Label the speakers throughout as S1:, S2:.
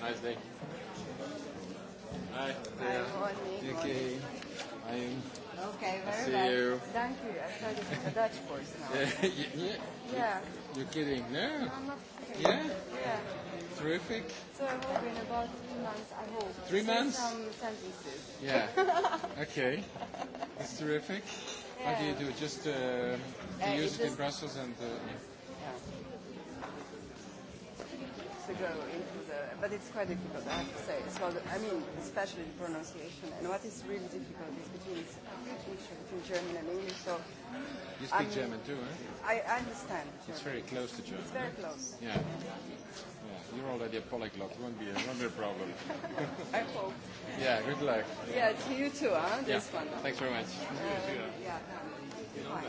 S1: nice day.
S2: Hi. There. Hi, Okay. I'm. Okay, very well. See you.
S1: Thank you. I thought it was a Dutch
S3: voice
S2: now. yeah. yeah. Yeah. You're kidding, no? no I'm not kidding. Yeah? Yeah. Terrific. So
S4: I hope in about three months, I hope. Three months? Some sentences. Yeah.
S1: okay. It's terrific. Yeah. How do you do it? Just uh, uh, use it, it in Brussels and... Uh,
S3: yeah.
S4: yeah. To go into but it's quite difficult, I have to say. So, I mean, especially the pronunciation. And what is really difficult is between between German and English. So,
S3: you speak I mean,
S1: German
S4: too,
S2: eh? I understand. German.
S4: It's very close to German. It's very close. Yeah.
S2: yeah.
S4: You're already a polyglot. Won't be a, won't be a problem.
S2: I hope. Yeah. Good luck. Yeah. To you too, huh? Yeah. This one. Thanks very much. Uh, yeah. Fine.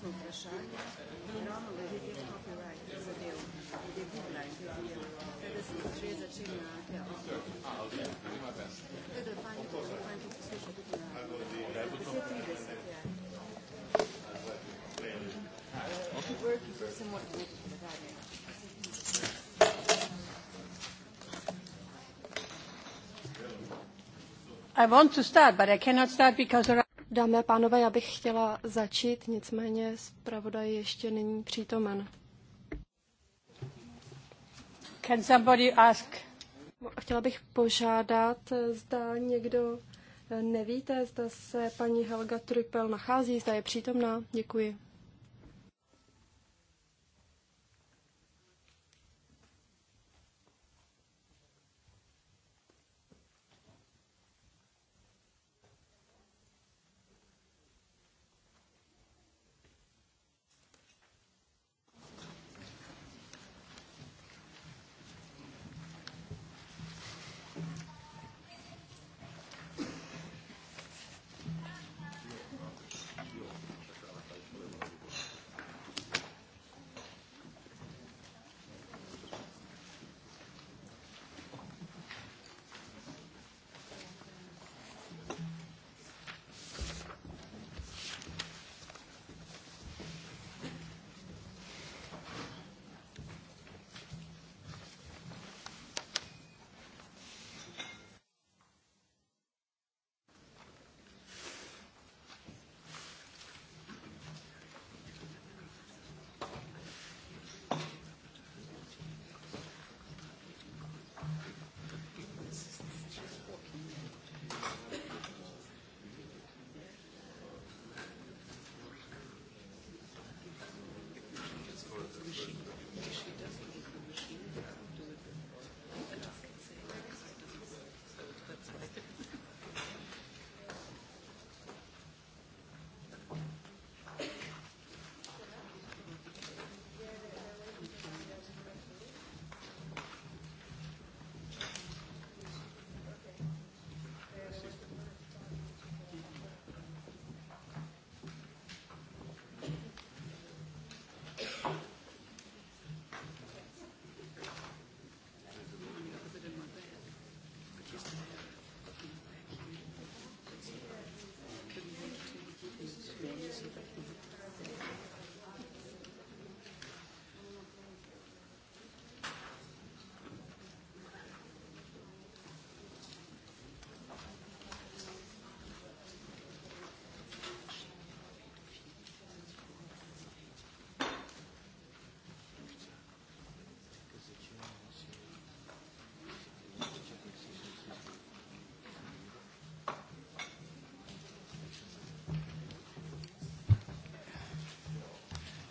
S2: odnosno ravno glede teh copyright zadev, glede Google in teh zadev.
S3: že na te fajn to posluša tudi na Work
S4: I want to start, but I cannot start because... Dámy a pánové, já bych chtěla začít, nicméně zpravodaj ještě není přítomen. Can somebody ask? Chtěla bych požádat, zda někdo nevíte, zda se paní Helga Trypel nachází, zda je přítomná. Děkuji.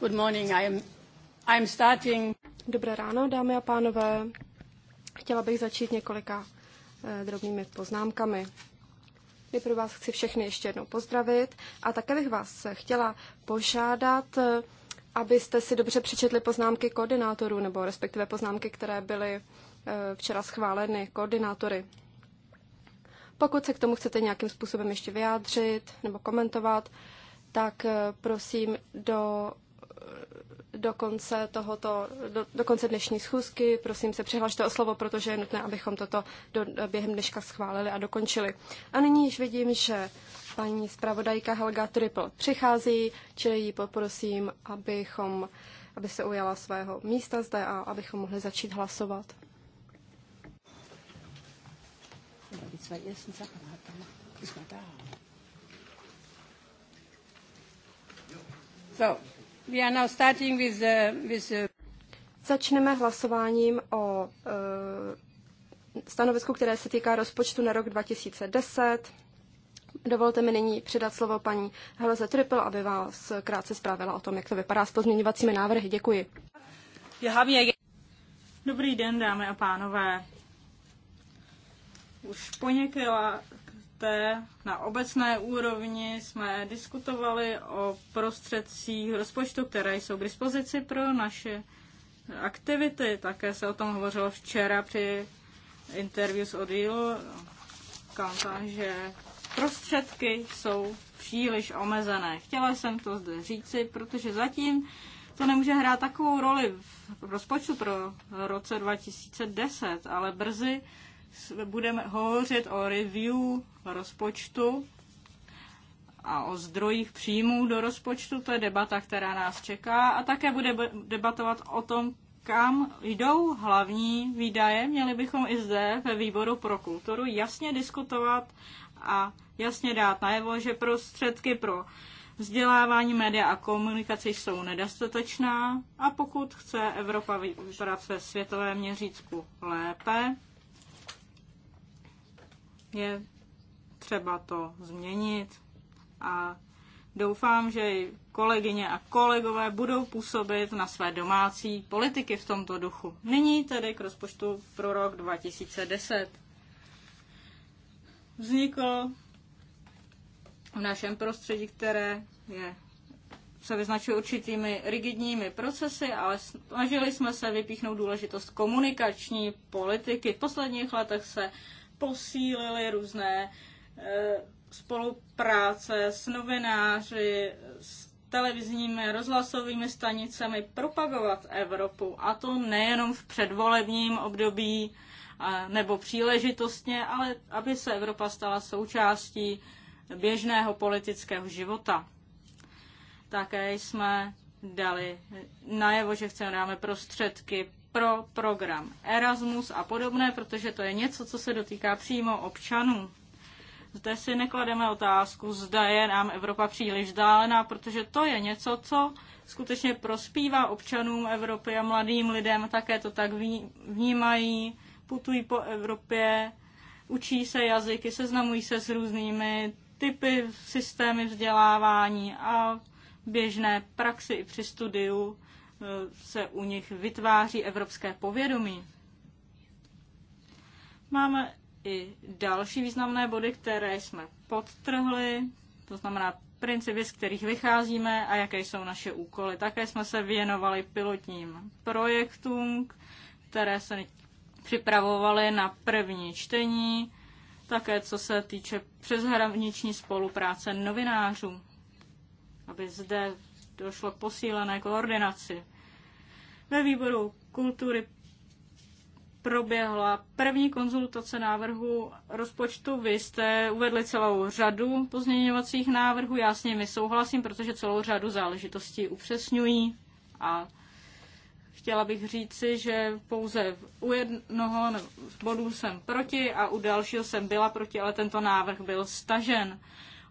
S4: Good morning. I am, starting. Dobré ráno, dámy a pánové. Chtěla bych začít několika eh, drobnými poznámkami. Nejprve vás chci všechny ještě jednou pozdravit a také bych vás chtěla požádat, eh, abyste si dobře přečetli poznámky koordinátorů, nebo respektive poznámky, které byly eh, včera schváleny koordinátory. Pokud se k tomu chcete nějakým způsobem ještě vyjádřit nebo komentovat, tak prosím do do konce, tohoto, do, do konce dnešní schůzky. Prosím se, přihlašte o slovo, protože je nutné, abychom toto do, během dneška schválili a dokončili. A nyní již vidím, že paní zpravodajka Helga Triple přichází, čili ji poprosím, abychom, aby se ujala svého místa zde a abychom mohli začít hlasovat. So. Začneme hlasováním o e, stanovisku, které se týká rozpočtu na rok 2010. Dovolte mi nyní předat slovo paní Heleze Trippel, aby vás krátce zprávila o tom, jak to vypadá s pozměňovacími návrhy. Děkuji.
S1: Dobrý den, dámy a pánové. Už poněkrát na obecné úrovni jsme diskutovali o prostředcích rozpočtu, které jsou k dispozici pro naše aktivity. Také se o tom hovořilo včera při interview s Odilo. Kanta, že prostředky jsou příliš omezené. Chtěla jsem to zde říci, protože zatím to nemůže hrát takovou roli v rozpočtu pro roce 2010, ale brzy budeme hovořit o review rozpočtu a o zdrojích příjmů do rozpočtu. To je debata, která nás čeká. A také bude debatovat o tom, kam jdou hlavní výdaje. Měli bychom i zde ve výboru pro kulturu jasně diskutovat a jasně dát najevo, že prostředky pro vzdělávání média a komunikace jsou nedostatečná a pokud chce Evropa vypadat ve světovém měřítku lépe, je třeba to změnit a doufám, že i kolegyně a kolegové budou působit na své domácí politiky v tomto duchu. Nyní tedy k rozpočtu pro rok 2010. Vznikl v našem prostředí, které je, se vyznačuje určitými rigidními procesy, ale snažili jsme se vypíchnout důležitost komunikační politiky. V posledních letech se posílili různé eh, spolupráce s novináři, s televizními, rozhlasovými stanicemi, propagovat Evropu. A to nejenom v předvolebním období nebo příležitostně, ale aby se Evropa stala součástí běžného politického života. Také jsme dali najevo, že chceme dáme prostředky pro program Erasmus a podobné, protože to je něco, co se dotýká přímo občanů. Zde si neklademe otázku, zda je nám Evropa příliš vzdálená, protože to je něco, co skutečně prospívá občanům Evropy a mladým lidem, také to tak vnímají, putují po Evropě, učí se jazyky, seznamují se s různými typy, systémy vzdělávání a běžné praxi i při studiu se u nich vytváří evropské povědomí. Máme i další významné body, které jsme podtrhli, to znamená principy, z kterých vycházíme a jaké jsou naše úkoly. Také jsme se věnovali pilotním projektům, které se připravovaly na první čtení, také co se týče přeshraniční spolupráce novinářů, aby zde došlo k posílené koordinaci. Ve výboru kultury proběhla první konzultace návrhu rozpočtu. Vy jste uvedli celou řadu pozměňovacích návrhů. Já s nimi souhlasím, protože celou řadu záležitostí upřesňují a chtěla bych říci, že pouze u jednoho bodu jsem proti a u dalšího jsem byla proti, ale tento návrh byl stažen.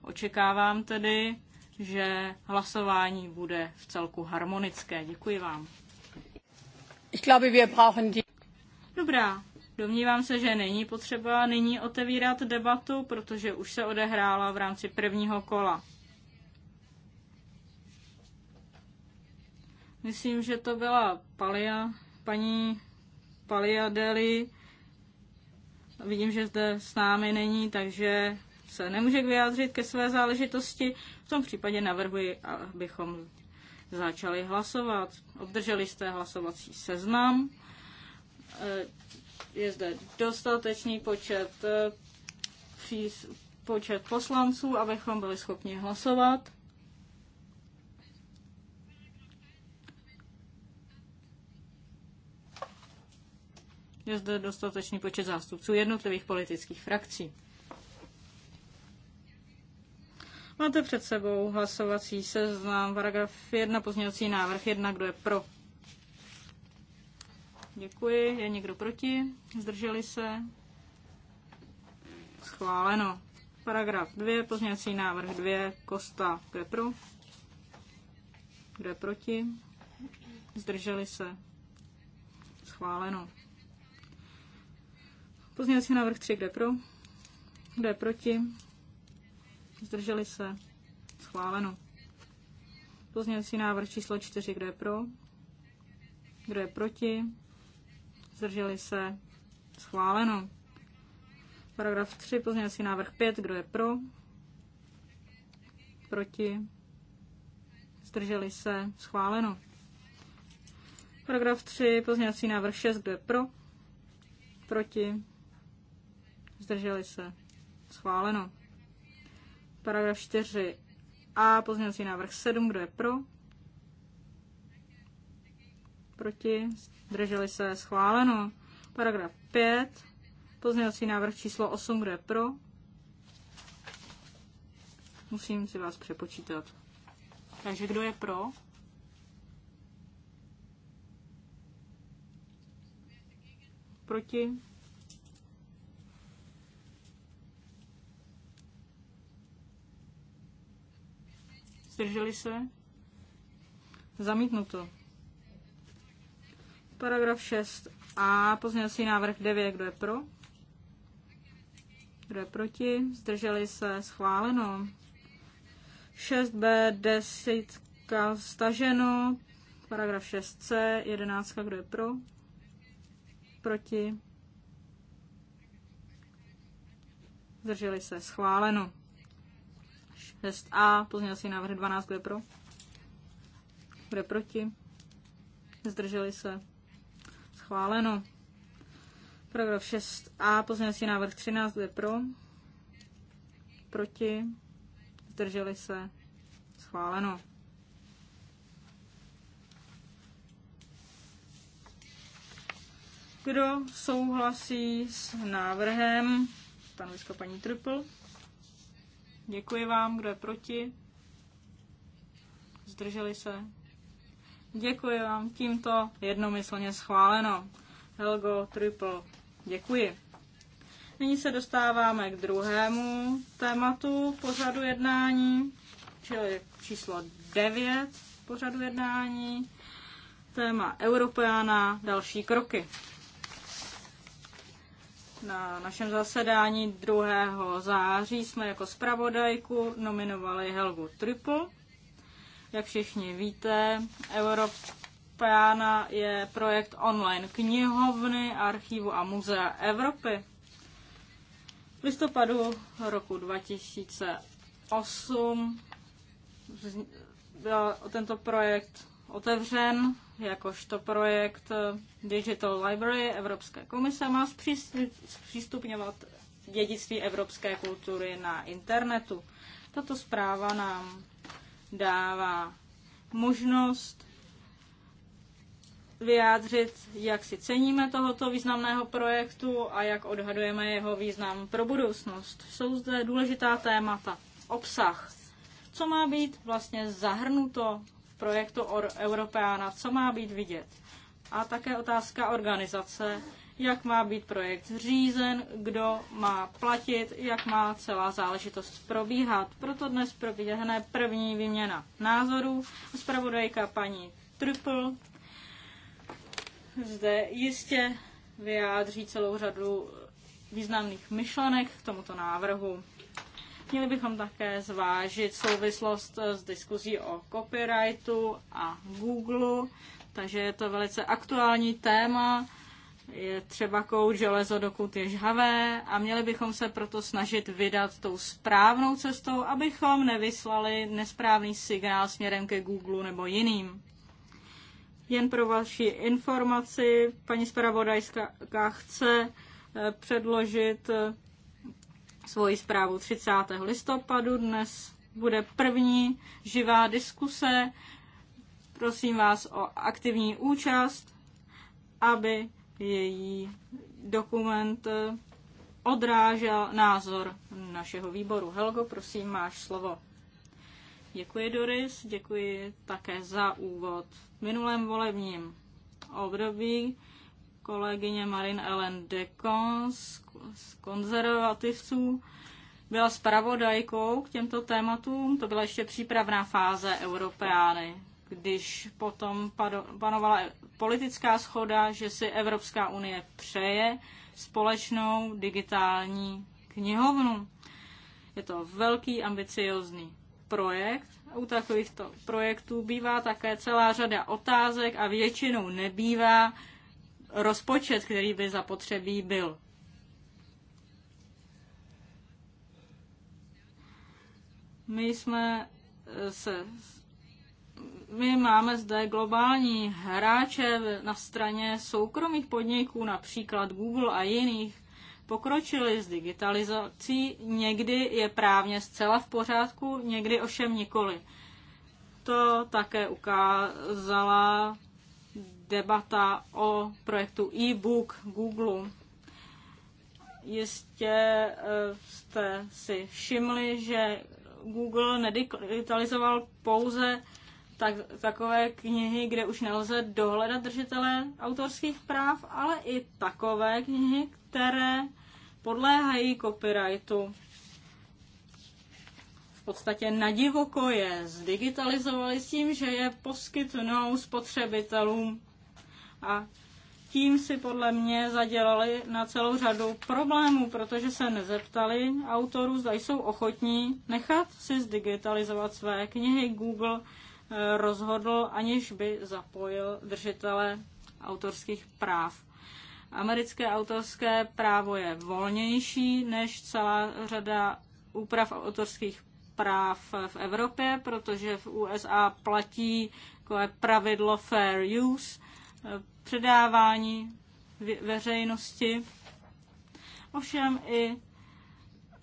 S1: Očekávám tedy, že hlasování bude v celku harmonické. Děkuji vám.
S3: Ich glaube, wir brauchen die...
S1: Dobrá, Domnívám se, že není potřeba nyní otevírat debatu, protože už se odehrála v rámci prvního kola. Myslím, že to byla Palia, paní Palia Deli. Vidím, že zde s námi není, takže se nemůže vyjádřit ke své záležitosti. V tom případě navrhuji, abychom začali hlasovat. Obdrželi jste hlasovací seznam. Eh, je zde dostatečný počet, eh, počet poslanců, abychom byli schopni hlasovat. Je zde dostatečný počet zástupců jednotlivých politických frakcí. Máte před sebou hlasovací seznam, paragraf 1, pozměňovací návrh 1, kdo je pro. Děkuji. Je někdo proti? Zdrželi se? Schváleno. Paragraf 2, pozměňovací návrh 2, Kosta, kdo je pro? Kdo je proti? Zdrželi se? Schváleno. Pozměňovací návrh 3, kdo je pro? Kdo je proti? Zdrželi se? Schváleno. Pozměňovací návrh číslo 4, kdo je pro? Kdo je proti? Zdrželi se? Schváleno. Paragraf 3, pozměňovací návrh 5, kdo je pro? Proti? Zdrželi se? Schváleno. Paragraf 3, pozměňovací návrh 6, kdo je pro? Proti? Zdrželi se? Schváleno. Paragraf 4 a pozměňovací návrh 7, kdo je pro? Proti? Zdrželi se? Schváleno. Paragraf 5. Pozměňovací návrh číslo 8, kdo je pro? Musím si vás přepočítat. Takže kdo je pro? Proti? zdrželi se, zamítnuto. Paragraf 6a, pozměňovací návrh 9, kdo je pro? Kdo je proti? Zdrželi se, schváleno. 6b, 10, staženo. Paragraf 6c, 11, kdo je pro? Proti? Zdrželi se, schváleno. 6a, pozměňovací návrh 12, kdo je pro? Kdo je proti? Zdrželi se. Schváleno. Paragraf 6a, pozměňovací návrh 13, kdo je pro? Proti? Zdrželi se. Schváleno. Kdo souhlasí s návrhem stanoviska paní Triple? Děkuji vám, kdo je proti. Zdrželi se. Děkuji vám, tímto jednomyslně schváleno. Helgo Triple, děkuji. Nyní se dostáváme k druhému tématu pořadu jednání, čili číslo 9 pořadu jednání, téma Europeana, další kroky. Na našem zasedání 2. září jsme jako zpravodajku nominovali Helgu Tripu. Jak všichni víte, Europeana je projekt online knihovny, archivu a muzea Evropy. V listopadu roku 2008 byl tento projekt otevřen jakožto projekt Digital Library Evropské komise má zpřístupňovat dědictví evropské kultury na internetu. Tato zpráva nám dává možnost vyjádřit, jak si ceníme tohoto významného projektu a jak odhadujeme jeho význam pro budoucnost. Jsou zde důležitá témata. Obsah. Co má být vlastně zahrnuto projektu Europeana, co má být vidět. A také otázka organizace, jak má být projekt řízen, kdo má platit, jak má celá záležitost probíhat. Proto dnes proběhne první výměna názorů. Zpravodajka paní Triple zde jistě vyjádří celou řadu významných myšlenek k tomuto návrhu. Měli bychom také zvážit souvislost eh, s diskuzí o copyrightu a Google, takže je to velice aktuální téma. Je třeba kout železo, dokud je žhavé a měli bychom se proto snažit vydat tou správnou cestou, abychom nevyslali nesprávný signál směrem ke Google nebo jiným. Jen pro vaši informaci, paní zpravodajská chce eh, předložit eh, svoji zprávu 30. listopadu. Dnes bude první živá diskuse. Prosím vás o aktivní účast, aby její dokument eh, odrážel názor našeho výboru. Helgo, prosím, máš slovo. Děkuji, Doris, děkuji také za úvod. V minulém volebním období kolegyně Marin Ellen Decon z konzervativců byla zpravodajkou k těmto tématům. To byla ještě přípravná fáze Europeány, když potom panovala politická schoda, že si Evropská unie přeje společnou digitální knihovnu. Je to velký ambiciozní projekt. U takovýchto projektů bývá také celá řada otázek a většinou nebývá rozpočet, který by zapotřebí byl. My jsme eh, se my máme zde globální hráče na straně soukromých podniků, například Google a jiných, pokročili s digitalizací, někdy je právně zcela v pořádku, někdy ošem nikoli. To také ukázala debata o projektu e-book Google. Jistě e, jste si všimli, že Google nedigitalizoval pouze tak, takové knihy, kde už nelze dohledat držitele autorských práv, ale i takové knihy, které podléhají copyrightu. V podstatě divoko je zdigitalizovali s tím, že je poskytnou spotřebitelům a tím si podle mě zadělali na celou řadu problémů, protože se nezeptali autorů, zda jsou ochotní nechat si zdigitalizovat své knihy. Google eh, rozhodl, aniž by zapojil držitele autorských práv. Americké autorské právo je volnější než celá řada úprav autorských práv v Evropě, protože v USA platí takové pravidlo fair use, eh, předávání veřejnosti. Ovšem i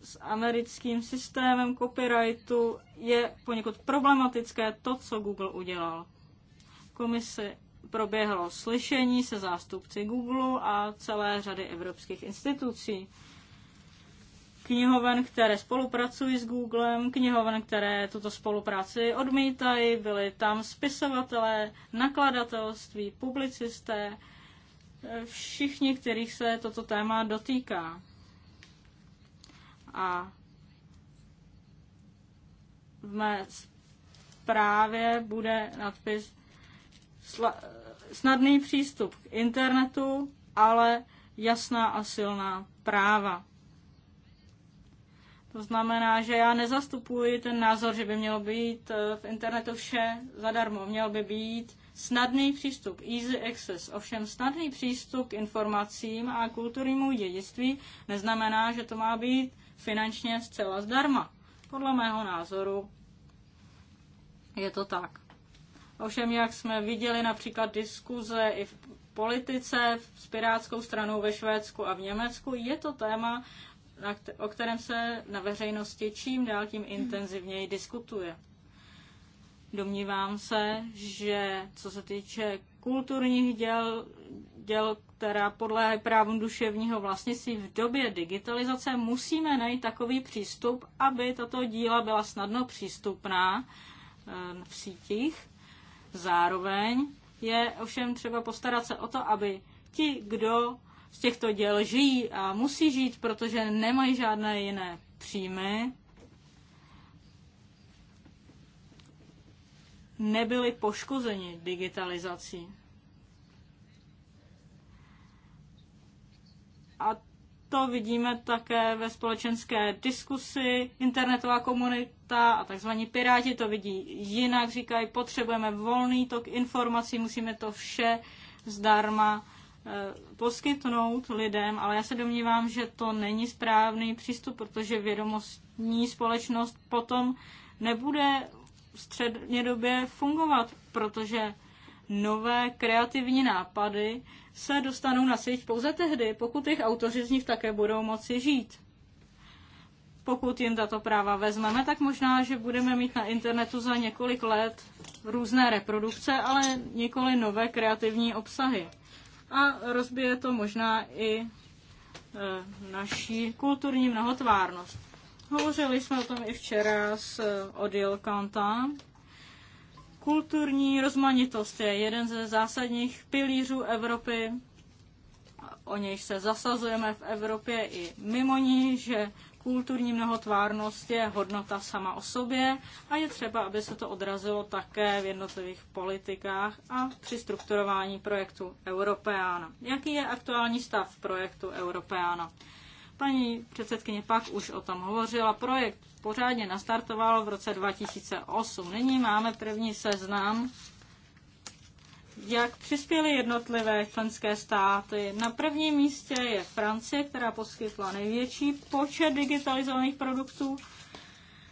S1: s americkým systémem copyrightu je poněkud problematické to, co Google udělal. Komise proběhlo slyšení se zástupci Google a celé řady evropských institucí knihoven, které spolupracují s Googlem, knihoven, které tuto spolupráci odmítají, byli tam spisovatelé, nakladatelství, publicisté, všichni, kterých se toto téma dotýká. A v mé zprávě bude nadpis snadný přístup k internetu, ale jasná a silná práva. To znamená, že já nezastupuji ten názor, že by mělo být eh, v internetu vše zadarmo. Měl by být snadný přístup, easy access. Ovšem snadný přístup k informacím a kulturnímu dědictví neznamená, že to má být finančně zcela zdarma. Podle mého názoru je to tak. Ovšem, jak jsme viděli například diskuze i v politice s Pirátskou stranou ve Švédsku a v Německu, je to téma, o kterém se na veřejnosti čím dál tím intenzivněji diskutuje. Domnívám se, že co se týče kulturních děl, děl která podle právu duševního vlastnictví v době digitalizace, musíme najít takový přístup, aby tato díla byla snadno přístupná ehm, v sítích. Zároveň je ovšem třeba postarat se o to, aby ti, kdo z těchto děl žijí a musí žít, protože nemají žádné jiné příjmy. Nebyli poškozeni digitalizací. A to vidíme také ve společenské diskusi, internetová komunita a tzv. piráti to vidí jinak, říkají, potřebujeme volný tok informací, musíme to vše zdarma poskytnout lidem, ale já se domnívám, že to není správný přístup, protože vědomostní společnost potom nebude v střednědobě fungovat, protože nové kreativní nápady se dostanou na síť pouze tehdy, pokud jejich autoři z nich také budou moci žít. Pokud jim tato práva vezmeme, tak možná, že budeme mít na internetu za několik let různé reprodukce, ale nikoli nové kreativní obsahy a rozbije to možná i e, naší kulturní mnohotvárnost. Hovořili jsme o tom i včera s e, Odil Kanta. Kulturní rozmanitost je jeden ze zásadních pilířů Evropy. O něj se zasazujeme v Evropě i mimo ní, že Kulturní mnohotvárnost je hodnota sama o sobě a je třeba, aby se to odrazilo také v jednotlivých politikách a při strukturování projektu Europeana. Jaký je aktuální stav projektu Europeana? Paní předsedkyně pak už o tom hovořila. Projekt pořádně nastartoval v roce 2008. Nyní máme první seznam jak přispěly jednotlivé členské státy. Na prvním místě je Francie, která poskytla největší počet digitalizovaných produktů.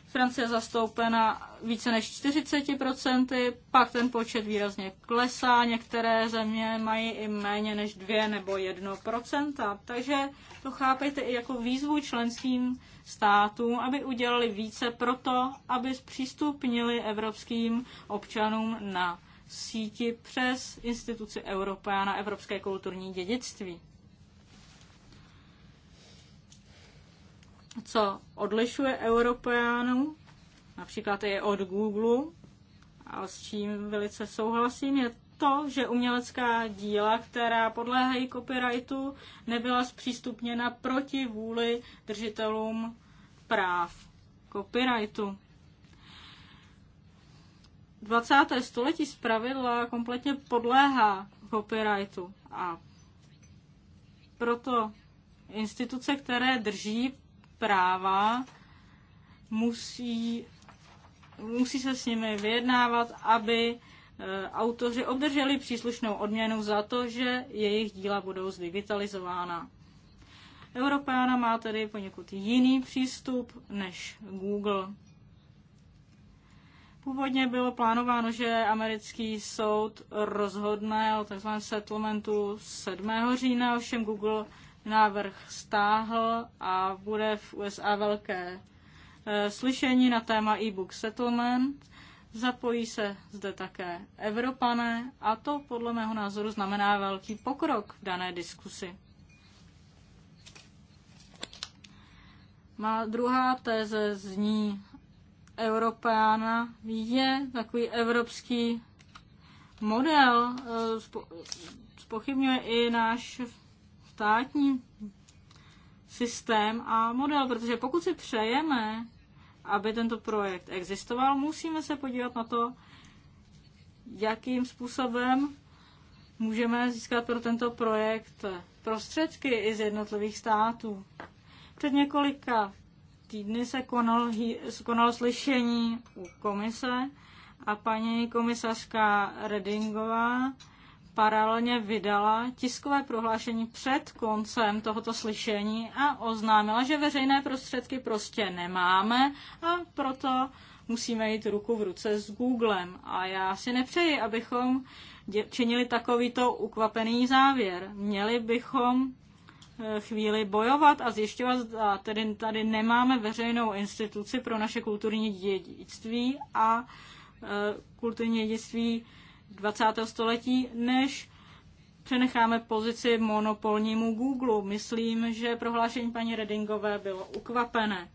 S1: Francie zastoupena více než 40%, pak ten počet výrazně klesá, některé země mají i méně než 2 nebo 1%. Takže to chápejte i jako výzvu členským státům, aby udělali více proto, aby zpřístupnili evropským občanům na síti přes instituci Europea na evropské kulturní dědictví. Co odlišuje Europeanu, například je od Google, a s čím velice souhlasím, je to, že umělecká díla, která podléhají copyrightu, nebyla zpřístupněna proti vůli držitelům práv copyrightu. 20. století zpravidla kompletně podléhá copyrightu a proto instituce, které drží práva, musí, musí se s nimi vyjednávat, aby e, autoři obdrželi příslušnou odměnu za to, že jejich díla budou zdigitalizována. Europeana má tedy poněkud jiný přístup než Google. Původně bylo plánováno, že americký soud rozhodne o tzv. settlementu 7. října, ovšem Google návrh stáhl a bude v USA velké eh, slyšení na téma e-book settlement. Zapojí se zde také Evropané a to podle mého názoru znamená velký pokrok v dané diskusi. Má druhá téze zní Europeana je takový evropský model, eh, spochybňuje i náš státní systém a model, protože pokud si přejeme, aby tento projekt existoval, musíme se podívat na to, jakým způsobem můžeme získat pro tento projekt prostředky i z jednotlivých států. Před několika týdny se konal, konalo slyšení u komise a paní komisařka Redingová paralelně vydala tiskové prohlášení před koncem tohoto slyšení a oznámila, že veřejné prostředky prostě nemáme a proto musíme jít ruku v ruce s Googlem. A já si nepřeji, abychom činili takovýto ukvapený závěr. Měli bychom chvíli bojovat a zjišťovat, a tedy tady nemáme veřejnou instituci pro naše kulturní dědictví a e, kulturní dědictví 20. století, než přenecháme pozici monopolnímu Google. Myslím, že prohlášení paní Redingové bylo ukvapené.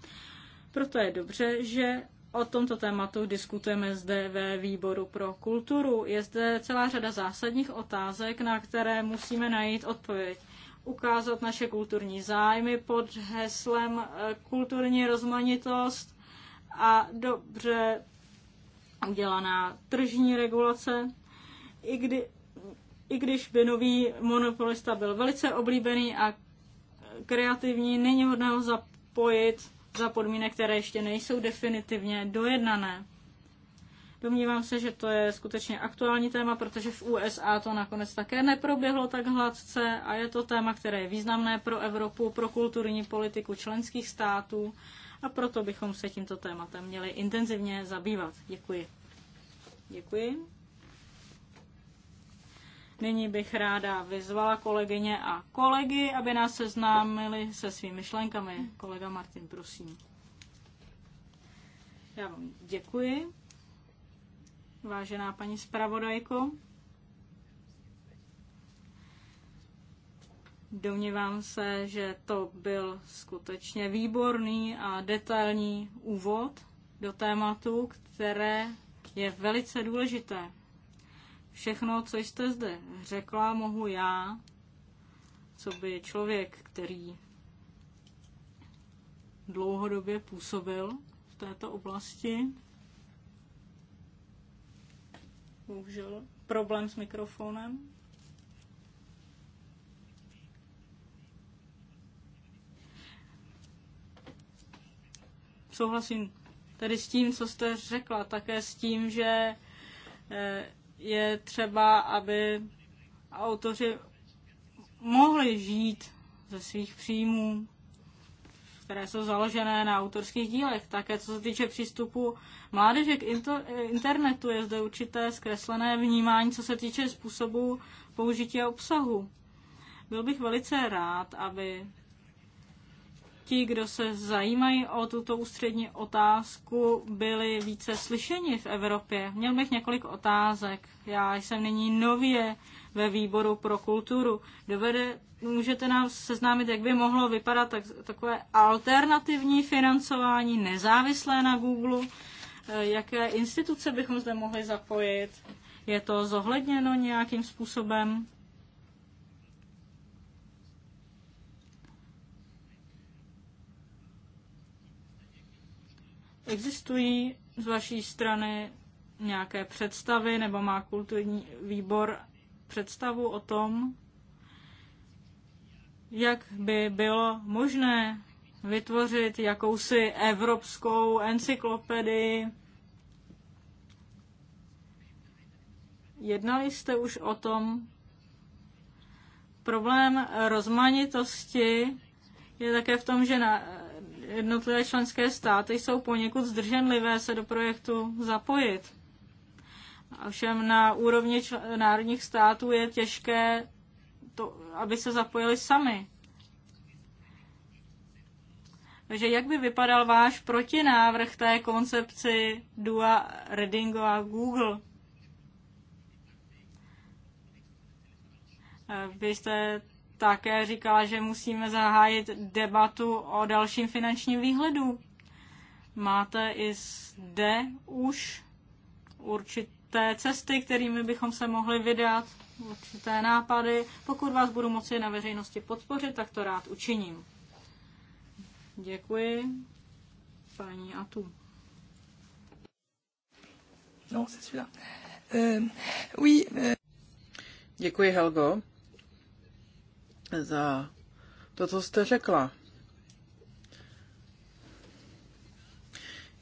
S1: Proto je dobře, že o tomto tématu diskutujeme zde ve výboru pro kulturu. Je zde celá řada zásadních otázek, na které musíme najít odpověď ukázat naše kulturní zájmy pod heslem eh, kulturní rozmanitost a dobře udělaná tržní regulace. I, kdy, I když by nový monopolista byl velice oblíbený a kreativní, není hodné ho zapojit za podmínek, které ještě nejsou definitivně dojednané. Domnívám se, že to je skutečně aktuální téma, protože v USA to nakonec také neproběhlo tak hladce a je to téma, které je významné pro Evropu, pro kulturní politiku členských států a proto bychom se tímto tématem měli intenzivně zabývat. Děkuji. Děkuji. Nyní bych ráda vyzvala kolegyně a kolegy, aby nás seznámili se svými myšlenkami. Kolega Martin, prosím. Já vám děkuji vážená paní zpravodajko. Domnívám se, že to byl skutečně výborný a detailní úvod do tématu, které je velice důležité. Všechno, co jste zde řekla, mohu já, co by člověk, který dlouhodobě působil v této oblasti, Bohužel problém s mikrofonem. Souhlasím tedy s tím, co jste řekla, také s tím, že eh, je třeba, aby autoři mohli žít ze svých příjmů, které jsou založené na autorských dílech. Také co se týče přístupu mládeže k internetu, je zde určité zkreslené vnímání, co se týče způsobu použití a obsahu. Byl bych velice rád, aby ti, kdo se zajímají o tuto ústřední otázku, byli více slyšeni v Evropě. Měl bych několik otázek. Já jsem nyní nově ve výboru pro kulturu. Dovede, můžete nám seznámit, jak by mohlo vypadat tak, takové alternativní financování, nezávislé na Google, e, jaké instituce bychom zde mohli zapojit, je to zohledněno nějakým způsobem? Existují z vaší strany nějaké představy, nebo má kulturní výbor představu o tom, jak by bylo možné vytvořit jakousi evropskou encyklopedii. Jednali jste už o tom? Problém rozmanitosti je také v tom, že na jednotlivé členské státy jsou poněkud zdrženlivé se do projektu zapojit. Ovšem na úrovni národních států je těžké, to, aby se zapojili sami. Takže jak by vypadal váš protinávrh té koncepci Dua, Redingo a Google? Eh, vy jste také říkala, že musíme zahájit debatu o dalším finančním výhledu. Máte i zde už určitě určité cesty, kterými bychom se mohli vydat, určité nápady. Pokud vás budu moci na veřejnosti podpořit, tak to rád učiním. Děkuji. Paní Atu.
S2: No, se celui euh, oui. uh... Děkuji, Helgo, za to, co jste řekla.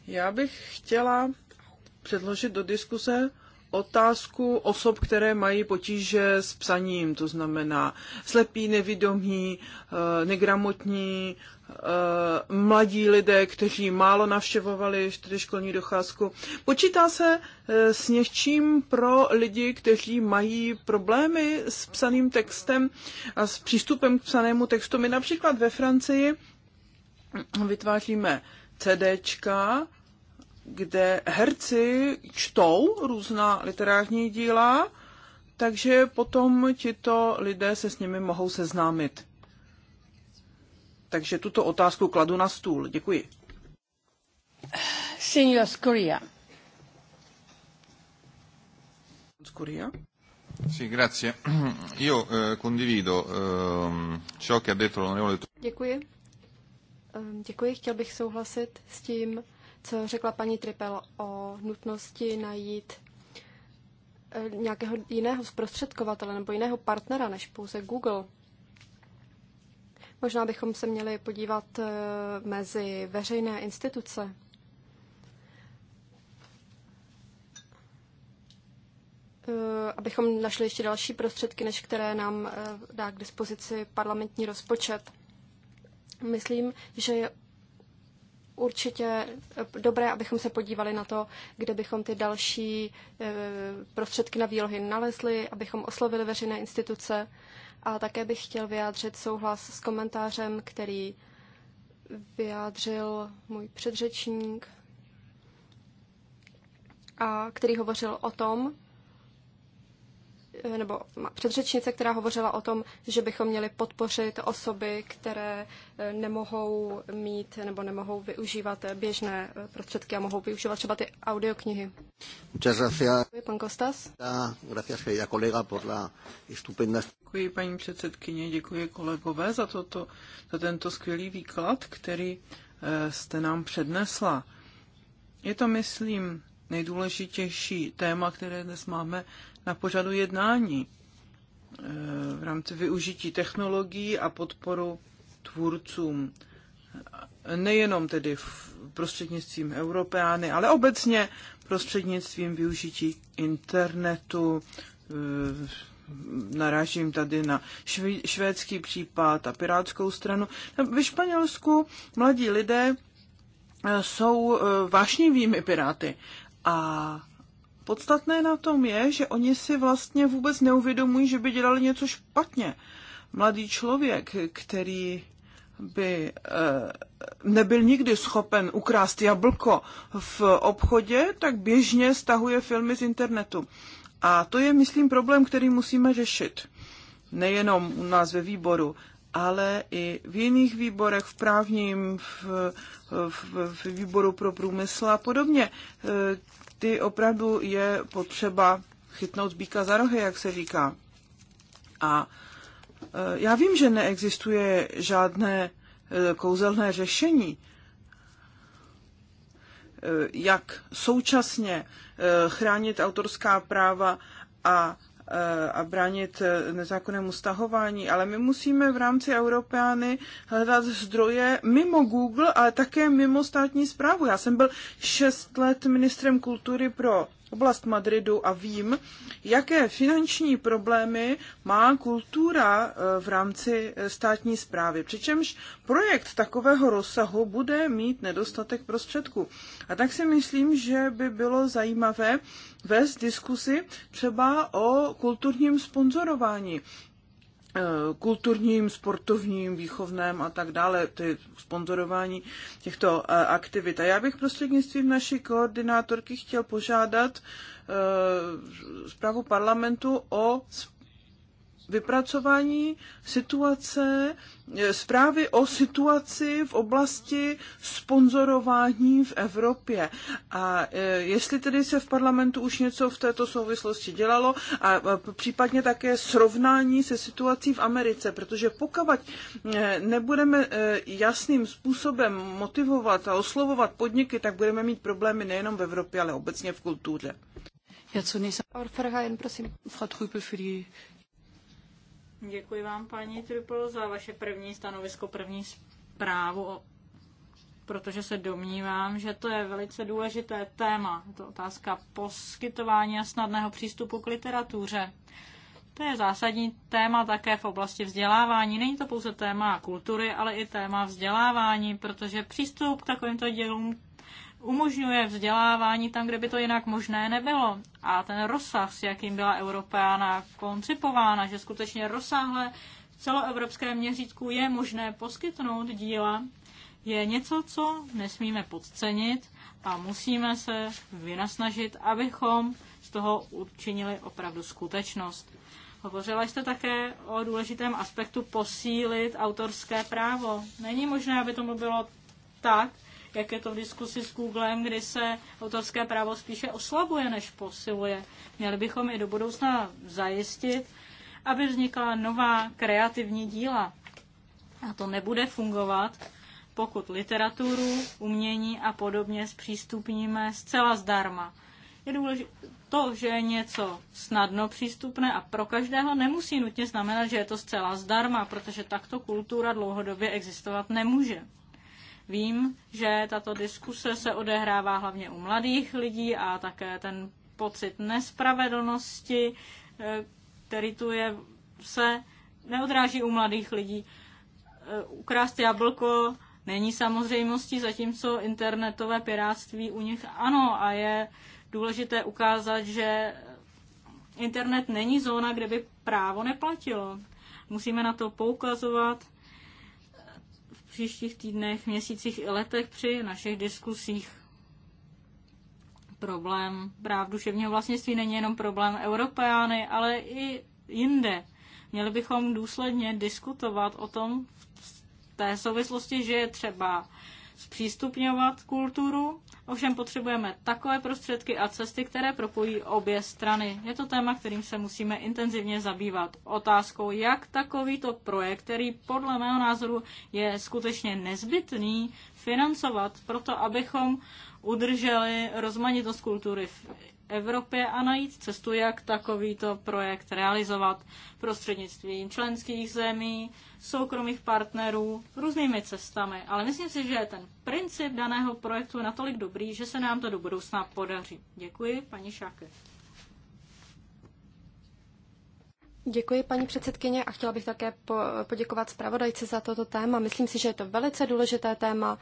S2: Já bych chtěla předložit do diskuse otázku osob, které mají potíže s psaním, to znamená slepí, nevidomí, eh, negramotní, eh, mladí lidé, kteří málo navštěvovali školní docházku. Počítá se eh, s něčím pro lidi, kteří mají problémy s psaným textem a s přístupem k psanému textu. My například ve Francii vytváříme CDčka, kde herci čtou různá literární díla, takže potom tito lidé se s nimi mohou seznámit. Takže tuto otázku kladu na stůl. Děkuji.
S3: Senior Scoria.
S2: Scoria. Sì, grazie. Io eh, condivido eh, ciò che ha detto l'onorevole.
S4: Děkuji. Ehm, děkuji, chtěl bych souhlasit s tím, co řekla paní Tripel o nutnosti najít eh, nějakého jiného zprostředkovatele nebo jiného partnera než pouze Google. Možná bychom se měli podívat eh, mezi veřejné instituce. Eh, abychom našli ještě další prostředky, než které nám dá k dispozici parlamentní rozpočet. Myslím, že je určitě eh, dobré, abychom se podívali na to, kde bychom ty další eh, prostředky na výlohy nalezli, abychom oslovili veřejné instituce. A také bych chtěl vyjádřit souhlas s komentářem, který vyjádřil můj předřečník a který hovořil o tom, nebo předřečnice, která hovořila o tom, že bychom měli podpořit osoby, které e, nemohou mít nebo nemohou využívat e, běžné e, prostředky a mohou využívat třeba ty audioknihy.
S2: Děkuji,
S4: pan Kostas.
S2: Děkuji, paní předsedkyně, děkuji kolegové za, toto, za tento skvělý výklad, který jste nám přednesla. Je to, myslím, nejdůležitější téma, které dnes máme na pořadu jednání e, v rámci využití technologií a podporu tvůrcům. Nejenom tedy v prostřednictvím Europeány, ale obecně prostřednictvím využití internetu. E, narážím tady na švédský případ a pirátskou stranu. Ve Španělsku mladí lidé e, jsou vášnivými piráty a podstatné na tom je, že oni si vlastně vůbec neuvědomují, že by dělali něco špatně. Mladý člověk, který by eh, nebyl nikdy schopen ukrást jablko v obchodě, tak běžně stahuje filmy z internetu. A to je, myslím, problém, který musíme řešit. Nejenom u nás ve výboru, ale i v jiných výborech, v právním, v, v, v výboru pro průmysl a podobně. E, ty opravdu je potřeba chytnout bíka za rohy, jak se říká. A e, já vím, že neexistuje žádné e, kouzelné řešení, jak současně chránit autorská práva a Eh, a bránit nezákonnému stahování, ale my musíme v rámci Europeány hledat zdroje mimo Google, ale také mimo státní zprávu. Já jsem byl šest let ministrem kultury pro oblast Madridu a vím, jaké finanční problémy má kultura eh, v rámci státní zprávy. Přičemž projekt takového rozsahu bude mít nedostatek prostředků. A tak si myslím, že by bylo zajímavé vést diskusy třeba o kulturním sponzorování e, kulturním, sportovním, výchovném a tak dále, ty sponzorování těchto e, aktivit. A já bych prostřednictvím naší koordinátorky chtěl požádat e, zprávu parlamentu o vypracování situace, eh, zprávy o situaci v oblasti sponzorování v Evropě. A eh, jestli tedy se v parlamentu už něco v této souvislosti dělalo a případně také srovnání se situací v Americe, protože pokud eh, nebudeme jasným způsobem motivovat a oslovovat podniky, tak budeme mít problémy nejenom v Evropě, ale obecně v kultuře.
S4: Ja, zunächst Frau Verheyen, prosím. Frau Trübel für die
S1: Děkuji vám, paní Triple, za vaše první stanovisko, první zprávu, protože se domnívám, že to je velice důležité téma. Je to otázka poskytování a snadného přístupu k literatuře. To je zásadní téma také v oblasti vzdělávání. Není to pouze téma kultury, ale i téma vzdělávání, protože přístup k takovýmto dělům umožňuje vzdělávání tam, kde by to jinak možné nebylo. A ten rozsah, s jakým byla Europeana koncipována, že skutečně rozsáhle v celoevropském měřítku je možné poskytnout díla, je něco, co nesmíme podcenit a musíme se vynasnažit, abychom z toho učinili opravdu skutečnost. Hovořila jste také o důležitém aspektu posílit autorské právo. Není možné, aby tomu bylo tak, jak je to v diskusi s Googlem, kdy se autorské právo spíše oslabuje, než posiluje. Měli bychom i do budoucna zajistit, aby vznikala nová kreativní díla. A to nebude fungovat, pokud literaturu, umění a podobně zpřístupníme zcela zdarma. Je důležité, to, že je něco snadno přístupné a pro každého nemusí nutně znamenat, že je to zcela zdarma, protože takto kultura dlouhodobě existovat nemůže. Vím, že tato diskuse se odehrává hlavně u mladých lidí a také ten pocit nespravedlnosti, eh, který tu je, se neodráží u mladých lidí. Eh, ukrást jablko není samozřejmostí, zatímco internetové piráctví u nich ano a je důležité ukázat, že internet není zóna, kde by právo neplatilo. Musíme na to poukazovat příštích týdnech, měsících i letech při našich diskusích. Problém práv duševního vlastnictví není jenom problém Europeány, ale i jinde. Měli bychom důsledně diskutovat o tom v té souvislosti, že je třeba zpřístupňovat kulturu, ovšem potřebujeme takové prostředky a cesty, které propojí obě strany. Je to téma, kterým se musíme intenzivně zabývat. Otázkou, jak takovýto projekt, který podle mého názoru je skutečně nezbytný, financovat proto, abychom udrželi rozmanitost kultury v Evropě a najít cestu, jak takovýto projekt realizovat prostřednictvím členských zemí, soukromých partnerů, různými cestami. Ale myslím si, že ten princip daného projektu je natolik dobrý, že se nám to do budoucna podaří. Děkuji, paní Šáke.
S4: Děkuji, paní předsedkyně, a chtěla bych také poděkovat zpravodajci za toto téma. Myslím si, že je to velice důležité téma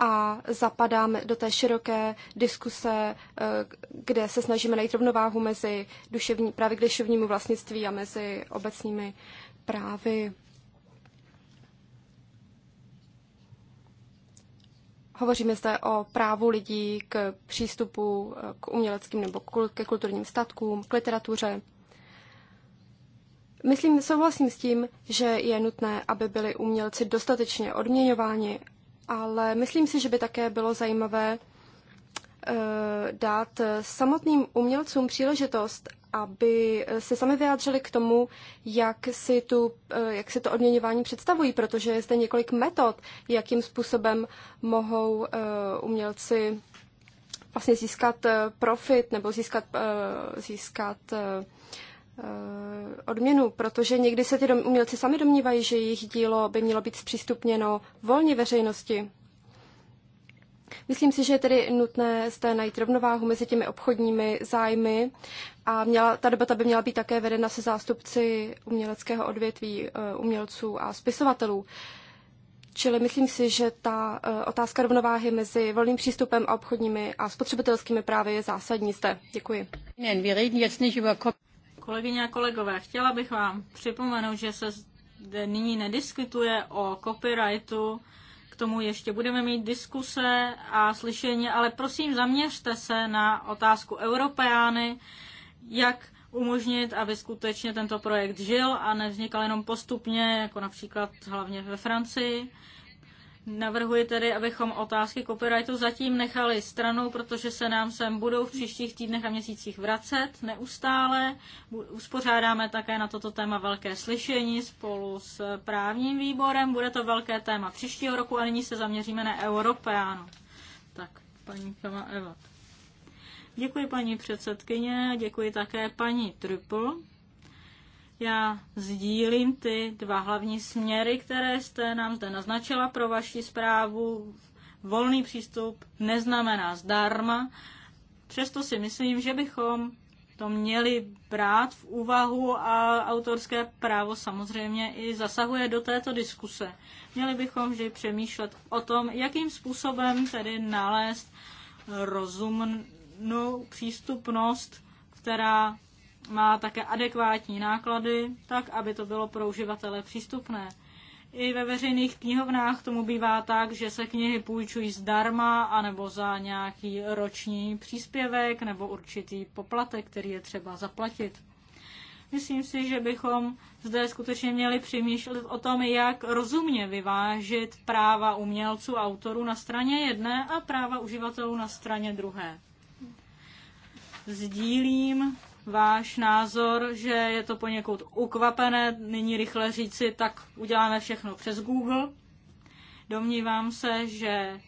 S4: a zapadáme do té široké diskuse, eh, kde se snažíme najít rovnováhu mezi duševní, právě k duševnímu vlastnictví a mezi obecnými právy. Hovoříme zde o právu lidí k přístupu eh, k uměleckým nebo ke kulturním statkům, k literatuře. Myslím, souhlasím s tím, že je nutné, aby byli umělci dostatečně odměňováni ale myslím si, že by také bylo zajímavé eh, dát samotným umělcům příležitost, aby se sami vyjádřili k tomu, jak si, tu, eh, jak si to odměňování představují, protože je zde několik metod, jakým způsobem mohou eh, umělci vlastně získat profit nebo získat, získat Eh, odměnu, protože někdy se ty umělci sami domnívají, že jejich dílo by mělo být zpřístupněno volně veřejnosti. Myslím si, že je tedy nutné zde najít rovnováhu mezi těmi obchodními zájmy a měla, ta debata by měla být také vedena se zástupci uměleckého odvětví eh, umělců a spisovatelů. Čili myslím si, že ta eh, otázka rovnováhy mezi volným přístupem a obchodními a spotřebitelskými právy je zásadní zde. Děkuji.
S1: Kolegyně a kolegové, chtěla bych vám připomenout, že se zde nyní nediskutuje o copyrightu, k tomu ještě budeme mít diskuse a slyšení, ale prosím zaměřte se na otázku Europeány, jak umožnit, aby skutečně tento projekt žil a nevznikal jenom postupně, jako například hlavně ve Francii. Navrhuji tedy, abychom otázky copyrightu zatím nechali stranou, protože se nám sem budou v příštích týdnech a měsících vracet neustále. Uspořádáme také na toto téma velké slyšení spolu s právním výborem. Bude to velké téma příštího roku a nyní se zaměříme na Europeánu. Tak, paní Kama Eva. Děkuji paní předsedkyně děkuji také paní Triple. Já sdílím ty dva hlavní směry, které jste nám zde naznačila pro vaši zprávu. Volný přístup neznamená zdarma. Přesto si myslím, že bychom to měli brát v úvahu a autorské právo samozřejmě i zasahuje do této diskuse. Měli bychom vždy přemýšlet o tom, jakým způsobem tedy nalézt rozumnou přístupnost, která má také adekvátní náklady, tak aby to bylo pro uživatele přístupné. I ve veřejných knihovnách tomu bývá tak, že se knihy půjčují zdarma, anebo za nějaký roční příspěvek, nebo určitý poplatek, který je třeba zaplatit. Myslím si, že bychom zde skutečně měli přemýšlet o tom, jak rozumně vyvážit práva umělců, autorů na straně jedné a práva uživatelů na straně druhé. Sdílím váš názor, že je to poněkud ukvapené nyní rychle říci, tak uděláme všechno přes Google. Domnívám se, že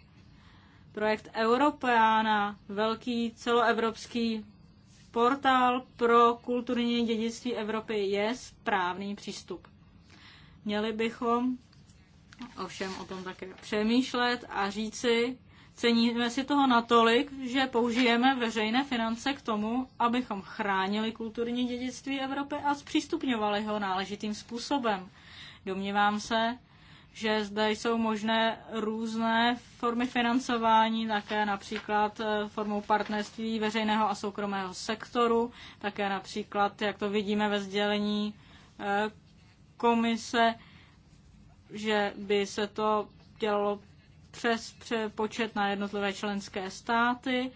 S1: projekt Europeana, velký celoevropský portál pro kulturní dědictví Evropy, je správný přístup. Měli bychom ovšem o tom také přemýšlet a říci, Ceníme si toho natolik, že použijeme veřejné finance k tomu, abychom chránili kulturní dědictví Evropy a zpřístupňovali ho náležitým způsobem. Domnívám se, že zde jsou možné různé formy financování, také například eh, formou partnerství veřejného a soukromého sektoru, také například, jak to vidíme ve sdělení eh, komise, že by se to dělalo přes přepočet na jednotlivé členské státy.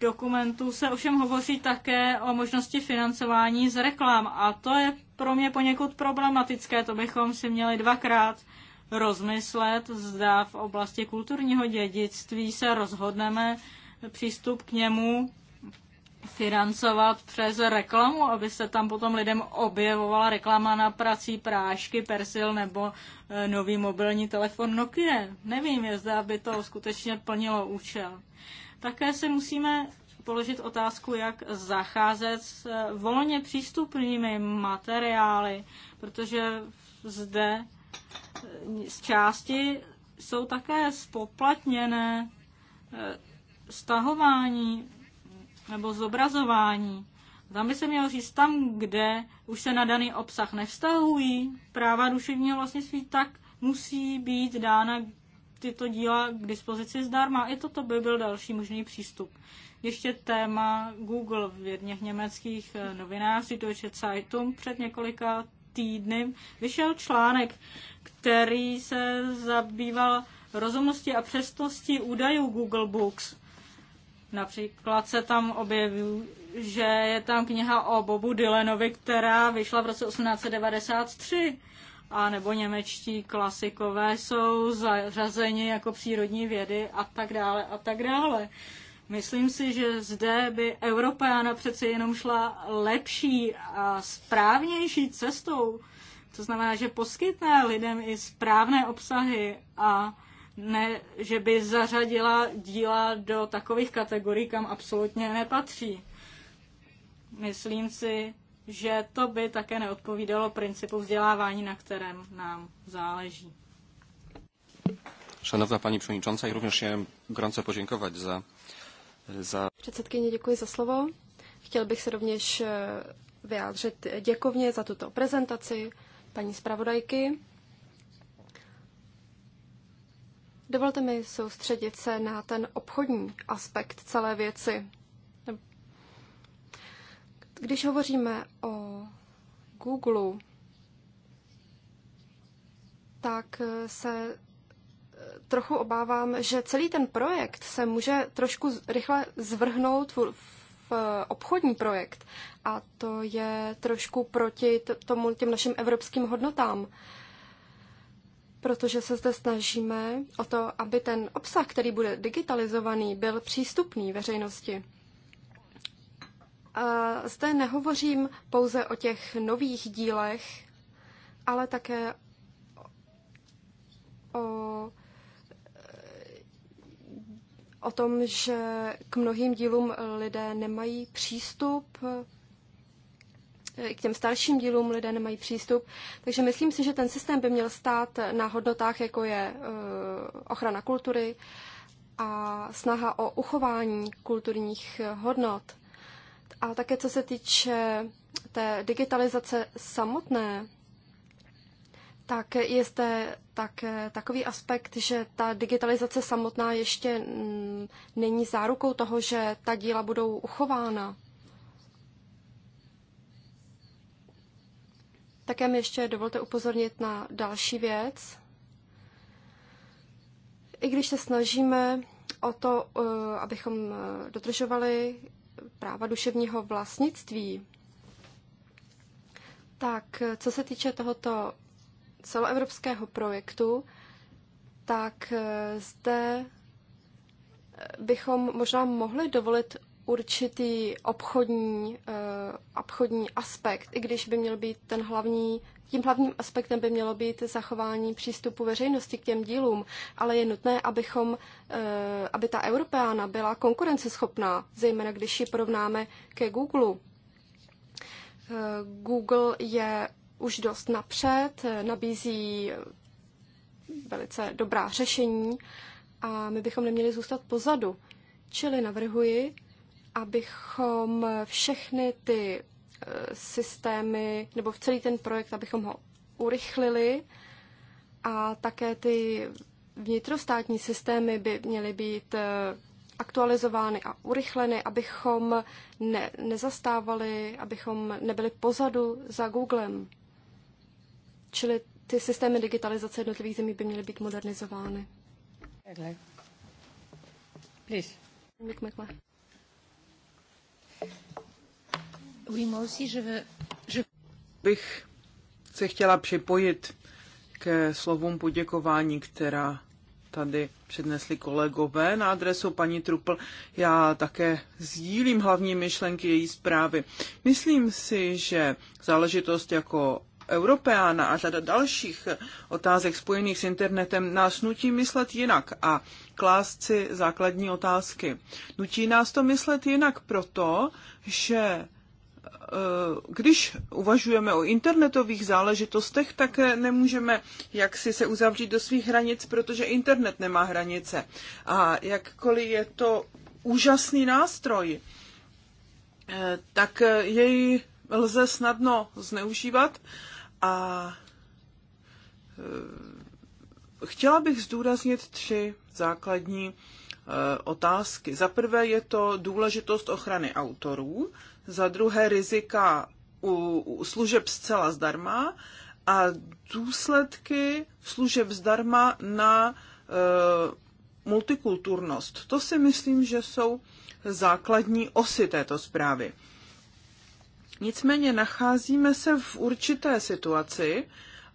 S1: dokumentu se ovšem hovoří také o možnosti financování z reklam a to je pro mě poněkud problematické. To bychom si měli dvakrát rozmyslet, zda v oblasti kulturního dědictví se rozhodneme přístup k němu financovat přes reklamu, aby se tam potom lidem objevovala reklama na prací prášky, persil nebo e, nový mobilní telefon Nokia. Nevím, je zda by to skutečně plnilo účel. Také si musíme položit otázku, jak zacházet s e, volně přístupnými materiály, protože zde e, z části jsou také spoplatněné stahování nebo zobrazování. Tam by se mělo říct, tam, kde už se na daný obsah nevztahují práva duševního vlastnictví, tak musí být dána tyto díla k dispozici zdarma. I toto by byl další možný přístup. Ještě téma Google v jedných německých eh, novinách, Süddeutsche Zeitung, před několika týdny vyšel článek, který se zabýval rozumností a přesností údajů Google Books. Například se tam objeví, že je tam kniha o Bobu Dylanovi, která vyšla v roce 1893, a nebo němečtí klasikové jsou zařazeni jako přírodní vědy a tak dále a tak dále. Myslím si, že zde by Evropa přece jenom šla lepší a správnější cestou. To znamená, že poskytne lidem i správné obsahy a ne, že by zařadila díla do takových kategorií, kam absolutně nepatří. Myslím si, že to by také neodpovídalo principu vzdělávání, na kterém nám záleží.
S4: Szanowna Pani Przewodnicząca, i również chciałem gorąco podziękować za... za... Předsedkyně, děkuji za slovo. Chtěl bych se rovněž eh, vyjádřit děkovně za tuto prezentaci paní zpravodajky. Dovolte mi soustředit se na ten obchodní aspekt celé věci. Když hovoříme o Google, tak se trochu obávám, že celý ten projekt se může trošku rychle zvrhnout v obchodní projekt. A to je trošku proti tomu těm našim evropským hodnotám protože se zde snažíme o to, aby ten obsah, který bude digitalizovaný, byl přístupný veřejnosti. A zde nehovořím pouze o těch nových dílech, ale také o, o tom, že k mnohým dílům lidé nemají přístup, k těm starším dílům lidé nemají přístup. Takže myslím si, že ten systém by měl stát na hodnotách, jako je eh, ochrana kultury a snaha o uchování kulturních eh, hodnot. A také co se týče té digitalizace samotné, tak je zde tak, takový aspekt, že ta digitalizace samotná ještě mm, není zárukou toho, že ta díla budou uchována. Také mi ještě dovolte upozornit na další věc. I když se snažíme o to, eh, abychom eh, dodržovali práva duševního vlastnictví, tak eh, co se týče tohoto celoevropského projektu, tak zde bychom možná mohli dovolit určitý obchodní, uh, obchodní aspekt, i když by měl být ten hlavní, tím hlavním aspektem by mělo být zachování přístupu veřejnosti k těm dílům, ale je nutné, abychom, uh, aby ta Europeana byla konkurenceschopná, zejména když ji porovnáme ke Google. Uh, Google je už dost napřed, eh, nabízí velice dobrá řešení a my bychom neměli zůstat pozadu. Čili navrhuji, abychom všechny ty eh, systémy nebo v celý ten projekt, abychom ho urychlili a také ty vnitrostátní systémy by měly být eh, aktualizovány a urychleny, abychom ne, nezastávali, abychom nebyli pozadu za Googlem. Čili ty systémy digitalizace jednotlivých zemí by měly být modernizovány. Please
S2: bych se chtěla připojit ke slovům poděkování, která tady přednesli kolegové na adresu paní Trupl. Já také sdílím hlavní myšlenky její zprávy. Myslím si, že záležitost jako Europeana a řada dalších otázek spojených s internetem nás nutí myslet jinak a klást si základní otázky. Nutí nás to myslet jinak proto, že e, když uvažujeme o internetových záležitostech, tak nemůžeme jaksi se uzavřít do svých hranic, protože internet nemá hranice. A jakkoliv je to úžasný nástroj, e, tak jej lze snadno zneužívat a e, chtěla bych zdůraznit tři základní e, otázky. Za prvé je to důležitost ochrany autorů, za druhé rizika u, služeb zcela zdarma a důsledky služeb zdarma na e, multikulturnost. To si myslím, že jsou základní osy této zprávy. Nicméně nacházíme se v určité situaci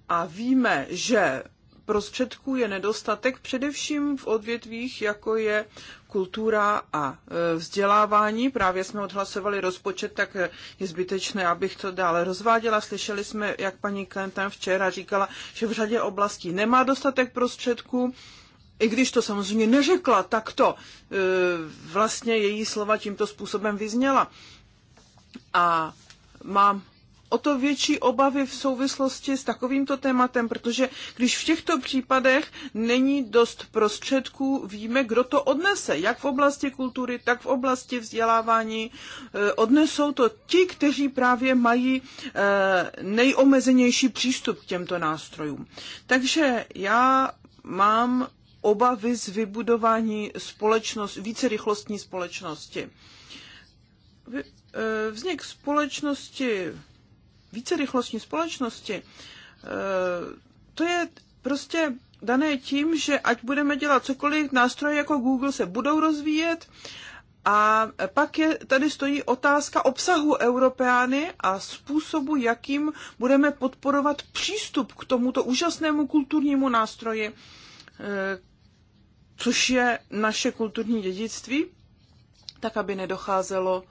S2: a víme, že prostředků je nedostatek především v odvětvích, jako je kultura a e, vzdělávání. Právě jsme odhlasovali rozpočet, tak je zbytečné, abych to dále rozváděla. Slyšeli jsme, jak paní Klentem včera říkala, že v řadě oblastí nemá dostatek prostředků. I když to samozřejmě neřekla, tak to e, vlastně její slova tímto způsobem vyzněla. A mám o to větší obavy v souvislosti s takovýmto tématem, protože když v těchto případech není dost prostředků, víme, kdo to odnese, jak v oblasti kultury, tak v oblasti vzdělávání. Eh, odnesou to ti, kteří právě mají eh, nejomezenější přístup k těmto nástrojům. Takže já mám obavy z vybudování více vícerychlostní společnosti Eh, vznik společnosti, rychlostní společnosti, eh, to je prostě dané tím, že ať budeme dělat cokoliv, nástroje jako Google se budou rozvíjet a pak je, tady stojí otázka obsahu Europeány a způsobu, jakým budeme podporovat přístup k tomuto úžasnému kulturnímu nástroji, eh, což je naše kulturní dědictví, tak aby nedocházelo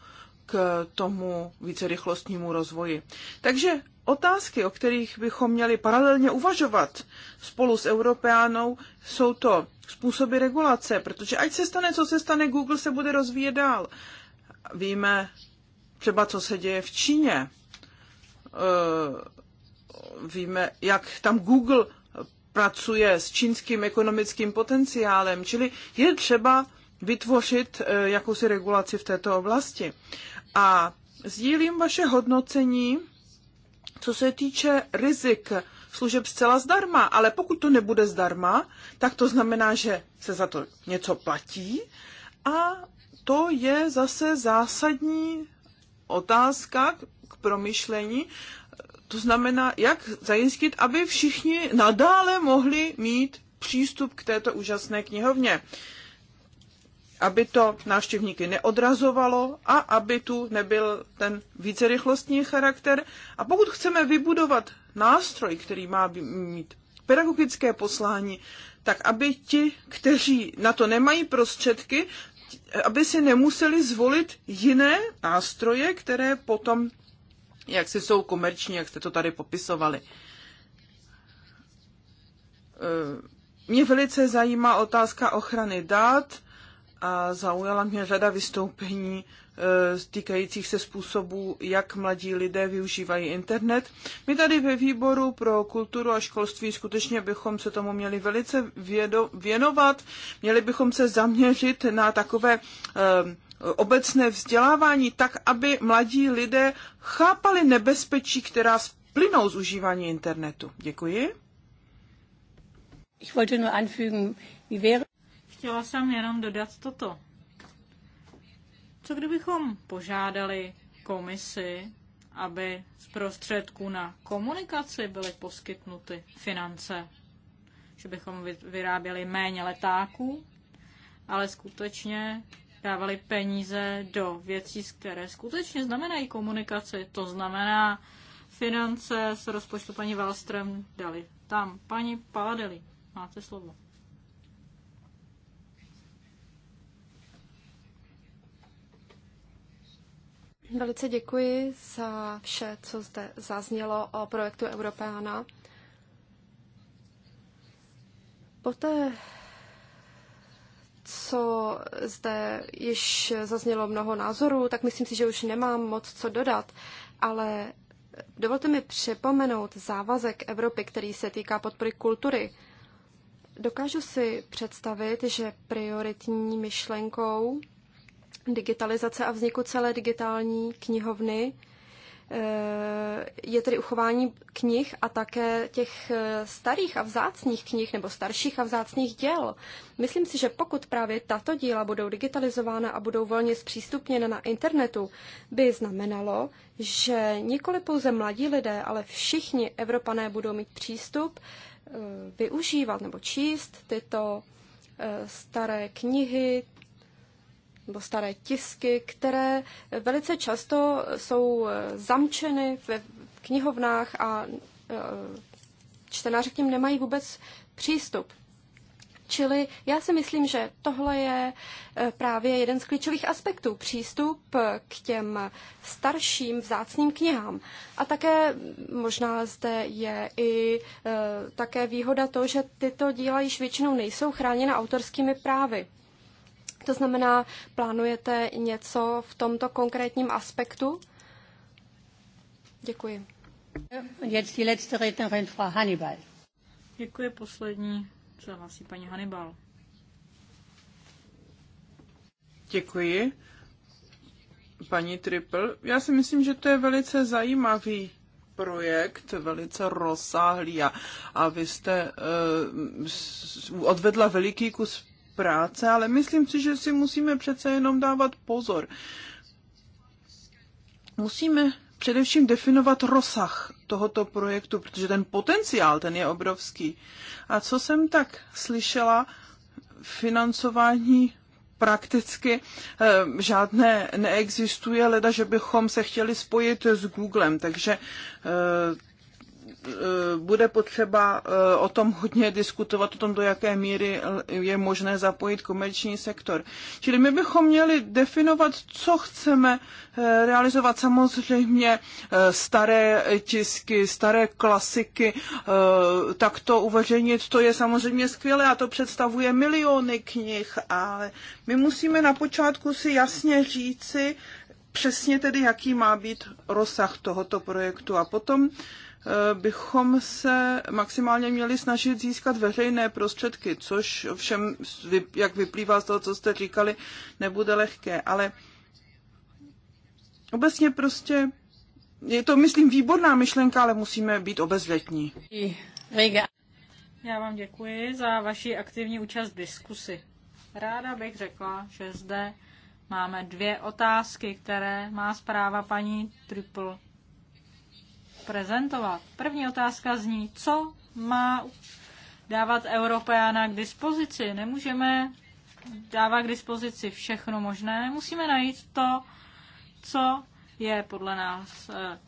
S2: k tomu vícerychlostnímu rozvoji. Takže otázky, o kterých bychom měli paralelně uvažovat spolu s Europeánou, jsou to způsoby regulace, protože ať se stane, co se stane, Google se bude rozvíjet dál. Víme třeba, co se děje v Číně. Eh, víme, jak tam Google pracuje s čínským ekonomickým potenciálem, čili je třeba vytvořit eh, jakousi regulaci v této oblasti. A sdílím vaše hodnocení, co se týče rizik služeb zcela zdarma, ale pokud to nebude zdarma, tak to znamená, že se za to něco platí a to je zase zásadní otázka k promyšlení, to znamená, jak zajistit, aby všichni nadále mohli mít přístup k této úžasné knihovně aby to návštěvníky neodrazovalo a aby tu nebyl ten vícerychlostní charakter. A pokud chceme vybudovat nástroj, který má mít pedagogické poslání, tak aby ti, kteří na to nemají prostředky, aby si nemuseli zvolit jiné nástroje, které potom, jak si jsou komerční, jak jste to tady popisovali. Mě velice zajímá otázka ochrany dát a zaujala mě řada vystoupení e, týkajících se způsobů, jak mladí lidé využívají internet. My tady ve výboru pro kulturu a školství skutečně bychom se tomu měli velice věnovat. Měli bychom se zaměřit na takové e, obecné vzdělávání, tak aby mladí lidé chápali nebezpečí, která plynou z užívání internetu. Děkuji.
S3: Ich wollte nur anfügen, wie wäre
S1: Chtěla jsem jenom dodat
S3: toto. Co kdybychom
S1: požádali komisi, aby z prostředků na komunikaci byly poskytnuty finance? Že bychom vyráběli méně letáků, ale skutečně dávali peníze do věcí, které skutečně znamenají komunikaci. To znamená, finance z rozpočtu paní Wallström dali tam. Paní Paladeli, máte slovo.
S4: Velice děkuji za vše, co zde zaznělo o projektu Europeana. Poté, co zde již zaznělo mnoho názorů, tak myslím si, že už nemám moc co dodat, ale dovolte mi připomenout závazek Evropy, který se týká podpory kultury. Dokážu si představit, že prioritní myšlenkou digitalizace a vzniku celé digitální knihovny eh, je tedy uchování knih a také těch eh, starých a vzácných knih nebo starších a vzácných děl. Myslím si, že pokud právě tato díla budou digitalizována a budou volně zpřístupněna na internetu, by znamenalo, že nikoli pouze mladí lidé, ale všichni Evropané budou mít přístup eh, využívat nebo číst tyto staré knihy, nebo staré tisky, které velice často jsou eh, zamčeny ve knihovnách a eh, čtenáři k nim nemají vůbec přístup. Čili já si myslím, že tohle je eh, právě jeden z klíčových aspektů přístup k těm starším vzácným knihám. A také možná zde je i také výhoda to, že tyto díla již většinou nejsou chráněna autorskými právy. To znamená, plánujete něco v tomto konkrétním aspektu? Děkuji. Jetzt die letzte
S3: Rednerin, Frau Hannibal.
S1: Děkuji, poslední se paní Hannibal.
S2: Děkuji. Paní Triple, já si myslím, že to je velice zajímavý projekt, velice rozsáhlý a, a vy jste uh, odvedla veliký kus práce, ale myslím si, že si musíme přece jenom dávat pozor. Musíme především definovat rozsah tohoto projektu, protože ten potenciál, ten je obrovský. A co jsem tak slyšela, financování prakticky eh, žádné neexistuje, leda, že bychom se chtěli spojit s Googlem, takže eh, Eh, bude potřeba eh, o tom hodně diskutovat, o tom, do jaké míry je možné zapojit komerční sektor. Čili my bychom měli definovat, co chceme eh, realizovat. Samozřejmě staré tisky, staré klasiky, tak to uveřejnit, to je samozřejmě skvělé a to představuje miliony knih, ale my musíme na počátku si jasně říci, přesně tedy, jaký má být rozsah tohoto projektu. A potom Eh, bychom se maximálně měli snažit získat veřejné prostředky, což ovšem, jak vyplývá z toho, co jste říkali, nebude lehké. Ale obecně prostě je to, myslím, výborná myšlenka, ale musíme být obezřetní.
S1: Já vám děkuji za vaši aktivní účast v diskusi. Ráda bych řekla, že zde máme dvě otázky, které má zpráva paní Triple prezentovat. První otázka zní, co má dávat Europeana k dispozici. Nemůžeme dávat k dispozici všechno možné. Musíme najít to, co je podle nás eh,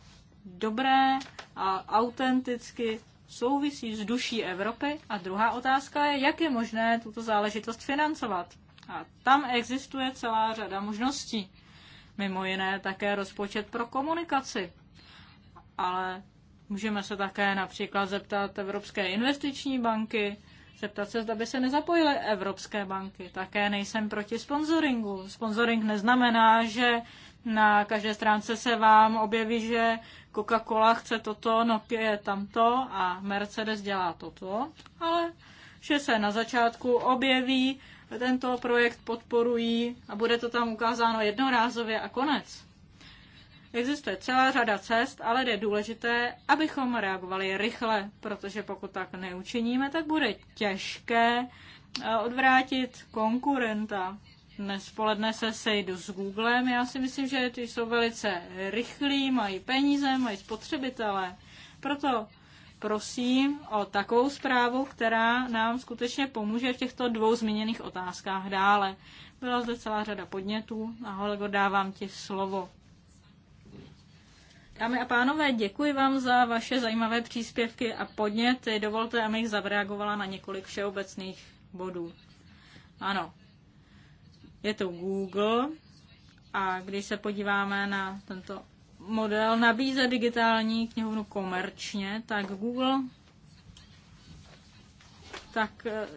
S1: dobré a autenticky souvisí s duší Evropy. A druhá otázka je, jak je možné tuto záležitost financovat. A tam existuje celá řada možností. Mimo jiné také rozpočet pro komunikaci ale můžeme se také například zeptat Evropské investiční banky, zeptat se, zda by se nezapojily evropské banky. Také nejsem proti sponsoringu. Sponsoring neznamená, že na každé stránce se vám objeví, že Coca-Cola chce toto, Nokia je tamto a Mercedes dělá toto, ale že se na začátku objeví, tento projekt podporují a bude to tam ukázáno jednorázově a konec. Existuje celá řada cest, ale je důležité, abychom reagovali rychle, protože pokud tak neučiníme, tak bude těžké eh, odvrátit konkurenta. Dnes poledne se sejdu s Googlem. Já si myslím, že ty jsou velice rychlí, mají peníze, mají spotřebitele. Proto prosím o takovou zprávu, která nám skutečně pomůže v těchto dvou zmíněných otázkách dále. Byla zde celá řada podnětů a Holego dávám ti slovo. Dámy a pánové, děkuji vám za vaše zajímavé příspěvky a podněty. Dovolte, abych zareagovala na několik všeobecných bodů. Ano, je to Google a když se podíváme na tento model nabíze digitální knihovnu komerčně, tak Google tak eh,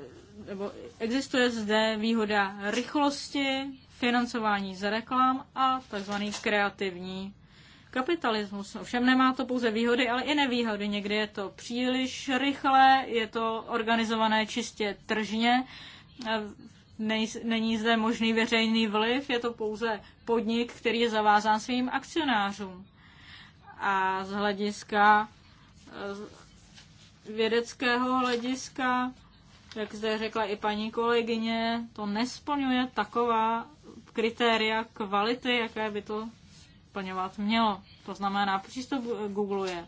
S1: nebo existuje zde výhoda rychlosti, financování z reklam a tzv. kreativní kapitalismus. Ovšem nemá to pouze výhody, ale i nevýhody. Někdy je to příliš rychlé, je to organizované čistě tržně, není zde možný veřejný vliv, je to pouze podnik, který je zavázán svým akcionářům. A z hlediska vědeckého hlediska, jak zde řekla i paní kolegyně, to nesplňuje taková kritéria kvality, jaké by to splňovat mělo. To znamená, přístup Google je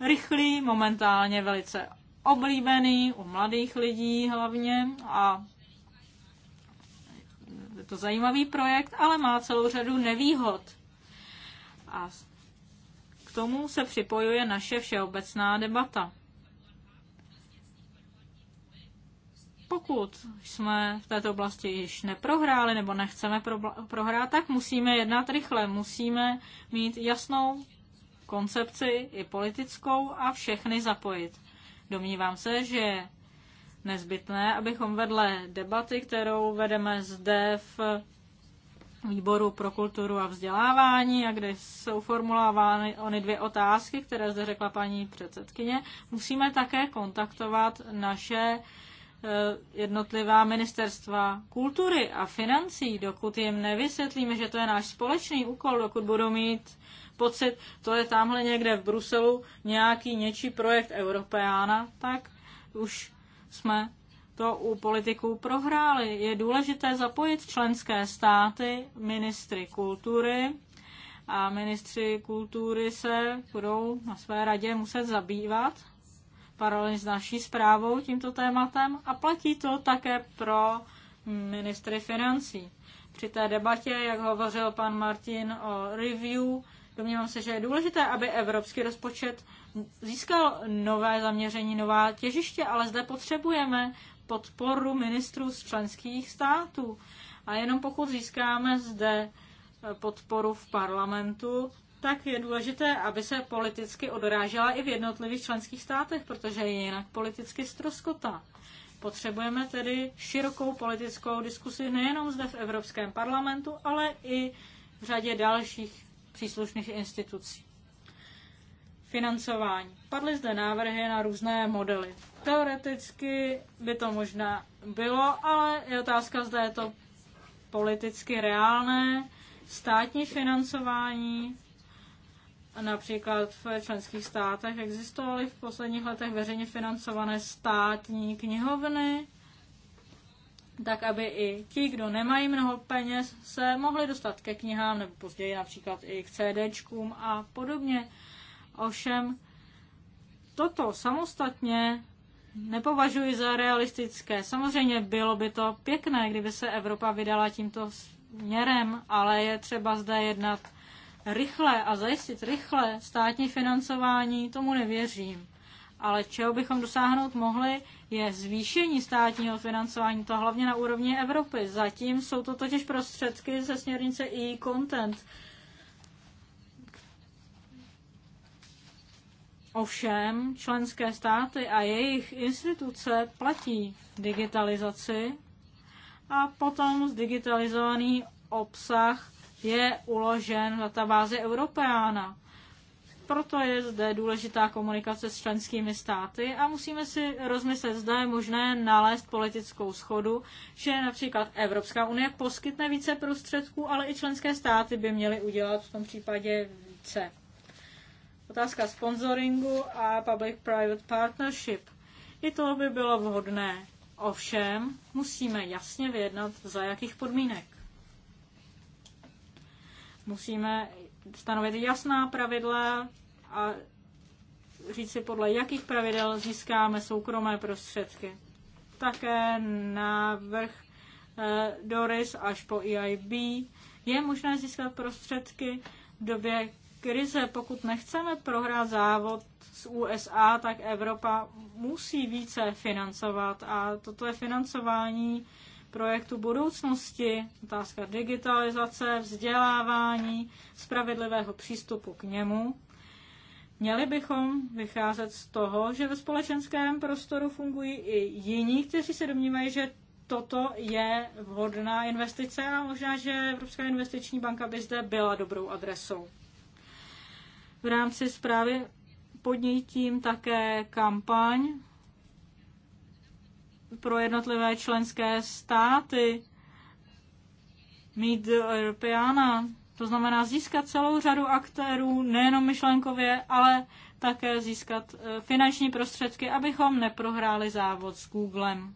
S1: rychlý, momentálně velice oblíbený u mladých lidí hlavně a je to zajímavý projekt, ale má celou řadu nevýhod. A k tomu se připojuje naše všeobecná debata. Pokud jsme v této oblasti již neprohráli nebo nechceme prohrát, tak musíme jednat rychle. Musíme mít jasnou koncepci i politickou a všechny zapojit. Domnívám se, že je nezbytné, abychom vedle debaty, kterou vedeme zde v výboru pro kulturu a vzdělávání, a kde jsou formulovány ony dvě otázky, které zde řekla paní předsedkyně, musíme také kontaktovat naše Eh, jednotlivá ministerstva kultury a financí, dokud jim nevysvětlíme, že to je náš společný úkol, dokud budou mít pocit, to je tamhle někde v Bruselu nějaký něčí projekt Europeána, tak už jsme to u politiků prohráli. Je důležité zapojit členské státy, ministry kultury a ministři kultury se budou na své radě muset zabývat paralelně s naší zprávou tímto tématem a platí to také pro ministry financí. Při té debatě, jak hovořil pan Martin o review, domnívám se, že je důležité, aby evropský rozpočet získal nové zaměření, nová těžiště, ale zde potřebujeme podporu ministrů z členských států. A jenom pokud získáme zde podporu v parlamentu, tak je důležité, aby se politicky odrážela i v jednotlivých členských státech, protože jinak politicky stroskota. Potřebujeme tedy širokou politickou diskusi nejenom zde v Evropském parlamentu, ale i v řadě dalších příslušných institucí. Financování. Padly zde návrhy na různé modely. Teoreticky by to možná bylo, ale je otázka, zda je to politicky reálné. Státní financování Například v členských státech existovaly v posledních letech veřejně financované státní knihovny, tak aby i ti, kdo nemají mnoho peněz, se mohli dostat ke knihám nebo později například i k CDčkům a podobně. Ovšem, toto samostatně nepovažuji za realistické. Samozřejmě bylo by to pěkné, kdyby se Evropa vydala tímto směrem, ale je třeba zde jednat Rychle a zajistit rychle státní financování, tomu nevěřím. Ale čeho bychom dosáhnout mohli, je zvýšení státního financování, to hlavně na úrovni Evropy. Zatím jsou to totiž prostředky ze směrnice e-content. Ovšem, členské státy a jejich instituce platí digitalizaci a potom zdigitalizovaný obsah je uložen v databázi Europeana. Proto je zde důležitá komunikace s členskými státy a musíme si rozmyslet, zda je možné nalézt politickou schodu, že například Evropská unie poskytne více prostředků, ale i členské státy by měly udělat v tom případě více. Otázka sponsoringu a public-private partnership. I to by bylo vhodné. Ovšem, musíme jasně vyjednat, za jakých podmínek. Musíme stanovit jasná pravidla a říct si, podle jakých pravidel získáme soukromé prostředky. Také návrh eh, Doris až po EIB je možné získat prostředky v době krize. Pokud nechceme prohrát závod s USA, tak Evropa musí více financovat a toto je financování projektu budoucnosti, otázka digitalizace, vzdělávání, spravedlivého přístupu k němu. Měli bychom vycházet z toho, že ve společenském prostoru fungují i jiní, kteří se domnívají, že toto je vhodná investice a možná, že Evropská investiční banka by zde byla dobrou adresou. V rámci zprávy podnítím také kampaň pro jednotlivé členské státy mít Europeana. To znamená získat celou řadu aktérů, nejenom myšlenkově, ale také získat eh, finanční prostředky, abychom neprohráli závod s Googlem.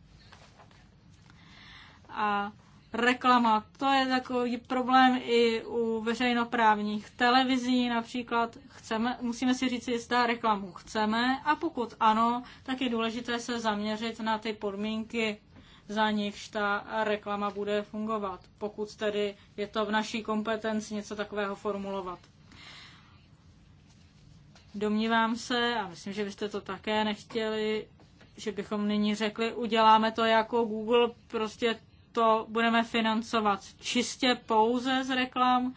S1: A reklama. To je takový problém i u veřejnoprávních televizí. Například chceme, musíme si říct, jestli reklamu chceme a pokud ano, tak je důležité se zaměřit na ty podmínky, za nichž ta reklama bude fungovat. Pokud tedy je to v naší kompetenci něco takového formulovat. Domnívám se, a myslím, že byste to také nechtěli, že bychom nyní řekli, uděláme to jako Google, prostě to budeme financovat čistě pouze z reklam.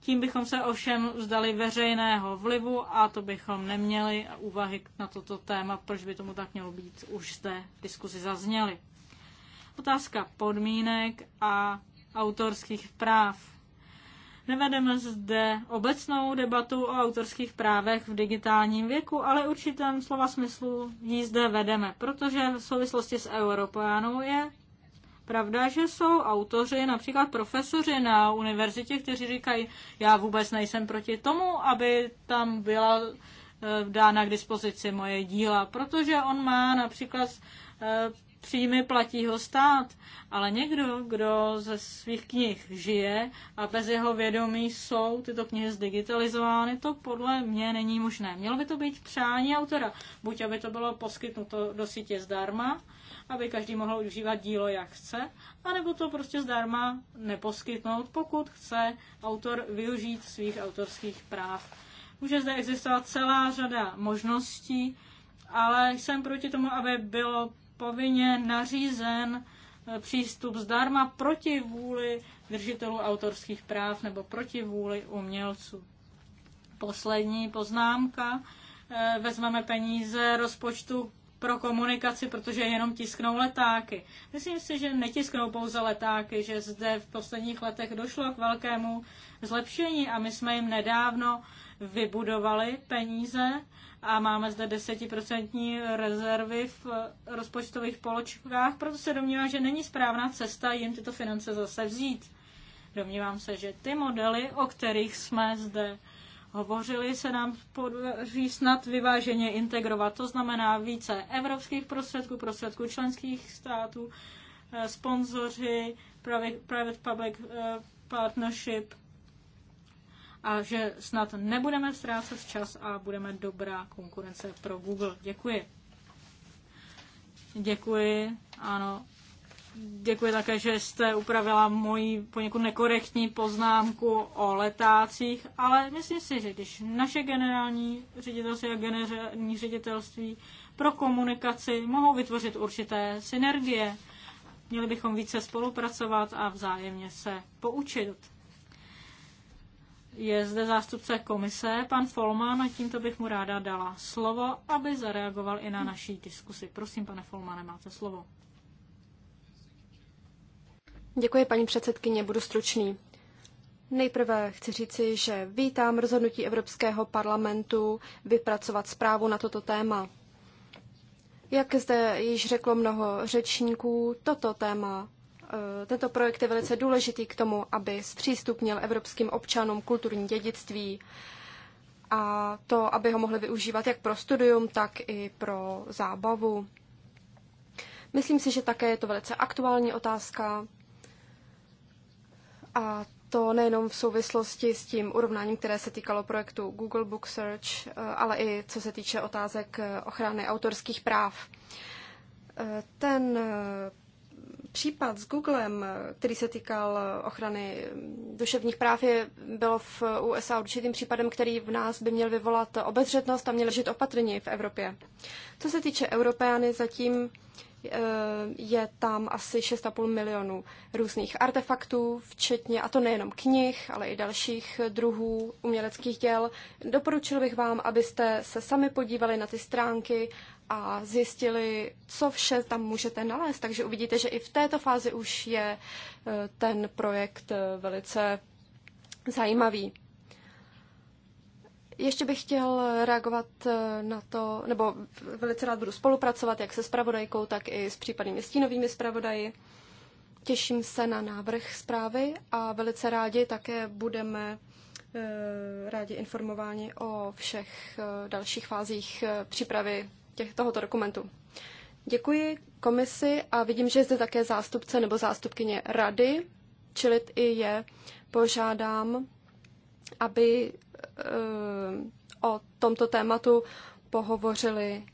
S1: Tím bychom se ovšem vzdali veřejného vlivu a to bychom neměli a úvahy na toto téma, proč by tomu tak mělo být, už zde v diskusi zazněly. Otázka podmínek a autorských práv. Nevedeme zde obecnou debatu o autorských právech v digitálním věku, ale určitém slova smyslu ji zde vedeme, protože v souvislosti s Europeanou je Pravda, že jsou autoři, například profesoři na univerzitě, kteří říkají, já vůbec nejsem proti tomu, aby tam byla eh, dána k dispozici moje díla, protože on má například eh, příjmy platí ho stát, ale někdo, kdo ze svých knih žije a bez jeho vědomí jsou tyto knihy zdigitalizovány, to podle mě není možné. Mělo by to být přání autora, buď aby to bylo poskytnuto do sítě zdarma, aby každý mohl užívat dílo, jak chce, anebo to prostě zdarma neposkytnout, pokud chce autor využít svých autorských práv. Může zde existovat celá řada možností, ale jsem proti tomu, aby bylo povinně nařízen eh, přístup zdarma proti vůli držitelů autorských práv nebo proti vůli umělců. Poslední poznámka. Eh, vezmeme peníze rozpočtu pro komunikaci, protože jenom tisknou letáky. Myslím si, že netisknou pouze letáky, že zde v posledních letech došlo k velkému zlepšení a my jsme jim nedávno vybudovali peníze a máme zde desetiprocentní rezervy v rozpočtových poločkách, proto se domnívám, že není správná cesta jim tyto finance zase vzít. Domnívám se, že ty modely, o kterých jsme zde hovořili, se nám podaří snad vyváženě integrovat. To znamená více evropských prostředků, prostředků členských států, eh, sponzoři, private-public eh, partnership a že snad nebudeme ztrácet čas a budeme dobrá konkurence pro Google. Děkuji. Děkuji, ano, děkuji také, že jste upravila moji poněkud nekorektní poznámku o letácích, ale myslím si, že když naše generální ředitelství a generální ředitelství pro komunikaci mohou vytvořit určité synergie, měli bychom více spolupracovat a vzájemně se poučit. Je zde zástupce komise, pan Folman, a tímto bych mu ráda dala slovo, aby zareagoval i na naší diskusi. Prosím, pane Folmane, máte slovo.
S4: Děkuji, paní předsedkyně, budu stručný. Nejprve chci říci, že vítám rozhodnutí Evropského parlamentu vypracovat zprávu na toto téma. Jak zde již řeklo mnoho řečníků, toto téma, eh, tento projekt je velice důležitý k tomu, aby zpřístupnil evropským občanům kulturní dědictví a to, aby ho mohli využívat jak pro studium, tak i pro zábavu. Myslím si, že také je to velice aktuální otázka, a to nejenom v souvislosti s tím urovnáním, které se týkalo projektu Google Book Search, eh, ale i co se týče otázek eh, ochrany autorských práv. Eh, ten případ s Googlem, který se týkal ochrany mm, duševních práv, je, byl v USA určitým případem, který v nás by měl vyvolat obezřetnost a měl žít opatrně v Evropě. Co se týče Europeany, zatím Eh, je tam asi 6,5 milionů různých artefaktů, včetně, a to nejenom knih, ale i dalších druhů uměleckých děl. Doporučil bych vám, abyste se sami podívali na ty stránky a zjistili, co vše tam můžete nalézt. Takže uvidíte, že i v této fázi už je eh, ten projekt eh, velice zajímavý. Ještě bych chtěl reagovat eh, na to, nebo velice rád budu spolupracovat jak se spravodajkou, tak i s případnými stínovými spravodaji. Těším se na návrh zprávy a velice rádi také budeme eh, rádi informováni o všech eh, dalších fázích přípravy těch, tohoto dokumentu. Děkuji komisi a vidím, že je zde také zástupce nebo zástupkyně rady, čili i je požádám, aby Eh, o tomto tématu pohovořili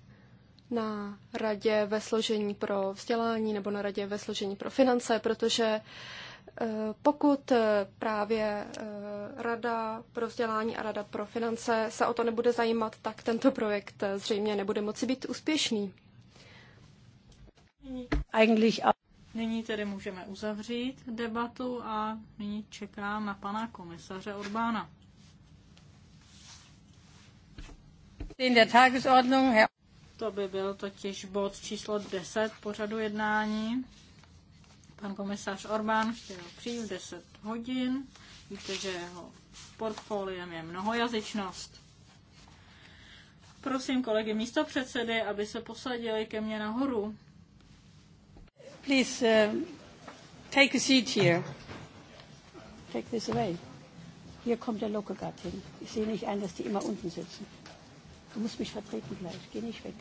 S4: na radě ve složení pro vzdělání nebo na radě ve složení pro finance, protože eh, pokud eh, právě Rada pro vzdělání a Rada pro finance se o to nebude zajímat, tak tento projekt zřejmě nebude moci být úspěšný.
S1: Nyní tedy můžeme uzavřít debatu a nyní čekám na pana komisaře Orbána. To by byl totiž bod číslo 10 pořadu jednání. Pan komisař Orbán chtěl přijít v 10 hodin. Víte, že jeho portfoliem je mnohojazyčnost. Prosím kolegy místo předsedy, aby se posadili ke mně nahoru.
S3: Please uh, take a seat here. Take this away. Hier kommt der Local Ich sehe nicht ein, dass die immer unten sitzen. Du musst mich vertreten gleich, geh nicht weg.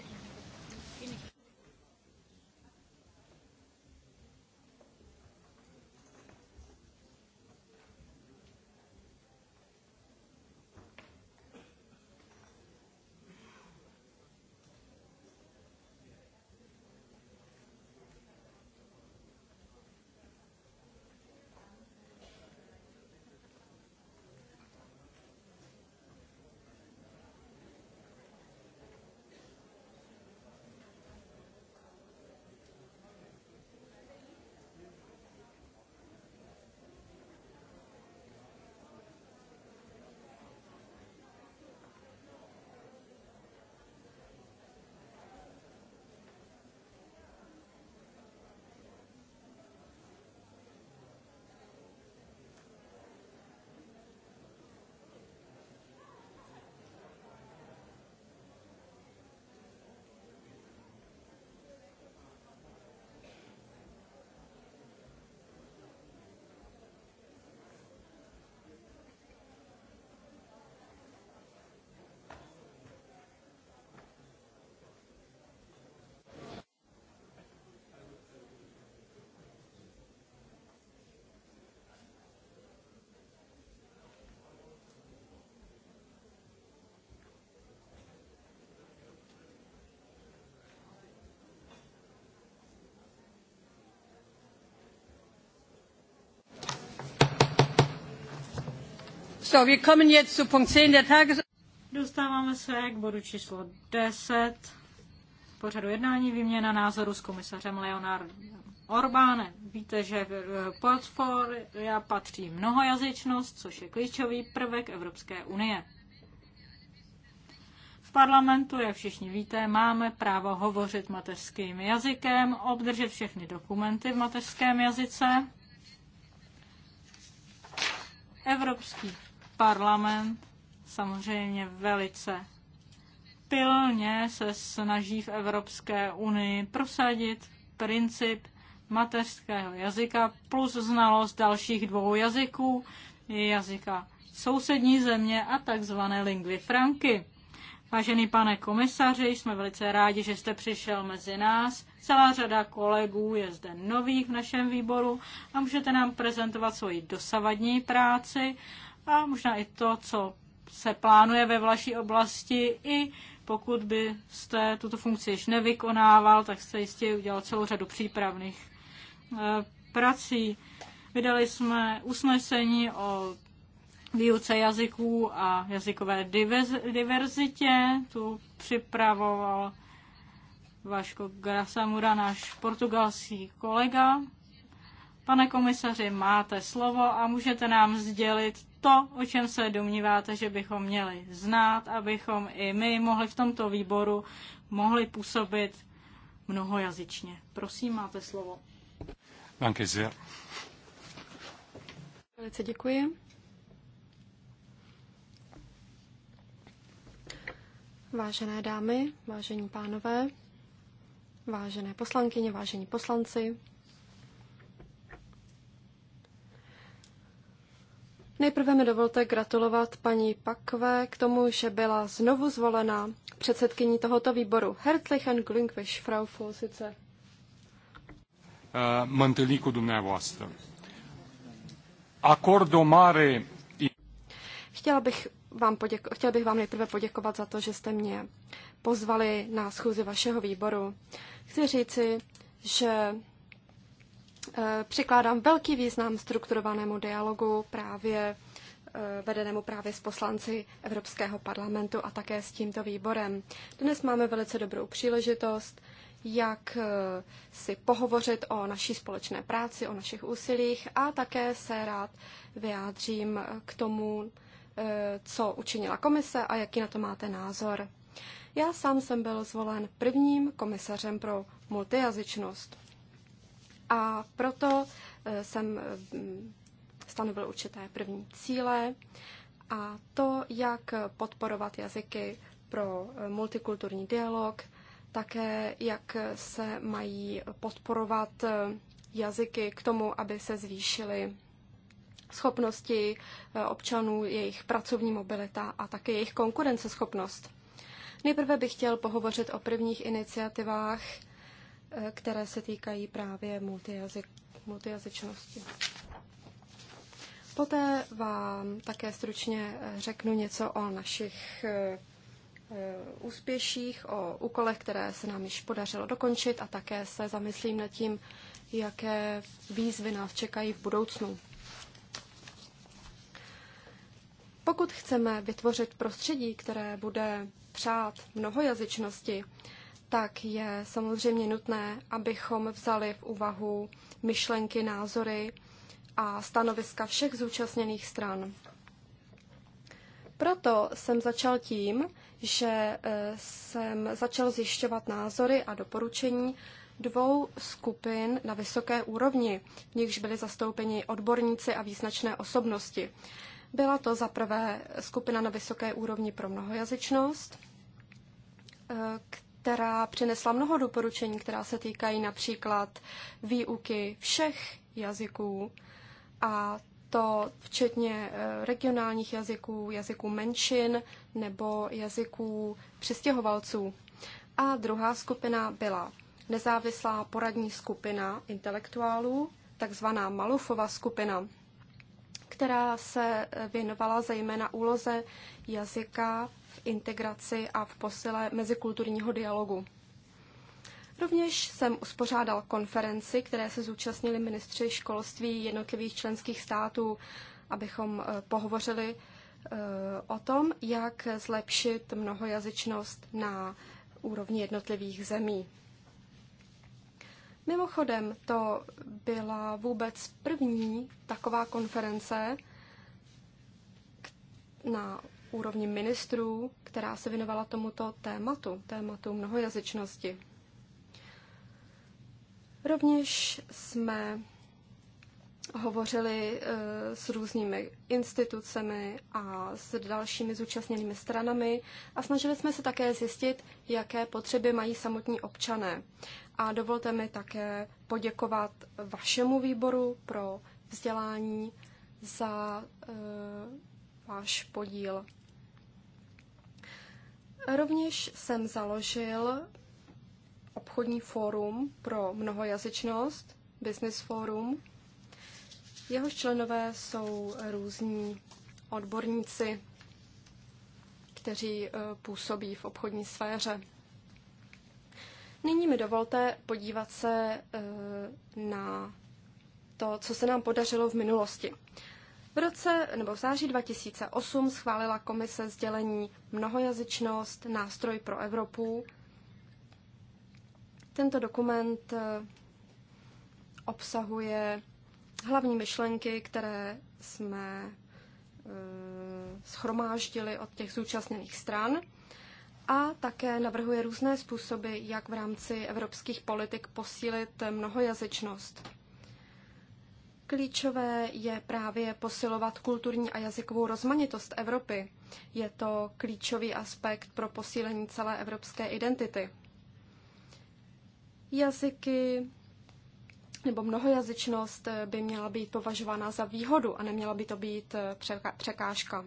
S1: Dostáváme se k bodu číslo
S3: 10.
S1: Pořadu jednání výměna názoru s komisařem Leonardem Orbánem. Víte, že v portfolia patří mnohojazyčnost, což je klíčový prvek Evropské unie. V parlamentu, jak všichni víte, máme právo hovořit mateřským jazykem, obdržet všechny dokumenty v mateřském jazyce. Evropský Parlament samozřejmě velice pilně se snaží v Evropské unii prosadit princip mateřského jazyka plus znalost dalších dvou jazyků, jazyka sousední země a takzvané lingvy franky. Vážený pane komisaři, jsme velice rádi, že jste přišel mezi nás. Celá řada kolegů je zde nových v našem výboru a můžete nám prezentovat svoji dosavadní práci a možná i to, co se plánuje ve vaší oblasti, i pokud byste tuto funkci již nevykonával, tak jste jistě udělal celou řadu přípravných eh, prací. Vydali jsme usnesení o výuce jazyků a jazykové diverzitě. Tu připravoval Vaško Grasamura, náš portugalský kolega. Pane komisaři, máte slovo a můžete nám sdělit to, o čem se domníváte, že bychom měli znát, abychom i my mohli v tomto výboru mohli působit mnohojazyčně. Prosím, máte slovo. Danke sehr.
S4: Velice děkuji. Vážené dámy, vážení pánové, vážené poslankyně, vážení poslanci, Nejprve mi dovolte gratulovat paní Pakve k tomu, že byla znovu zvolena předsedkyní tohoto výboru. Herzlichen and Glüngwisch, Frau Vorsice. Uh,
S2: eh, Mântâlnit cu dumneavoastră. Acordul mare...
S4: Chtěla bych vám, poděko- chtěla bych vám nejprve poděkovat za to, že jste mě pozvali na schůzi vašeho výboru. Chci říci, že Eh, přikládám velký význam strukturovanému dialogu právě eh, vedenému právě s poslanci Evropského parlamentu a také s tímto výborem. Dnes máme velice dobrou příležitost, jak eh, si pohovořit o naší společné práci, o našich úsilích a také se rád vyjádřím k tomu, co učinila komise a jaký na to máte názor. Já sám jsem byl zvolen prvním komisařem pro multijazyčnost. A proto eh, jsem mm, stanovil určité první cíle a to, jak podporovat jazyky pro eh, multikulturní dialog, také jak se mají podporovat eh, jazyky k tomu, aby se zvýšily schopnosti občanů, jejich pracovní mobilita a také jejich konkurenceschopnost. Nejprve bych chtěl pohovořit o prvních iniciativách, které se týkají právě multijazyk, multijazyčnosti. Poté vám také stručně eh, řeknu něco o našich eh, eh, úspěších, o úkolech, které se nám již podařilo dokončit a také se zamyslím nad tím, jaké výzvy nás čekají v budoucnu. Pokud chceme vytvořit prostředí, které bude přát mnohojazyčnosti, tak je samozřejmě nutné, abychom vzali v úvahu myšlenky, názory a stanoviska všech zúčastněných stran. Proto jsem začal tím, že eh, jsem začal zjišťovat názory a doporučení dvou skupin na vysoké úrovni, v nichž byly zastoupeni odborníci a význačné osobnosti. Byla to za prvé skupina na vysoké úrovni pro mnohojazyčnost, eh, která přinesla mnoho doporučení, která se týkají například výuky všech jazyků a to včetně e, regionálních jazyků, jazyků menšin nebo jazyků přistěhovalců. A druhá skupina byla nezávislá poradní skupina intelektuálů, takzvaná Malufova skupina, která se e, věnovala zejména úloze jazyka integraci a v posile mezikulturního dialogu. Rovněž jsem uspořádal konferenci, které se zúčastnili ministři školství jednotlivých členských států, abychom eh, pohovořili eh, o tom, jak zlepšit mnohojazyčnost na úrovni jednotlivých zemí. Mimochodem, to byla vůbec první taková konference na úrovni ministrů, která se věnovala tomuto tématu, tématu mnohojazyčnosti. Rovněž jsme hovořili eh, s různými institucemi a s dalšími zúčastněnými stranami a snažili jsme se také zjistit, jaké potřeby mají samotní občané. A dovolte mi také poděkovat vašemu výboru pro vzdělání za eh, váš podíl Rovněž jsem založil obchodní fórum pro mnohojazyčnost, Business Forum. Jeho členové jsou různí odborníci, kteří eh, působí v obchodní sféře. Nyní mi dovolte podívat se eh, na to, co se nám podařilo v minulosti. V roce nebo v září 2008 schválila komise sdělení Mnohojazyčnost, nástroj pro Evropu. Tento dokument eh, obsahuje hlavní myšlenky, které jsme eh, schromáždili od těch zúčastněných stran a také navrhuje různé způsoby, jak v rámci evropských politik posílit mnohojazyčnost. Klíčové je právě posilovat kulturní a jazykovou rozmanitost Evropy. Je to klíčový aspekt pro posílení celé evropské identity. Jazyky nebo mnohojazyčnost by měla být považována za výhodu a neměla by to být překážka.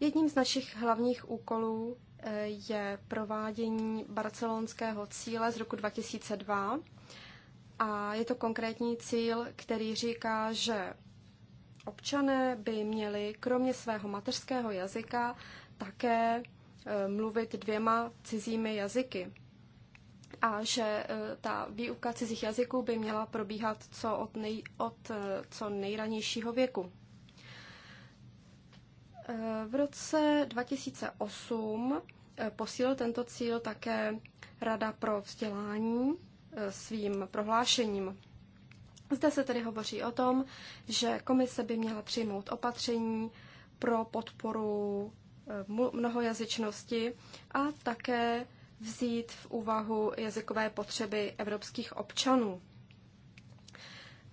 S4: Jedním z našich hlavních úkolů eh, je provádění barcelonského cíle z roku 2002 a je to konkrétní cíl, který říká, že občané by měli kromě svého mateřského jazyka také e, mluvit dvěma cizími jazyky. A že e, ta výuka cizích jazyků by měla probíhat co od, nej, od e, co nejranějšího věku. V roce 2008 posílil tento cíl také Rada pro vzdělání Eh, svým prohlášením. Zde se tedy hovoří o tom, že komise by měla přijmout opatření pro podporu eh, mnohojazyčnosti a také vzít v úvahu jazykové potřeby evropských občanů.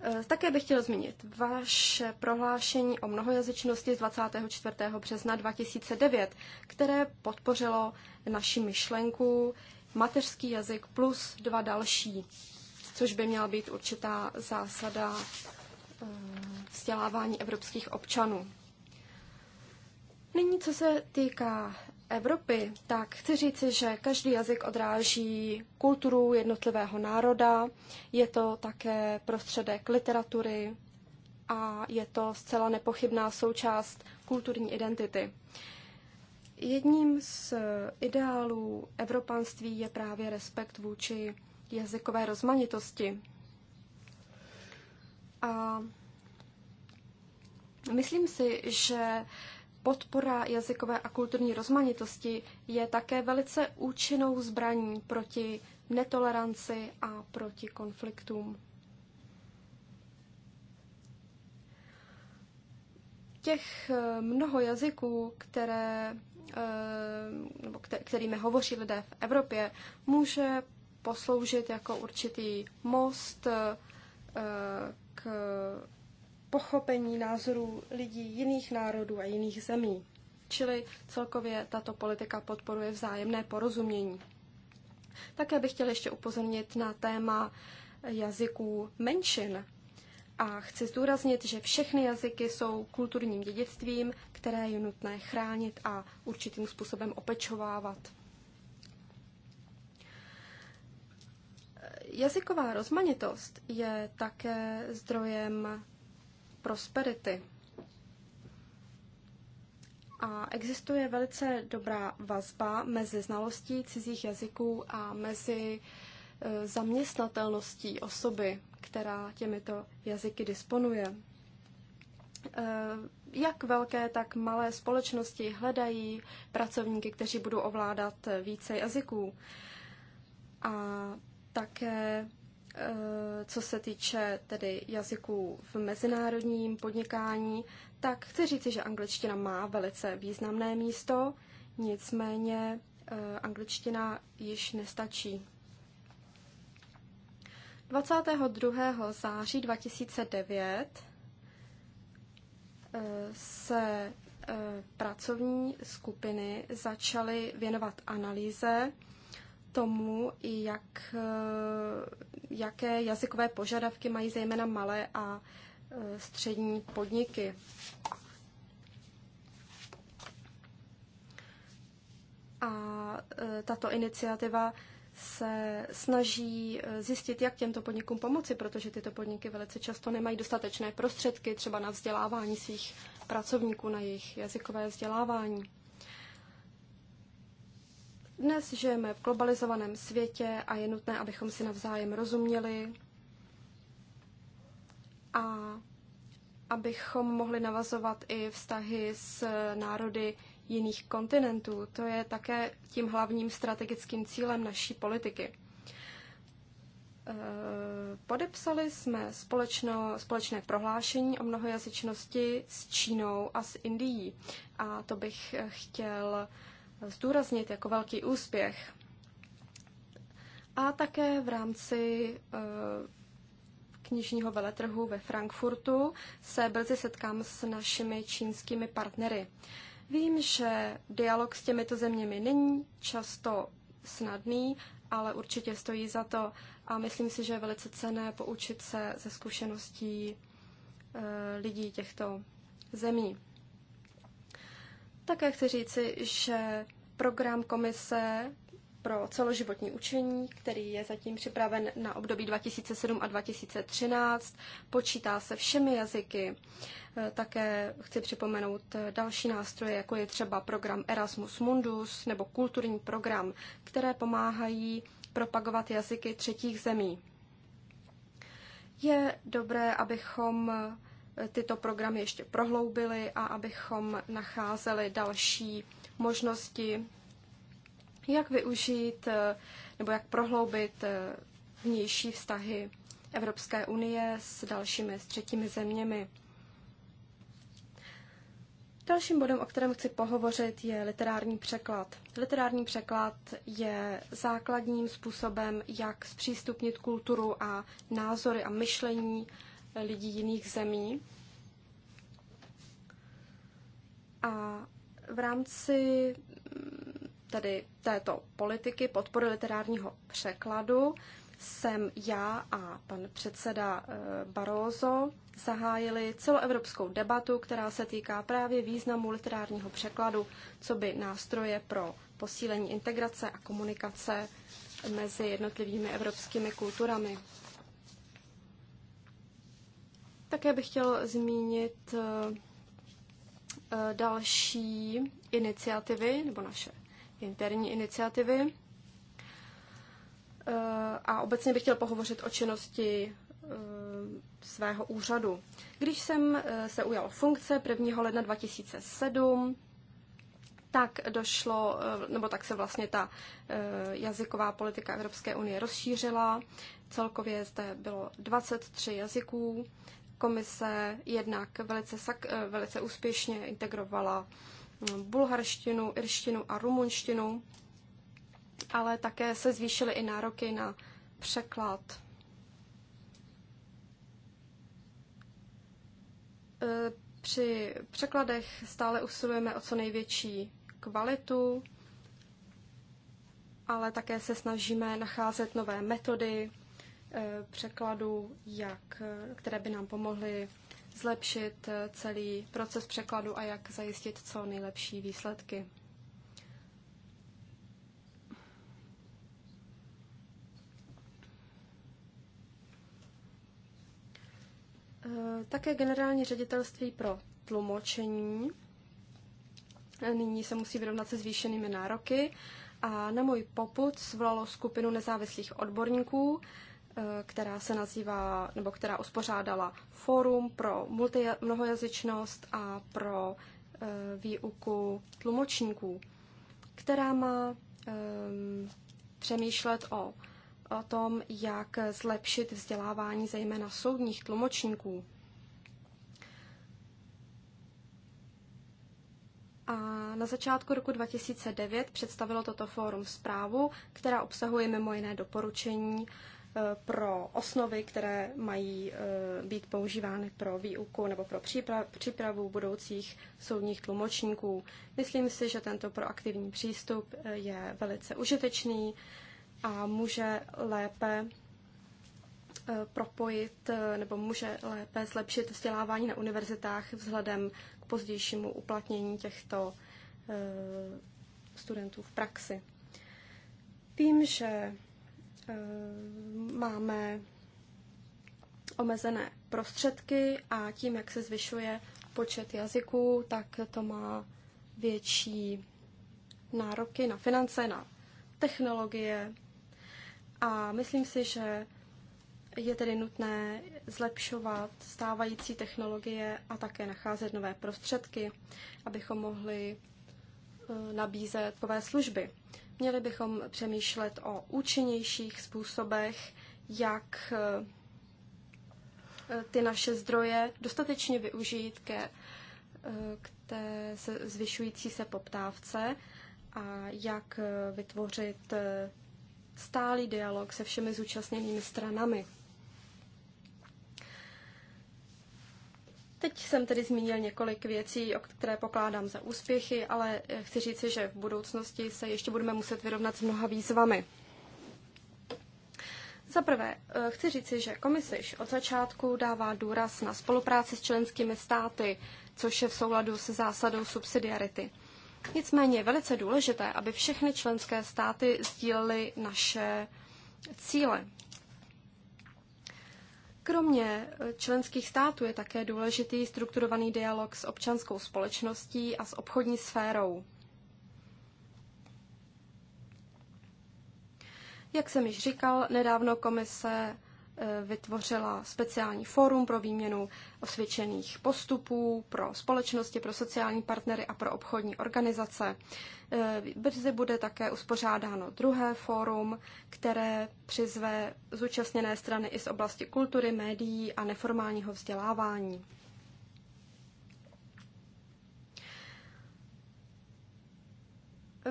S4: Eh, také bych chtěl zmínit vaše prohlášení o mnohojazyčnosti z 24. března 2009, které podpořilo naši myšlenku mateřský jazyk plus dva další, což by měla být určitá zásada eh, vzdělávání evropských občanů. Nyní, co se týká Evropy, tak chci říci, že každý jazyk odráží kulturu jednotlivého národa, je to také prostředek literatury a je to zcela nepochybná součást kulturní identity. Jedním z eh, ideálů evropanství je právě respekt vůči jazykové rozmanitosti. A myslím si, že podpora jazykové a kulturní rozmanitosti je také velice účinnou zbraní proti netoleranci a proti konfliktům. Těch eh, mnoho jazyků, které Eh, nebo kterými hovoří lidé v Evropě, může posloužit jako určitý most eh, k pochopení názorů lidí jiných národů a jiných zemí. Čili celkově tato politika podporuje vzájemné porozumění. Také bych chtěla ještě upozornit na téma jazyků menšin. A chci zdůraznit, že všechny jazyky jsou kulturním dědictvím, které je nutné chránit a určitým způsobem opečovávat. Jazyková rozmanitost je také zdrojem prosperity. A existuje velice dobrá vazba mezi znalostí cizích jazyků a mezi e, zaměstnatelností osoby, která těmito jazyky disponuje. E, jak velké, tak malé společnosti hledají pracovníky, kteří budou ovládat více jazyků. A také eh, co se týče tedy jazyků v mezinárodním podnikání, tak chci říci, že angličtina má velice významné místo, nicméně eh, angličtina již nestačí. 22. září 2009 se eh, pracovní skupiny začaly věnovat analýze tomu, jak, eh, jaké jazykové požadavky mají zejména malé a eh, střední podniky. A tato iniciativa se snaží eh, zjistit, jak těmto podnikům pomoci, protože tyto podniky velice často nemají dostatečné prostředky třeba na vzdělávání svých pracovníků, na jejich jazykové vzdělávání. Dnes žijeme v globalizovaném světě a je nutné, abychom si navzájem rozuměli a abychom mohli navazovat i vztahy s národy, jiných kontinentů. To je také tím hlavním strategickým cílem naší politiky. Eh, podepsali jsme společno, společné prohlášení o mnohojazyčnosti s Čínou a s Indií. A to bych chtěl zdůraznit jako velký úspěch. A také v rámci eh, knižního veletrhu ve Frankfurtu se brzy setkám s našimi čínskými partnery. Vím, že dialog s těmito zeměmi není často snadný, ale určitě stojí za to a myslím si, že je velice cené poučit se ze zkušeností eh, lidí těchto zemí. Také chci říci, že program komise pro celoživotní učení, který je zatím připraven na období 2007 a 2013. Počítá se všemi jazyky. Eh, také chci připomenout další nástroje, jako je třeba program Erasmus Mundus nebo kulturní program, které pomáhají propagovat jazyky třetích zemí. Je dobré, abychom eh, tyto programy ještě prohloubili a abychom nacházeli další možnosti jak využít eh, nebo jak prohloubit eh, vnější vztahy Evropské unie s dalšími, s třetími zeměmi. Dalším bodem, o kterém chci pohovořit, je literární překlad. Literární překlad je základním způsobem, jak zpřístupnit kulturu a názory a myšlení lidí jiných zemí. A v rámci tedy této politiky, podpory literárního překladu, jsem já a pan předseda eh, Barózo zahájili celoevropskou debatu, která se týká právě významu literárního překladu, co by nástroje pro posílení integrace a komunikace mezi jednotlivými evropskými kulturami. Také bych chtěl zmínit eh, eh, další iniciativy nebo naše interní iniciativy. Eh, a obecně bych chtěl pohovořit o činnosti eh, svého úřadu. Když jsem eh, se ujal funkce 1. ledna 2007, tak došlo, nebo tak se vlastně ta jazyková politika Evropské unie rozšířila. Celkově zde bylo 23 jazyků. Komise jednak velice, velice úspěšně integrovala bulharštinu, irštinu a rumunštinu, ale také se zvýšily i nároky na překlad. E, při překladech stále usilujeme o co největší kvalitu, ale také se snažíme nacházet nové metody e, překladu, jak, e, které by nám pomohly zlepšit eh, celý proces překladu a jak zajistit co nejlepší výsledky. Eh, také generální ředitelství pro tlumočení eh, nyní se musí vyrovnat se zvýšenými nároky a na můj poput zvolalo skupinu nezávislých odborníků, Eh, která se nazývá, nebo která uspořádala Fórum pro multi, mnohojazyčnost a pro eh, výuku tlumočníků, která má eh, přemýšlet o, o tom, jak zlepšit vzdělávání zejména soudních tlumočníků. A na začátku roku 2009 představilo toto fórum zprávu, která obsahuje mimo jiné doporučení uh, Eh, pro osnovy, které mají eh, být používány pro výuku nebo pro přípravu budoucích soudních tlumočníků. Myslím si, že tento proaktivní přístup eh, je velice užitečný a může lépe propojit nebo může lépe zlepšit vzdělávání na univerzitách vzhledem k pozdějšímu uplatnění těchto studentů v praxi. Vím, že Eh, máme omezené prostředky a tím, jak se zvyšuje počet jazyků, tak to má větší nároky na finance, na technologie. A myslím si, že je tedy nutné zlepšovat stávající technologie a také nacházet nové prostředky, abychom mohli eh, nabízet nové služby. Měli bychom přemýšlet o účinnějších způsobech, jak eh, ty naše zdroje dostatečně využít ke, eh, k té zvyšující se poptávce a jak eh, vytvořit stálý dialog se všemi zúčastněnými stranami. Teď jsem tedy zmínil několik věcí, o které pokládám za úspěchy, ale eh, chci říci, že v budoucnosti se ještě budeme muset vyrovnat s mnoha výzvami. Za prvé, eh, chci říci, že komise již od začátku dává důraz na spolupráci s členskými státy, což je v souladu se zásadou subsidiarity. Nicméně je velice důležité, aby všechny členské státy sdílely naše cíle, Kromě e, členských států je také důležitý strukturovaný dialog s občanskou společností a s obchodní sférou. Jak jsem již říkal, nedávno komise Eh, vytvořila speciální fórum pro výměnu osvědčených postupů pro společnosti, pro sociální partnery a pro obchodní organizace. Eh, brzy bude také uspořádáno druhé fórum, které přizve zúčastněné strany i z oblasti kultury, médií a neformálního vzdělávání. Eh,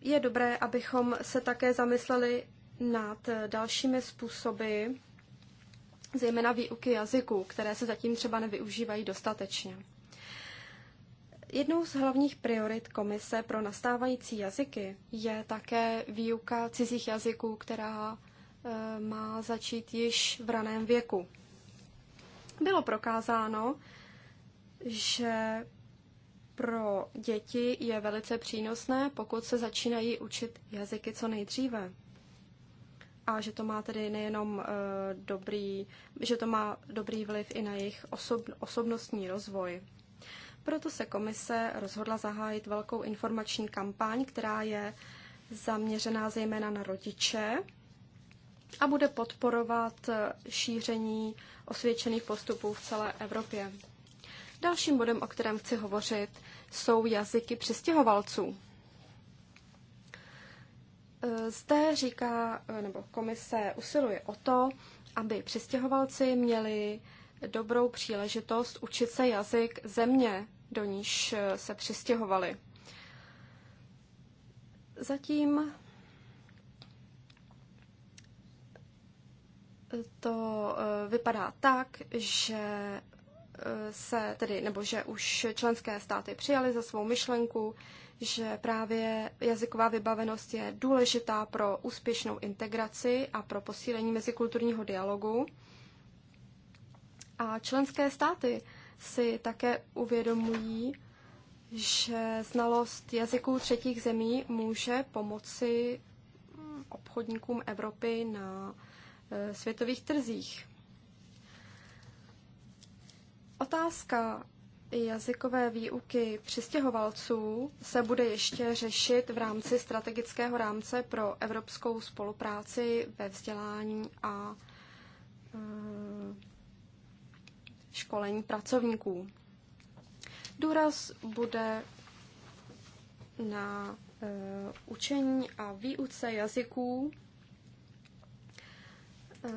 S4: je dobré, abychom se také zamysleli nad dalšími způsoby, zejména výuky jazyků, které se zatím třeba nevyužívají dostatečně. Jednou z hlavních priorit Komise pro nastávající jazyky je také výuka cizích jazyků, která eh, má začít již v raném věku. Bylo prokázáno, že pro děti je velice přínosné, pokud se začínají učit jazyky co nejdříve a že to má tedy nejenom eh, dobrý, že to má dobrý vliv i na jejich osob, osobnostní rozvoj. Proto se komise rozhodla zahájit velkou informační kampaň, která je zaměřená zejména na rodiče a bude podporovat eh, šíření osvědčených postupů v celé Evropě. Dalším bodem, o kterém chci hovořit, jsou jazyky přistěhovalců. Zde říká, nebo komise usiluje o to, aby přistěhovalci měli dobrou příležitost učit se jazyk země, do níž se přistěhovali. Zatím to eh, vypadá tak, že eh, se tedy, nebo že už členské státy přijali za svou myšlenku, že právě jazyková vybavenost je důležitá pro úspěšnou integraci a pro posílení mezikulturního dialogu. A členské státy si také uvědomují, že znalost jazyků třetích zemí může pomoci obchodníkům Evropy na e, světových trzích. Otázka jazykové výuky přistěhovalců se bude ještě řešit v rámci strategického rámce pro evropskou spolupráci ve vzdělání a eh, školení pracovníků. Důraz bude na eh, učení a výuce jazyků eh,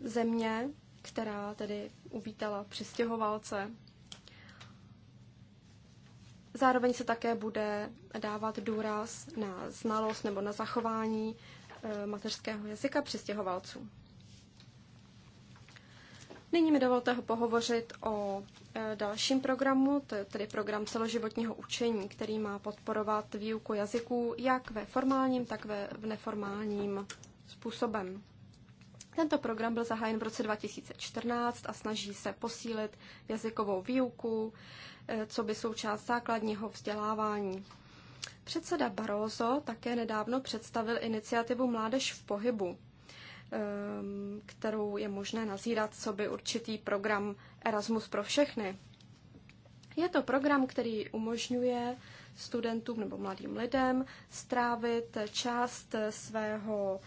S4: země, která tedy uvítala přistěhovalce Zároveň se také bude dávat důraz na znalost nebo na zachování eh, mateřského jazyka přistěhovalců. Nyní mi dovolte pohovořit o eh, dalším programu, to je tedy program celoživotního učení, který má podporovat výuku jazyků jak ve formálním, tak ve v neformálním způsobem. Tento program byl zahájen v roce 2014 a snaží se posílit jazykovou výuku, Eh, co by součást základního vzdělávání. Předseda Barroso také nedávno představil iniciativu Mládež v pohybu, ehm, kterou je možné nazírat co by určitý program Erasmus pro všechny. Je to program, který umožňuje studentům nebo mladým lidem strávit část svého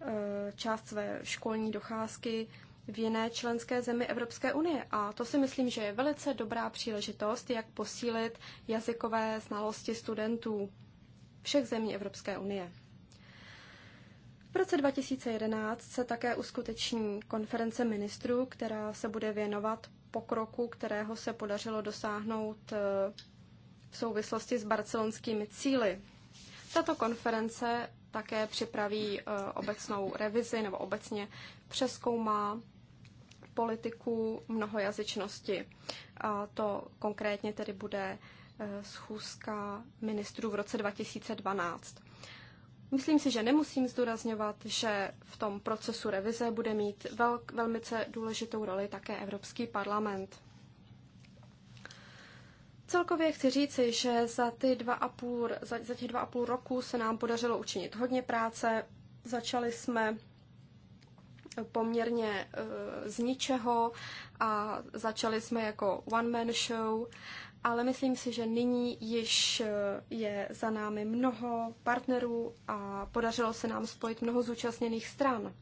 S4: eh, část své školní docházky v jiné členské zemi Evropské unie. A to si myslím, že je velice dobrá příležitost, jak posílit jazykové znalosti studentů všech zemí Evropské unie. V roce 2011 se také uskuteční konference ministrů, která se bude věnovat pokroku, kterého se podařilo dosáhnout eh, v souvislosti s barcelonskými cíly. Tato konference také připraví eh, obecnou revizi nebo obecně přeskoumá politiku mnohojazyčnosti. A to konkrétně tedy bude eh, schůzka ministrů v roce 2012. Myslím si, že nemusím zdůrazňovat, že v tom procesu revize bude mít velk, velmi důležitou roli také Evropský parlament. Celkově chci říci, že za, ty dva a půl, za, za těch dva a půl roku se nám podařilo učinit hodně práce. Začali jsme poměrně eh, z ničeho a začali jsme jako one-man show, ale myslím si, že nyní již eh, je za námi mnoho partnerů a podařilo se nám spojit mnoho zúčastněných stran.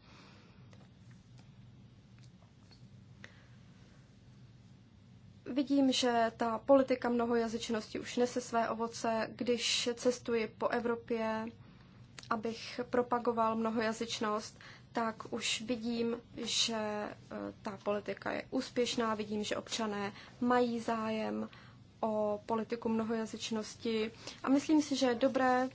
S4: vidím, že ta politika mnohojazyčnosti už nese své ovoce, když cestuji po Evropě, abych propagoval mnohojazyčnost, tak už vidím, že e, ta politika je úspěšná, vidím, že občané mají zájem o politiku mnohojazyčnosti a myslím si, že je dobré,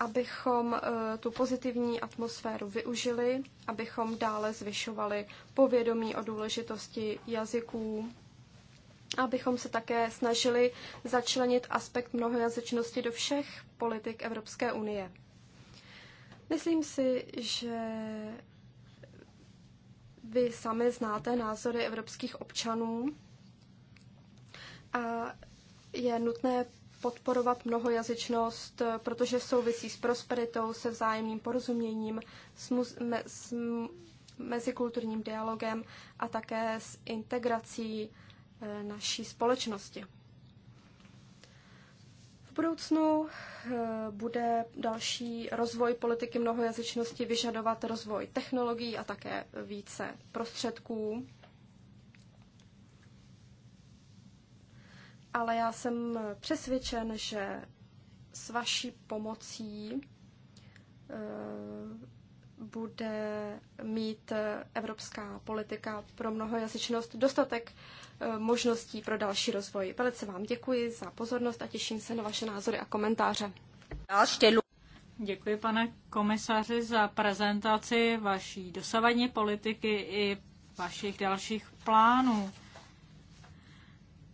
S4: abychom e, tu pozitivní atmosféru využili, abychom dále zvyšovali povědomí o důležitosti jazyků, abychom se také snažili začlenit aspekt mnohojazyčnosti do všech politik Evropské unie. Myslím si, že vy sami znáte názory evropských občanů a je nutné podporovat mnohojazyčnost, protože souvisí s prosperitou, se vzájemným porozuměním, s, mu, me- s mezikulturním dialogem a také s integrací eh, naší společnosti budoucnu eh, bude další rozvoj politiky mnohojazyčnosti vyžadovat rozvoj technologií a také více prostředků. Ale já jsem přesvědčen, že s vaší pomocí eh, bude mít eh, evropská politika pro mnohojazyčnost dostatek eh, možností pro další rozvoj. Velice vám děkuji za pozornost a těším se na vaše názory a komentáře.
S1: Děkuji, pane komisaři, za prezentaci vaší dosavadní politiky i vašich dalších
S4: plánů.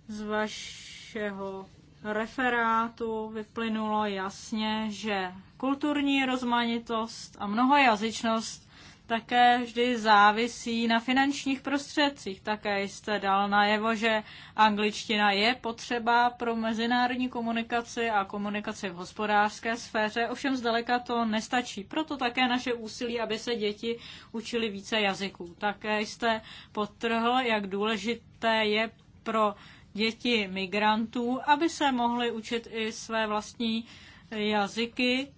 S1: Z vašeho referátu vyplynulo jasně, že Kulturní rozmanitost a mnohojazyčnost také vždy závisí na finančních prostředcích. Také jste dal najevo, že angličtina je potřeba pro mezinárodní komunikaci a komunikaci v hospodářské sféře, ovšem zdaleka to nestačí. Proto také naše úsilí, aby se děti učili více jazyků. Také jste potrhl, jak důležité je pro děti migrantů, aby se mohly učit i své vlastní jazyky,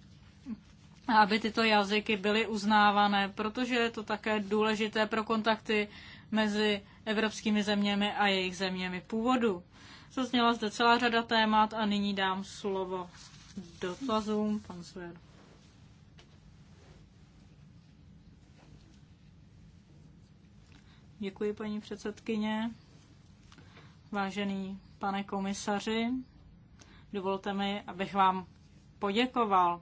S1: aby tyto jazyky byly uznávané, protože je to také důležité pro kontakty mezi evropskými zeměmi a jejich zeměmi původu. Zazněla zde celá řada témat a nyní dám slovo dotazům. Pan Svěr. Děkuji, paní předsedkyně. Vážený pane komisaři, dovolte mi, abych vám poděkoval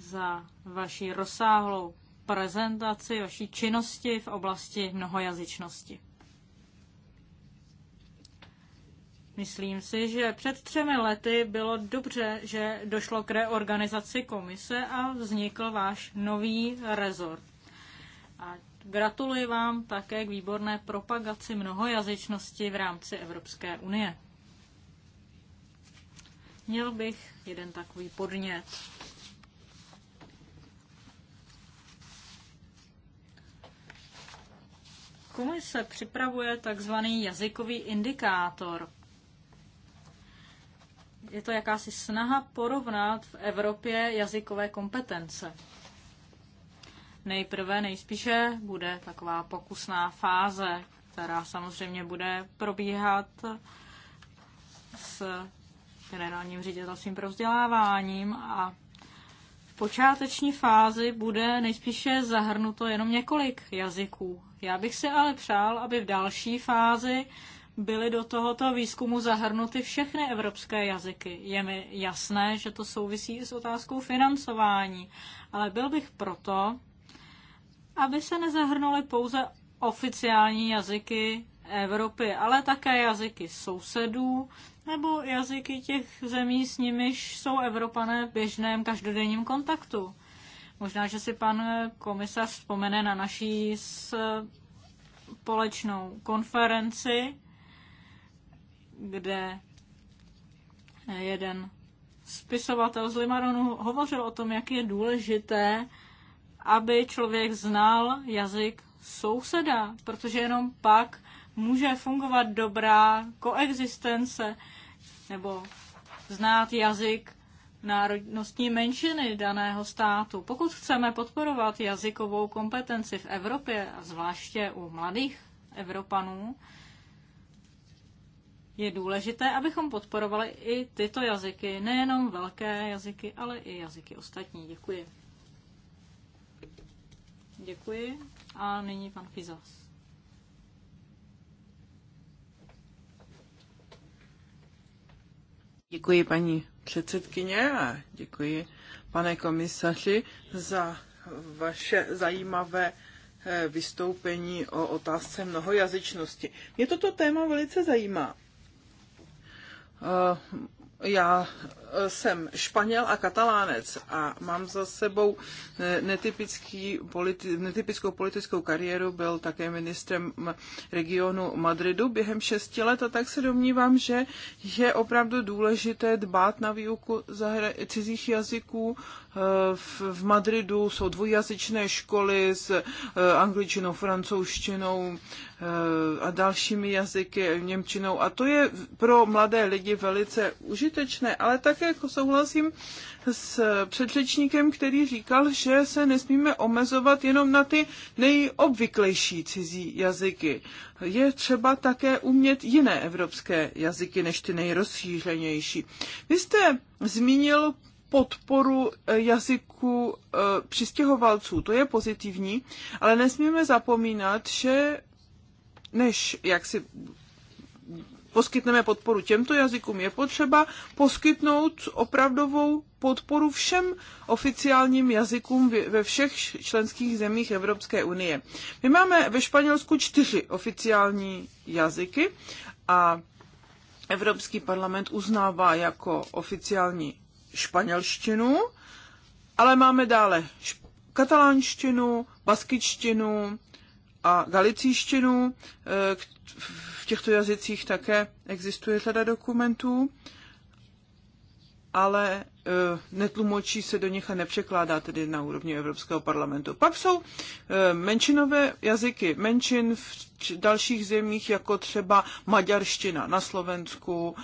S1: za vaši rozsáhlou prezentaci vaší činnosti v oblasti mnohojazyčnosti. Myslím si, že před třemi lety bylo dobře, že došlo k reorganizaci komise a vznikl váš nový rezort. A gratuluji vám také k výborné propagaci mnohojazyčnosti v rámci Evropské unie. Měl bych jeden takový podnět. Komise připravuje takzvaný jazykový indikátor. Je to jakási snaha porovnat v Evropě jazykové kompetence. Nejprve nejspíše bude taková pokusná fáze, která samozřejmě bude probíhat s generálním ředitelstvím pro vzděláváním a počáteční fázi bude nejspíše zahrnuto jenom několik jazyků. Já bych si ale přál, aby v další fázi byly do tohoto výzkumu zahrnuty všechny evropské jazyky. Je mi jasné, že to souvisí s otázkou financování, ale byl bych proto, aby se nezahrnuly pouze oficiální jazyky Evropy, ale také jazyky sousedů, nebo jazyky těch zemí, s nimiž jsou Evropané v běžném každodenním kontaktu. Možná, že si pan komisař vzpomene na naší společnou konferenci, kde jeden spisovatel z Limaronu hovořil o tom, jak je důležité, aby člověk znal jazyk souseda, protože jenom pak může fungovat dobrá koexistence nebo znát jazyk národnostní menšiny daného státu. Pokud chceme podporovat jazykovou kompetenci v Evropě a zvláště u mladých Evropanů, je důležité, abychom podporovali i tyto jazyky, nejenom velké jazyky, ale i jazyky ostatní. Děkuji. Děkuji. A nyní pan Fizas.
S2: Děkuji paní předsedkyně a děkuji pane komisaři za vaše zajímavé eh, vystoupení o otázce mnohojazyčnosti. Mě toto téma velice zajímá. Eh, já jsem Španěl a Katalánec a mám za sebou eh, netypický politi- netypickou politickou kariéru, byl také ministrem regionu Madridu během šesti let a tak se domnívám, že je opravdu důležité dbát na výuku zahra- cizích jazyků. Eh, v, v Madridu jsou dvojjazyčné školy s eh, angličinou, francouzštinou a dalšími jazyky, němčinou a to je pro mladé lidi velice užitečné, ale tak také jako souhlasím s předřečníkem, který říkal, že se nesmíme omezovat jenom na ty nejobvyklejší cizí jazyky. Je třeba také umět jiné evropské jazyky než ty nejrozšířenější. Vy jste zmínil podporu eh, jazyku eh, přistěhovalců. To je pozitivní, ale nesmíme zapomínat, že než jak si poskytneme podporu těmto jazykům, je potřeba poskytnout opravdovou podporu všem oficiálním jazykům ve všech členských zemích Evropské unie. My máme ve Španělsku čtyři oficiální jazyky a Evropský parlament uznává jako oficiální španělštinu, ale máme dále katalánštinu, baskičtinu, a galicíštinu. Eh, v těchto jazycích také existuje řada dokumentů, ale eh, netlumočí se do nich a nepřekládá tedy na úrovni Evropského parlamentu. Pak jsou eh, menšinové jazyky menšin v dalších zemích, jako třeba maďarština na Slovensku.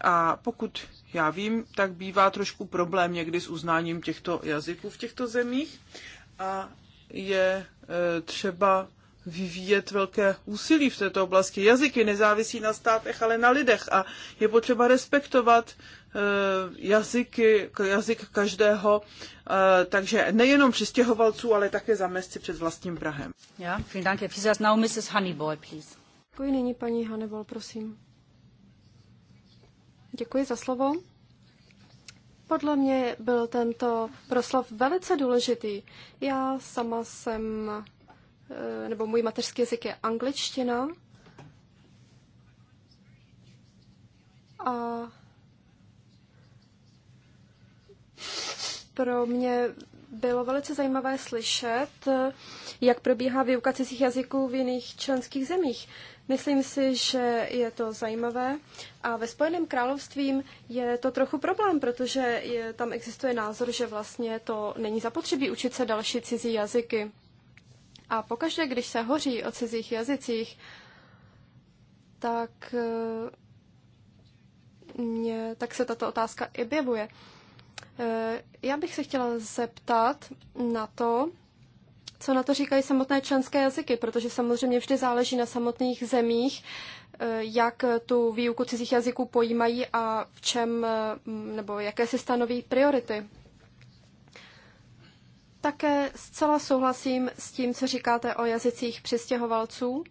S2: A pokud já vím, tak bývá trošku problém někdy s uznáním těchto jazyků v těchto zemích. A je eh, třeba vyvíjet velké úsilí v této oblasti. Jazyky nezávisí na státech, ale na lidech a je potřeba respektovat eh, jazyky, jazyk každého, eh, takže nejenom přistěhovalců, ale také zamestci před vlastním Prahem.
S4: Já, vielen Dank,
S2: Herr Now Mrs. Honeyball, please.
S4: Děkuji nyní paní Hannibal, prosím. Děkuji za slovo. Podle mě byl tento proslov velice důležitý. Já sama jsem, eh, nebo můj mateřský jazyk je angličtina. A pro mě bylo velice zajímavé slyšet, jak probíhá výuka cizích jazyků v jiných členských zemích. Myslím si, že je to zajímavé. A ve Spojeném království je to trochu problém, protože je, tam existuje názor, že vlastně to není zapotřebí učit se další cizí jazyky. A pokaždé, když se hoří o cizích jazycích, tak, eh, mě, tak se tato otázka objevuje. Eh, já bych se chtěla zeptat na to, co na to říkají samotné členské jazyky, protože samozřejmě vždy záleží na samotných zemích, eh, jak tu výuku cizích jazyků pojímají a v čem, eh, nebo jaké si stanoví priority. Také zcela souhlasím s tím, co říkáte o jazycích přistěhovalců.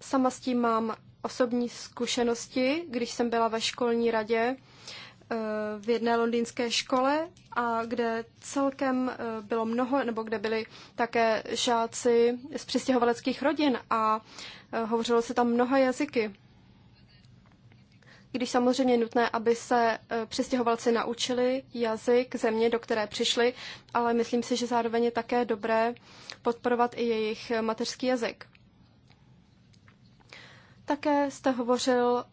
S4: Sama s tím mám osobní zkušenosti, když jsem byla ve školní radě, v jedné londýnské škole a kde celkem eh, bylo mnoho, nebo kde byli také žáci z přistěhovaleckých rodin a eh, hovořilo se tam mnoha jazyky. Když samozřejmě je nutné, aby se eh, přistěhovalci naučili jazyk země, do které přišli, ale myslím si, že zároveň je také dobré podporovat i jejich mateřský jazyk. Také jste hovořil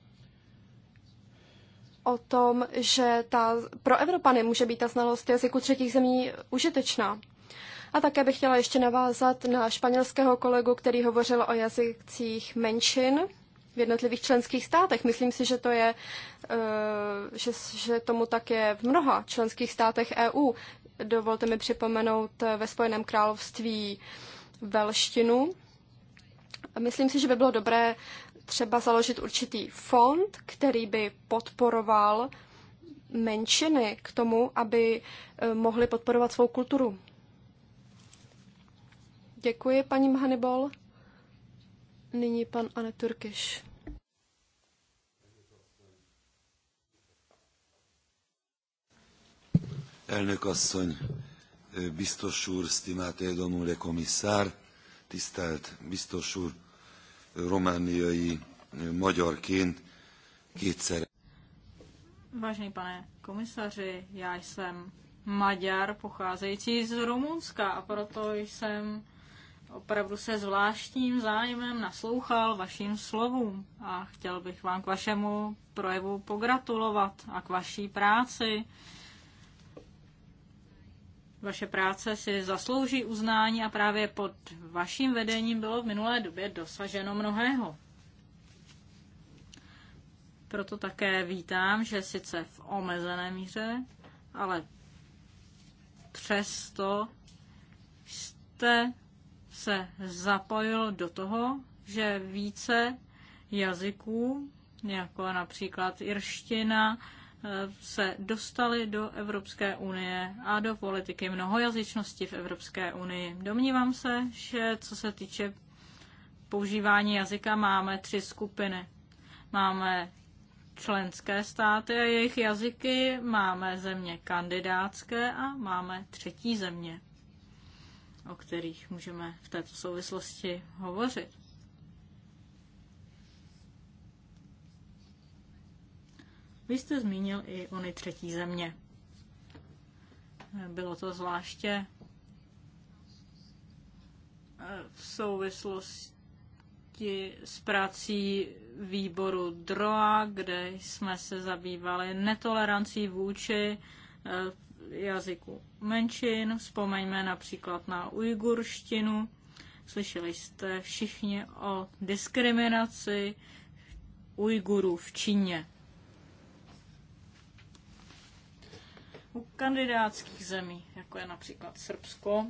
S4: o tom, že ta, pro Evropany může být ta znalost jazyku třetích zemí užitečná. A také bych chtěla ještě navázat na španělského kolegu, který hovořil o jazycích menšin v jednotlivých členských státech. Myslím si, že to je, eh, že, že tomu tak je v mnoha členských státech EU. Dovolte mi připomenout eh, ve Spojeném království velštinu. Myslím si, že by bylo dobré třeba založit určitý fond, který by podporoval menšiny k tomu, aby eh, mohly podporovat svou kulturu. Děkuji, paní Mhanibol. Nyní pan Ane Turkiš.
S2: Elnök asszony, eh, biztos úr, stimát domnule komisár, tisztelt biztos úr, romániai magyarként kétszer.
S1: Vážený pane komisaři, já jsem Maďar pocházející z Rumunska a proto jsem opravdu se zvláštním zájmem naslouchal vašim slovům a chtěl bych vám k vašemu projevu pogratulovat a k vaší práci vaše práce si zaslouží uznání a právě pod vaším vedením bylo v minulé době dosaženo mnohého. Proto také vítám, že sice v omezené míře, ale přesto jste se zapojil do toho, že více jazyků, jako například irština, se dostali do Evropské unie a do politiky mnohojazyčnosti v Evropské unii. Domnívám se, že co se týče používání jazyka, máme tři skupiny. Máme členské státy a jejich jazyky, máme země kandidátské a máme třetí země, o kterých můžeme v této souvislosti hovořit. Vy jste zmínil i ony třetí země. Bylo to zvláště eh, v souvislosti s prací výboru DROA, kde jsme se zabývali netolerancí vůči eh, jazyku menšin. Vzpomeňme například na ujgurštinu. Slyšeli jste všichni o diskriminaci Ujgurů v Číně. u kandidátských zemí, jako je například Srbsko,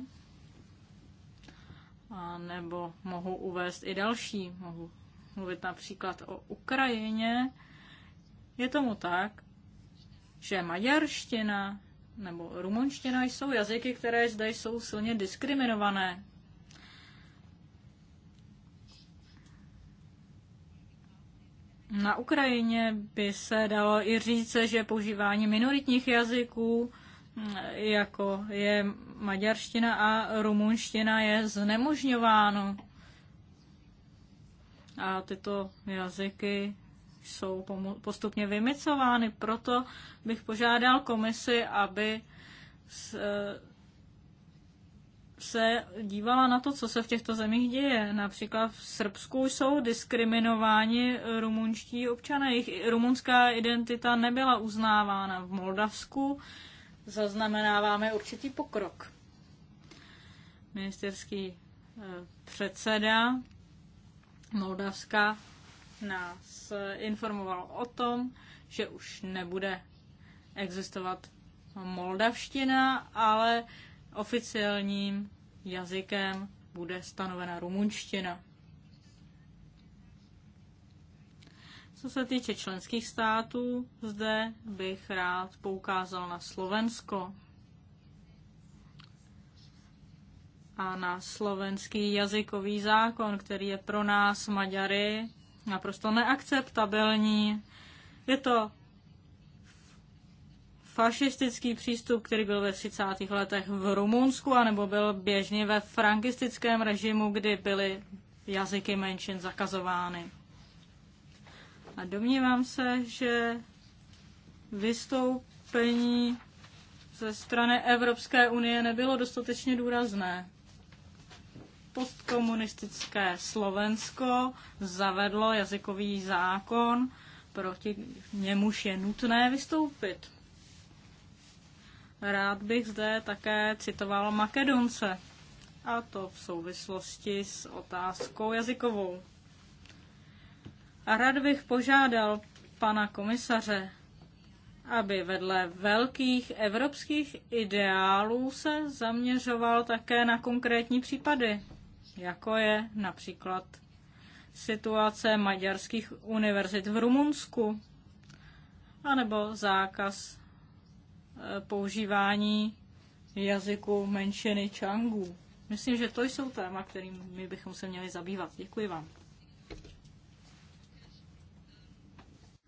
S1: a nebo mohu uvést i další, mohu mluvit například o Ukrajině, je tomu tak, že maďarština nebo rumunština jsou jazyky, které zde jsou silně diskriminované. Na Ukrajině by se dalo i říct, že používání minoritních jazyků, mm, jako je maďarština a rumunština, je znemožňováno. A tyto jazyky jsou postupně vymycovány. Proto bych požádal komisi, aby eh, se dívala na to, co se v těchto zemích děje. Například v Srbsku jsou diskriminováni rumunští občané. Jejich rumunská identita nebyla uznávána. V Moldavsku zaznamenáváme určitý pokrok. Ministerský eh, předseda Moldavska nás eh, informoval o tom, že už nebude existovat moldavština, ale oficiálním jazykem bude stanovena rumunština. Co se týče členských států, zde bych rád poukázal na Slovensko a na slovenský jazykový zákon, který je pro nás Maďary naprosto neakceptabilní. Je to fašistický přístup, který byl ve 30. letech v Rumunsku, anebo byl běžně ve frankistickém režimu, kdy byly jazyky menšin zakazovány. A domnívám se, že vystoupení ze strany Evropské unie nebylo dostatečně důrazné. Postkomunistické Slovensko zavedlo jazykový zákon, proti němuž je nutné vystoupit. Rád bych zde také citoval Makedonce, a to v souvislosti s otázkou jazykovou. A rád bych požádal pana komisaře, aby vedle velkých evropských ideálů se zaměřoval také na konkrétní případy, jako je například situace maďarských univerzit v Rumunsku, anebo zákaz Eh, používání jazyku menšiny Čangů. Myslím, že to jsou téma, kterým my bychom se měli zabývat. Děkuji vám.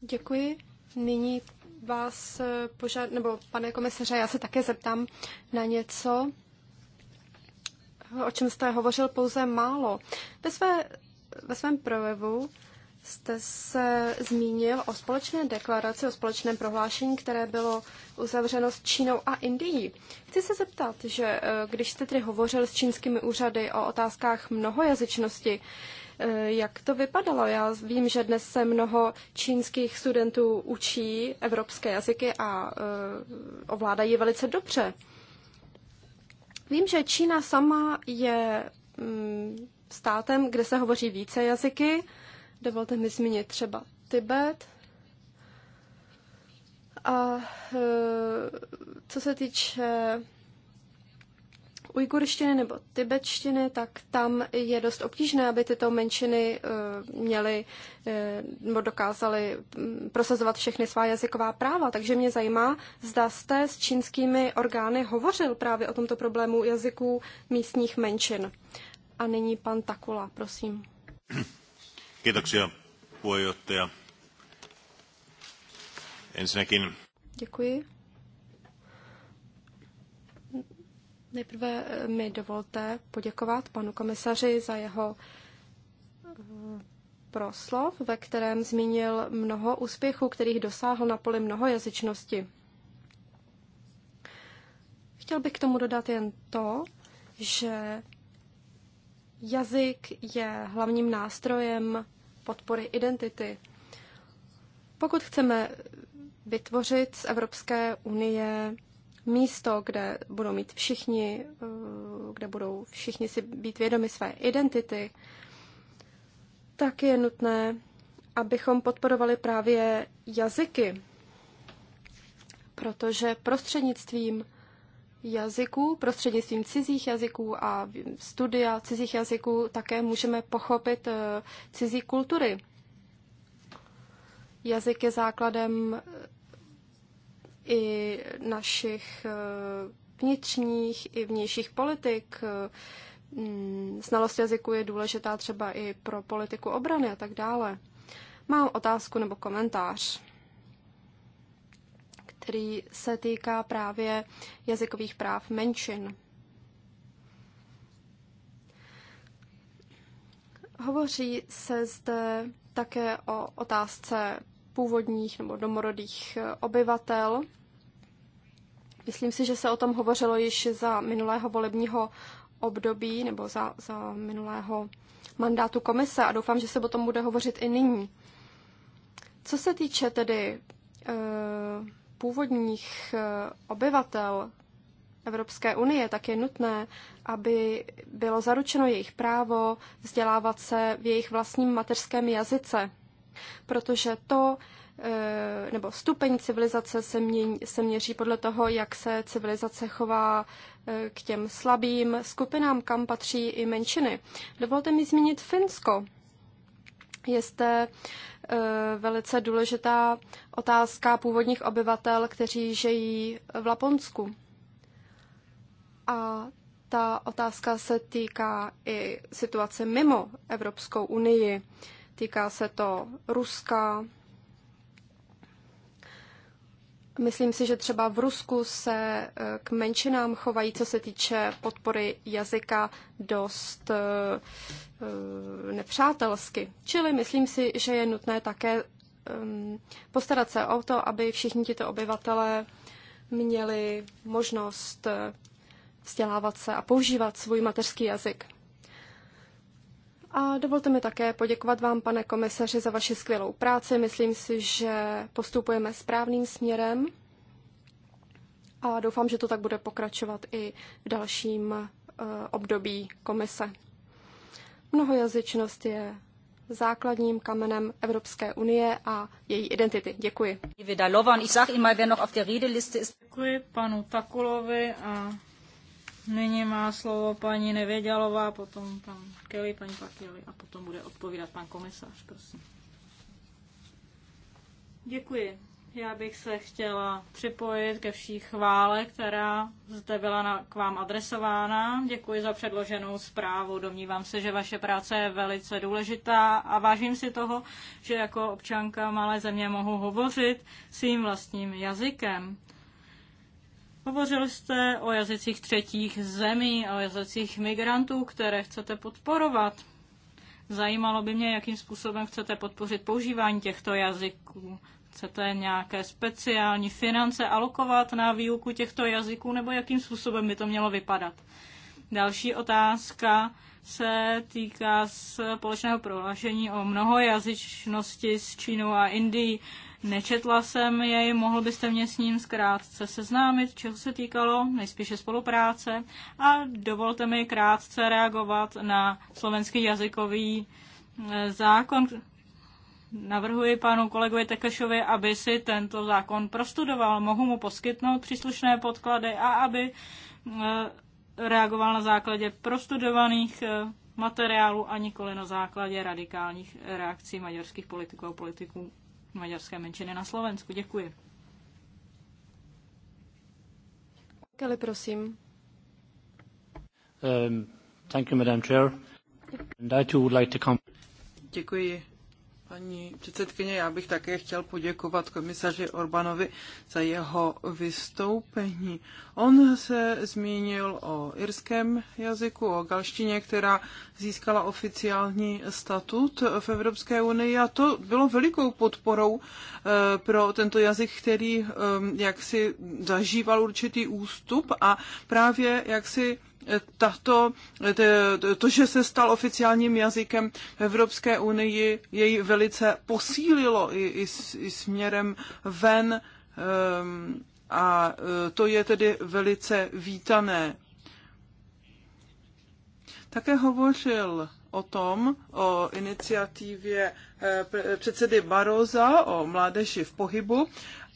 S4: Děkuji. Nyní vás eh, požád, nebo pane komisaře, já se také zeptám na něco, o čem jste hovořil pouze málo. Ve, své, ve svém projevu jste se zmínil o společné deklaraci, o společném prohlášení, které bylo uzavřeno s Čínou a Indií. Chci se zeptat, že eh, když jste tedy hovořil s čínskými úřady o otázkách mnohojazyčnosti, eh, jak to vypadalo? Já vím, že dnes se mnoho čínských studentů učí evropské jazyky a eh, ovládají velice dobře. Vím, že Čína sama je mm, státem, kde se hovoří více jazyky, Dovolte mi zmínit třeba Tibet. A e, co se týče ujgurštiny nebo tibetštiny, tak tam je dost obtížné, aby tyto menšiny e, měly e, nebo dokázaly prosazovat všechny svá jazyková práva. Takže mě zajímá, zda jste s čínskými orgány hovořil právě o tomto problému jazyků místních menšin. A nyní pan Takula, prosím.
S2: Kiitoksia puheenjohtaja. Ensinnäkin.
S4: Děkuji. Nejprve eh, mi dovolte poděkovat panu komisaři za jeho eh, proslov, ve kterém zmínil mnoho úspěchů, kterých dosáhl na poli mnohojazyčnosti. Chtěl bych k tomu dodat jen to, že jazyk je hlavním nástrojem podpory identity. Pokud chceme vytvořit z Evropské unie místo, kde budou mít všichni, eh, kde budou všichni si být vědomi své identity, tak je nutné, abychom podporovali právě jazyky, protože prostřednictvím jazyků, prostřednictvím cizích jazyků a studia cizích jazyků také můžeme pochopit eh, cizí kultury. Jazyk je základem eh, i našich eh, vnitřních i vnějších politik. Mm, znalost jazyku je důležitá třeba i pro politiku obrany a tak dále. Mám otázku nebo komentář který se týká právě jazykových práv menšin. Hovoří se zde také o otázce původních nebo domorodých obyvatel. Myslím si, že se o tom hovořilo již za minulého volebního období nebo za, za minulého mandátu komise a doufám, že se o tom bude hovořit i nyní. Co se týče tedy eh, původních eh, obyvatel Evropské unie, tak je nutné, aby bylo zaručeno jejich právo vzdělávat se v jejich vlastním mateřském jazyce, protože to, eh, nebo stupeň civilizace se, mění, se měří podle toho, jak se civilizace chová eh, k těm slabým skupinám, kam patří i menšiny. Dovolte mi zmínit Finsko. Je zde Eh, velice důležitá otázka původních obyvatel, kteří žijí v Laponsku. A ta otázka se týká i situace mimo Evropskou unii. Týká se to Ruska, Myslím si, že třeba v Rusku se eh, k menšinám chovají, co se týče podpory jazyka, dost eh, eh, nepřátelsky. Čili myslím si, že je nutné také ehm, postarat se o to, aby všichni tito obyvatelé měli možnost vzdělávat se a používat svůj mateřský jazyk. A dovolte mi také poděkovat vám, pane komisaři, za vaši skvělou práci. Myslím si, že postupujeme správným směrem a doufám, že to tak bude pokračovat i v dalším eh, období komise. Mnohojazyčnost je základním kamenem Evropské unie a její identity. Děkuji.
S1: Děkuji panu Takulovi
S4: a Nyní má slovo
S1: paní Nevědělová, potom pan Kelly, paní Pakely a potom bude odpovídat pan komisař, prosím. Děkuji. Já bych se chtěla připojit ke vší chvále, která zde byla na, k vám adresována. Děkuji za předloženou zprávu. Domnívám se, že vaše práce je velice důležitá a vážím si toho, že jako občanka malé země mohu hovořit svým vlastním jazykem. Hovořil jste o jazycích třetích zemí, o jazycích migrantů, které chcete podporovat. Zajímalo by mě, jakým způsobem chcete podpořit používání těchto jazyků. Chcete nějaké speciální finance alokovat na výuku těchto jazyků, nebo jakým způsobem by to mělo vypadat? Další otázka se týká společného prohlášení o mnohojazyčnosti s Čínou a Indií. Nečetla jsem jej, mohl byste mě s ním zkrátce seznámit, čeho se týkalo, nejspíše spolupráce a dovolte mi krátce reagovat na slovenský jazykový e, zákon. Navrhuji panu kolegovi Tekešovi, aby si tento zákon prostudoval. Mohu mu poskytnout příslušné podklady a aby e, reagoval na základě prostudovaných e, materiálů a nikoli na základě radikálních reakcí maďarských politiků a politiků maďarské menšiny na Slovensku. Děkuji.
S4: Kelly, prosím.
S3: Um, thank you, Madam Chair. And I too would like to come.
S2: Děkuji, Paní předsedkyně, já bych také chtěl poděkovat komisaři Orbanovi za jeho vystoupení. On se zmínil o irském jazyku, o galštině, která získala oficiální statut v Evropské unii a to bylo velikou podporou eh, pro tento jazyk, který eh, jaksi zažíval určitý ústup a právě jaksi tato, to, že se stal oficiálním jazykem v Evropské unii, jej velice posílilo i, i, i směrem ven ehm, a e, to je tedy velice vítané. Také hovořil o tom, o iniciativě e, předsedy Baroza o mládeži v pohybu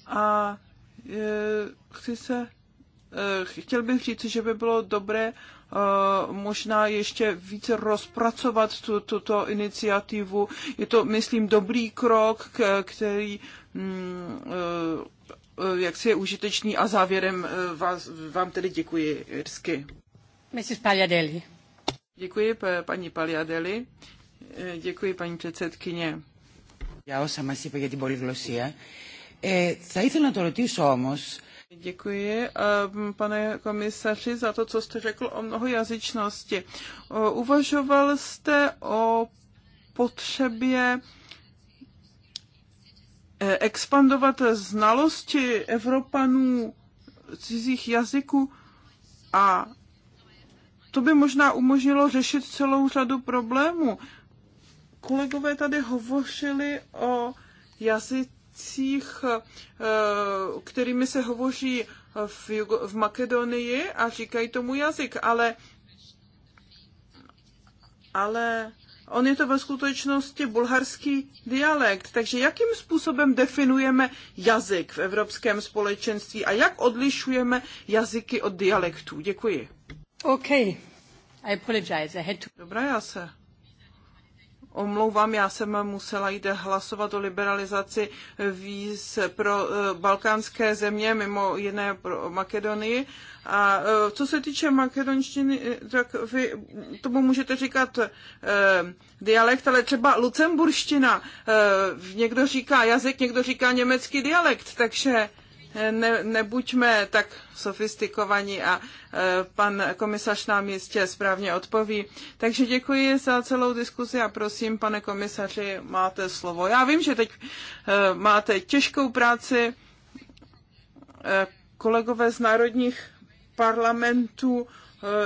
S2: a e, chci se Eh, chtěl bych říct, že by bylo dobré eh, možná ještě více rozpracovat tu, tuto iniciativu. Je to, myslím, dobrý krok, který mm, eh, jak si je užitečný a závěrem vás, vám tedy děkuji irsky. Mrs. Děkuji paní Pagliadelli. Děkuji paní předsedkyně. Já osa μας είπε για την na to, θα ήθελα να το ρωτήσω όμως, Děkuji, eh, pane komisaři, za to, co jste řekl o mnohojazyčnosti. Eh, uvažoval jste o potřebě eh, expandovat znalosti Evropanů cizích jazyků a to by možná umožnilo řešit celou řadu problémů. Kolegové tady hovořili o jazyce, jazycích, eh, kterými se hovoří v, Jugo, v Makedonii a říkají tomu jazyk, ale, ale on je to ve skutečnosti bulharský dialekt. Takže jakým způsobem definujeme jazyk v evropském společenství a jak odlišujeme jazyky od dialektů? Děkuji. Okay, I apologize. I had to... Dobrá, já se omlouvám, já jsem musela jít hlasovat o liberalizaci víz pro eh, balkánské země, mimo jiné pro Makedonii. A eh, co se týče makedonštiny, eh, tak vy tomu můžete říkat e, dialekt, ale třeba lucemburština. e, někdo říká jazyk, někdo říká německý dialekt, takže ne, nebuďme tak sofistikovaní a e, pan komisař nám jistě správně odpoví. Takže děkuji za celou diskusi a prosím, pane komisaři, máte slovo. Já vím, že teď e, máte těžkou práci. E, kolegové z národních parlamentů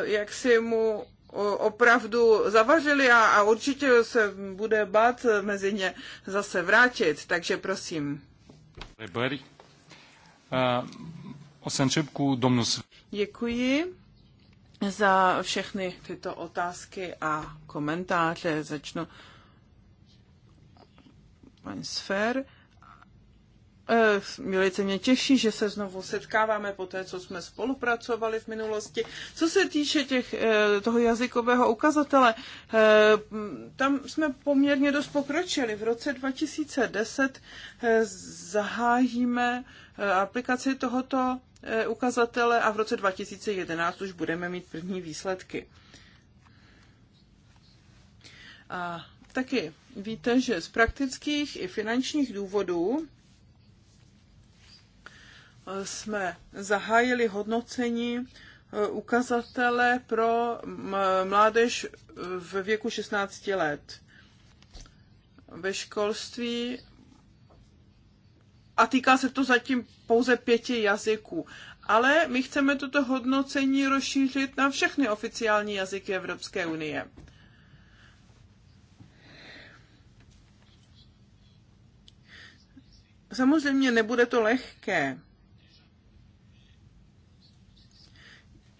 S2: jak si mu opravdu zavařili a, a určitě se bude bát mezi ně zase vrátit, takže prosím. Eh, o să Děkuji za všechny tyto otázky a komentáře. Začnu paní Sfer. Eh, velice mě těší, že se znovu setkáváme po té, co jsme spolupracovali v minulosti. Co se týče těch, eh, toho jazykového ukazatele, tam jsme poměrně dost pokročili. V roce 2010 zahájíme Eh, aplikaci tohoto eh, ukazatele a v roce 2011 už budeme mít první výsledky. A taky víte, že z praktických i finančních důvodů eh, jsme zahájili hodnocení ukazatele pro mládež v věku 16 let. Ve školství a týká se to zatím pouze pěti jazyků. Ale my chceme toto hodnocení rozšířit na všechny oficiální jazyky Evropské unie. Samozřejmě nebude to lehké.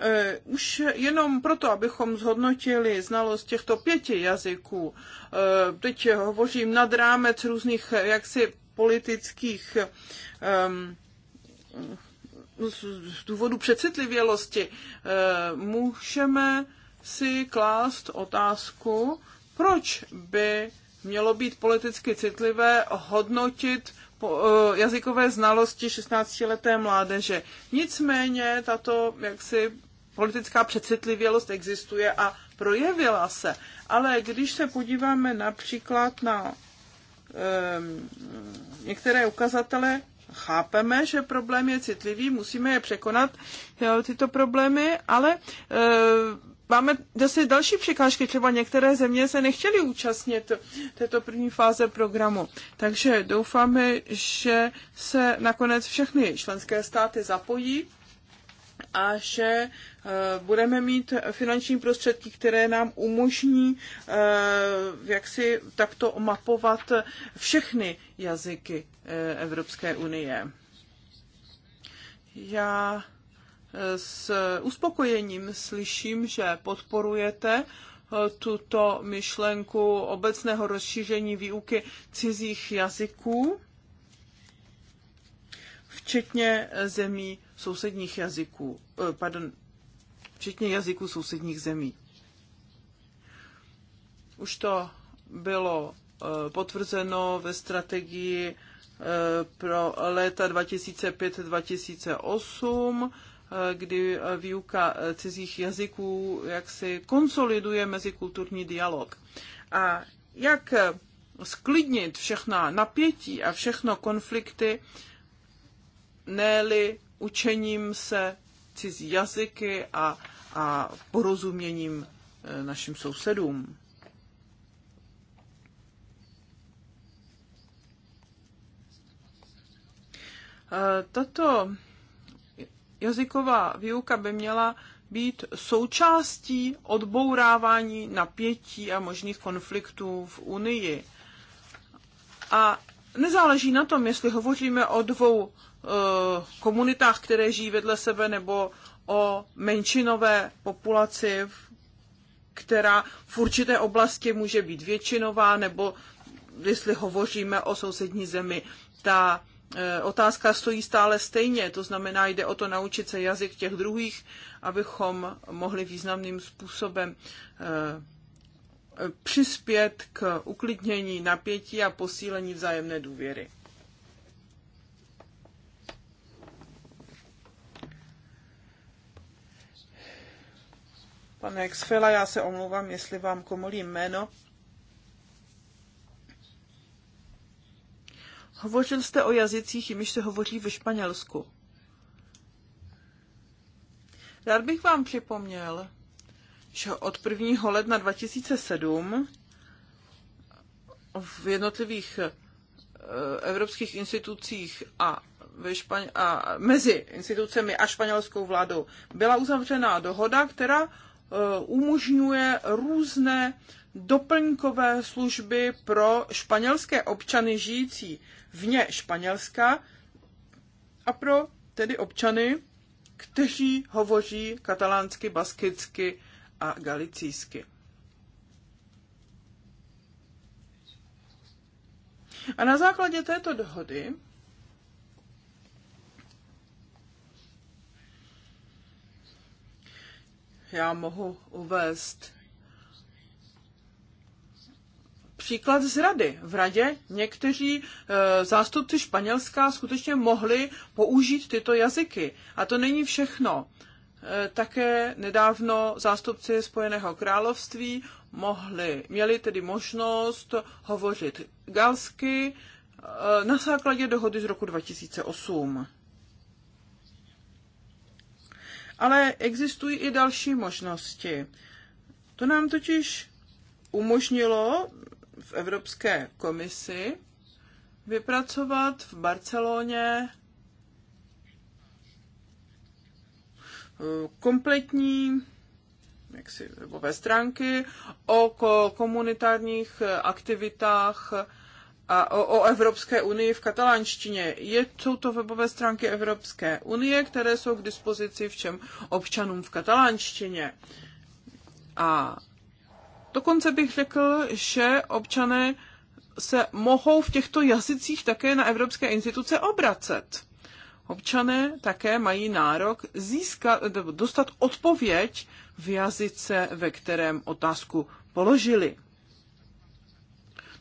S2: E, už jenom proto, abychom zhodnotili znalost těchto pěti jazyků, e, teď hovořím nad rámec různých e, jaksi politických um, z důvodu přecitlivělosti eh, můžeme si klást otázku, proč by mělo být politicky citlivé hodnotit eh, jazykové znalosti 16-leté mládeže. Nicméně tato jaksi politická přecitlivělost existuje a projevila se. Ale když se podíváme například na Ehm, některé ukazatele chápeme, že problém je citlivý, musíme je překonat, tyto problémy, ale ehm, máme zase další překážky, třeba některé země se nechtěly účastnit této první fáze programu. Takže doufáme, že se nakonec všechny členské státy zapojí a že eh, budeme mít finanční prostředky, které nám umožní eh, jak si takto mapovat všechny jazyky eh, Evropské unie. Já s uspokojením slyším, že podporujete tuto myšlenku obecného rozšíření výuky cizích jazyků, včetně zemí sousedních jazyků, eh, pardon, včetně jazyků sousedních zemí. Už to bylo eh, potvrzeno ve strategii eh, pro léta 2005-2008, kdy výuka cizích jazyků jak si konsoliduje mezikulturní dialog. A jak sklidnit všechna napětí a všechno konflikty, ne-li učením se cizí jazyky a, a porozuměním e, našim sousedům. E, tato jazyková výuka by měla být součástí odbourávání napětí a možných konfliktů v Unii. A nezáleží na tom, jestli hovoříme o dvou Eh, komunitách, které žijí vedle sebe, nebo o menšinové populaci, která v určité oblasti může být většinová, nebo jestli hovoříme o sousední zemi, ta eh, otázka stojí stále stejně. To znamená, jde o to naučit se jazyk těch druhých, abychom mohli významným způsobem eh, přispět k uklidnění napětí a posílení vzájemné důvěry. Pane Exfela, já se omlouvám, jestli vám komolím jméno. Hovořil jste o jazycích, jimiž se hovoří ve Španělsku. Rád bych vám připomněl, že od 1. ledna 2007 v jednotlivých eh, evropských institucích a, ve Španě- a mezi institucemi a španělskou vládou byla uzavřená dohoda, která Eh, umožňuje různé doplňkové služby pro španělské občany žijící vně Španělska a pro tedy občany, kteří hovoří katalánsky, baskicky a galicijsky. A na základě této dohody já mohu uvést příklad z rady. V radě někteří e, zástupci Španělská skutečně mohli použít tyto jazyky. A to není všechno. E, také nedávno zástupci Spojeného království mohli, měli tedy možnost hovořit galsky e, na základě dohody z roku 2008 ale existují i další možnosti. To nám totiž umožnilo v Evropské komisi vypracovat v Barceloně eh, kompletní jak si, webové stránky o komunitárních eh, aktivitách a o, o Evropské unii v katalánštině. Je, jsou to webové stránky Evropské unie, které jsou k dispozici všem občanům v katalánštině. A dokonce bych řekl, že občané se mohou v těchto jazycích také na evropské instituce obracet. Občané také mají nárok získat, dostat odpověď v jazyce, ve kterém otázku položili.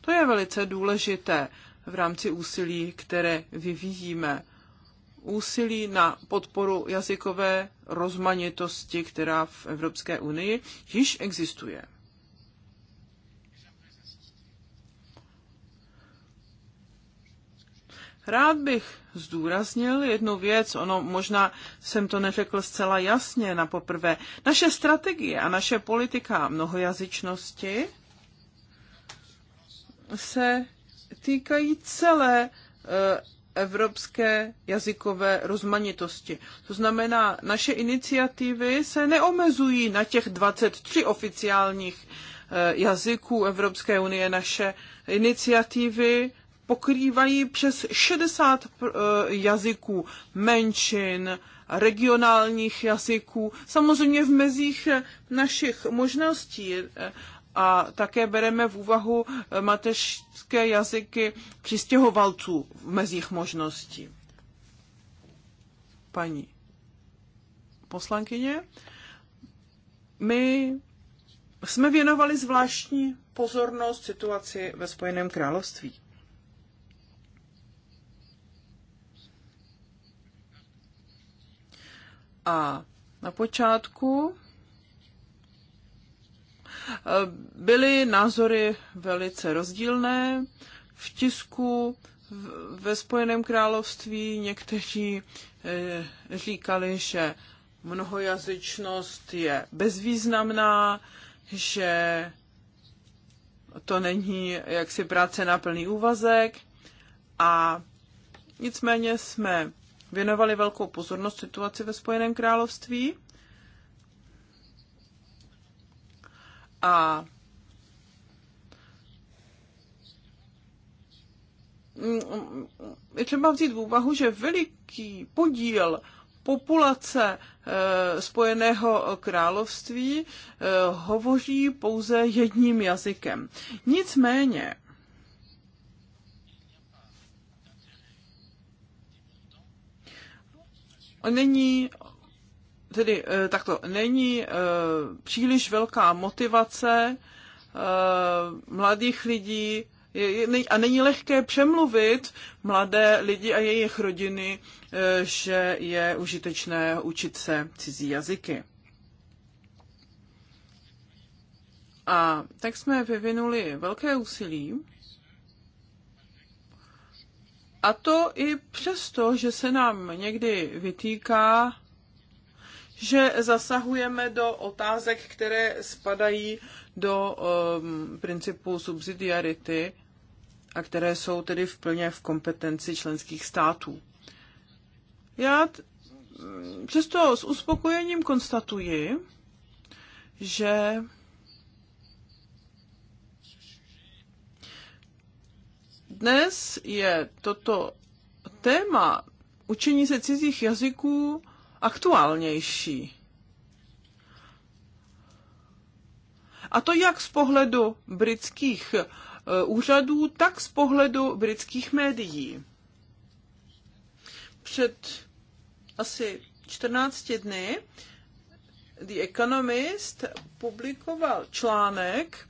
S2: To je velice důležité v rámci úsilí, které vyvíjíme. Úsilí na podporu jazykové rozmanitosti, která v Evropské unii již existuje. Rád bych zdůraznil jednu věc, ono možná jsem to neřekl zcela jasně na poprvé. Naše strategie a naše politika mnohojazyčnosti se týkají celé eh, evropské jazykové rozmanitosti. To znamená, naše iniciativy se neomezují na těch 23 oficiálních eh, jazyků Evropské unie. Naše iniciativy pokrývají přes 60 eh, jazyků menšin, regionálních jazyků, samozřejmě v mezích našich možností a také bereme v úvahu eh, mateřské jazyky přistěhovalců v mezích možností. Paní poslankyně, my jsme věnovali zvláštní pozornost situaci ve Spojeném království. A na počátku Eh, byly názory velice rozdílné. V tisku ve Spojeném království někteří eh, říkali, že mnohojazyčnost je bezvýznamná, že to není jaksi práce na plný úvazek a nicméně jsme věnovali velkou pozornost situaci ve Spojeném království A mm, je třeba vzít v úvahu, že veliký podíl populace eh, Spojeného království eh, hovoří pouze jedním jazykem. Nicméně, není tedy eh, takto, není eh, příliš velká motivace eh, mladých lidí a není lehké přemluvit mladé lidi a jejich rodiny, že je užitečné učit se cizí jazyky. A tak jsme vyvinuli velké úsilí. A to i přesto, že se nám někdy vytýká, že zasahujeme do otázek, které spadají do um, principu subsidiarity a které jsou tedy v plně v kompetenci členských států. Já mm, přesto s uspokojením konstatuji, že dnes je toto téma učení se cizích jazyků aktuálnější. A to jak z pohledu britských eh, úřadů, tak z pohledu britských médií. Před asi 14 dny The Economist publikoval článek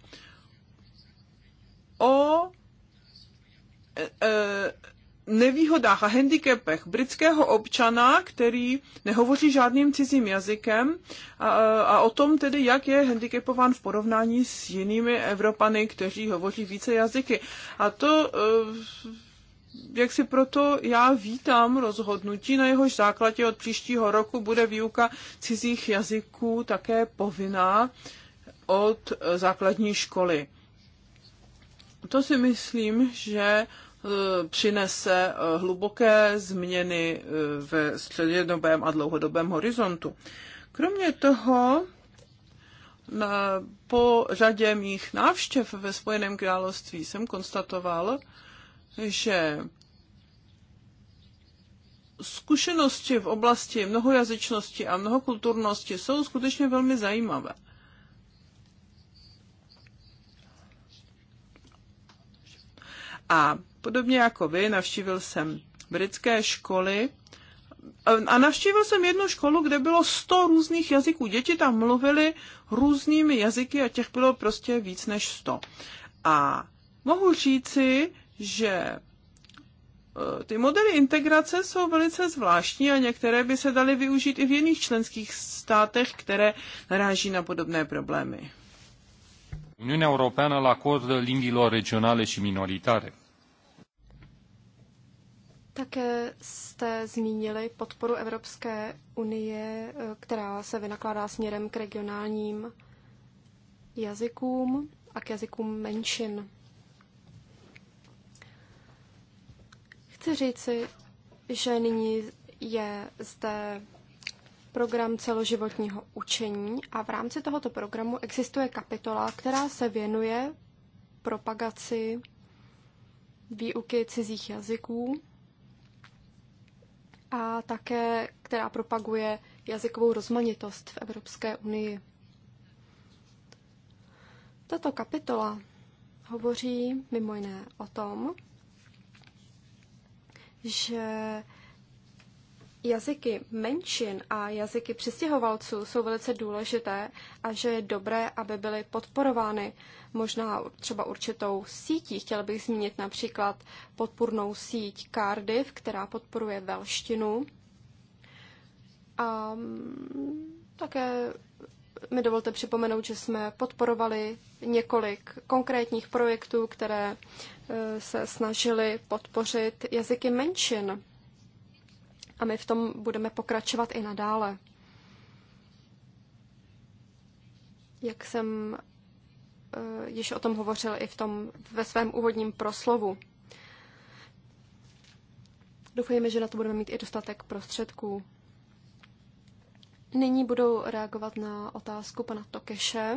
S2: o eh, eh, nevýhodách a handicapech britského občana, který nehovoří žádným cizím jazykem a, a o tom tedy, jak je handicapován v porovnání s jinými Evropany, kteří hovoří více jazyky. A to eh, jak si proto já vítám rozhodnutí, na jehož základě od příštího roku bude výuka cizích jazyků také povinná od základní školy. To si myslím, že Eh, přinese eh, hluboké změny eh, ve střednědobém a dlouhodobém horizontu. Kromě toho, na, po řadě mých návštěv ve Spojeném království jsem konstatoval, že zkušenosti v oblasti mnohojazyčnosti a mnohokulturnosti jsou skutečně velmi zajímavé. A Podobně jako vy, navštívil jsem britské školy a navštívil jsem jednu školu, kde bylo 100 různých jazyků. Děti tam mluvili různými jazyky a těch bylo prostě víc než 100. A mohu říci, že e, ty modely integrace jsou velice zvláštní a některé by se daly využít i v jiných členských státech, které naráží na podobné problémy.
S4: Uniunea Europeană la acordă limbilor regionale și minoritare. Také jste zmínili podporu Evropské unie, eh, která se vynakládá směrem k regionálním jazykům a k jazykům menšin. Chci říci, že nyní je zde program celoživotního učení a v rámci tohoto programu existuje kapitola, která se věnuje propagaci výuky cizích jazyků a také, která propaguje jazykovou rozmanitost v Evropské unii. Tato kapitola hovoří mimo jiné o tom, že jazyky menšin a jazyky přistěhovalců jsou velice důležité a že je dobré, aby byly podporovány možná třeba určitou sítí. Chtěl bych zmínit například podpůrnou síť Cardiff, která podporuje velštinu. A mm, také mi dovolte připomenout, že jsme podporovali několik konkrétních projektů, které e, se snažily podpořit jazyky menšin a my v tom budeme pokračovat i nadále. Jak jsem uh, již o tom hovořil i v tom, ve svém úvodním proslovu. Doufejme, že na to budeme mít i dostatek prostředků. Nyní budu reagovat na otázku pana Tokeše.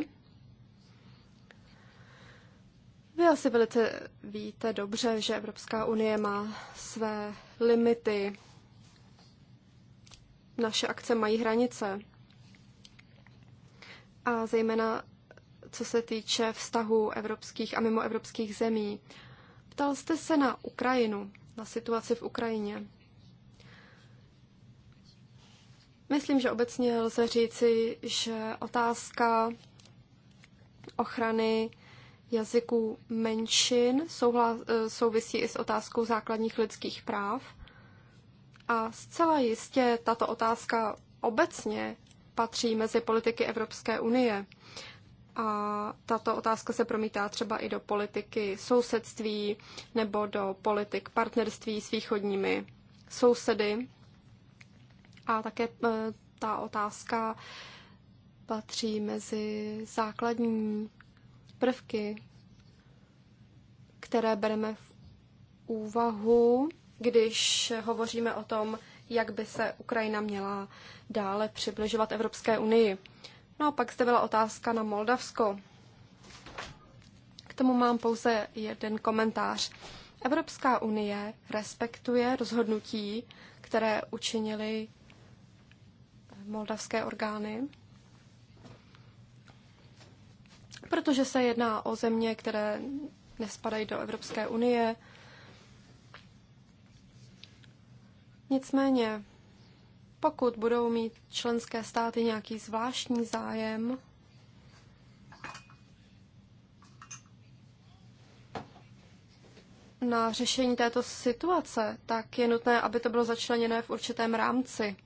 S4: Vy asi velice víte dobře, že Evropská unie má své limity naše akce mají hranice. A zejména co se týče vztahu evropských a mimoevropských zemí. Ptal jste se na Ukrajinu, na situaci v Ukrajině. Myslím, že obecně lze říci, že otázka ochrany jazyků menšin souvisí i s otázkou základních lidských práv. A zcela jistě tato otázka obecně patří mezi politiky Evropské unie. A tato otázka se promítá třeba i do politiky sousedství nebo do politik partnerství s východními sousedy. A také e, ta otázka patří mezi základní prvky, které bereme v úvahu když hovoříme o tom, jak by se Ukrajina měla dále přibližovat Evropské unii. No a pak zde byla otázka na Moldavsko. K tomu mám pouze jeden komentář. Evropská unie respektuje rozhodnutí, které učinili moldavské orgány, protože se jedná o země, které nespadají do Evropské unie, Nicméně, pokud budou mít členské státy nějaký zvláštní zájem, na řešení této situace, tak je nutné, aby to bylo začleněné v určitém rámci.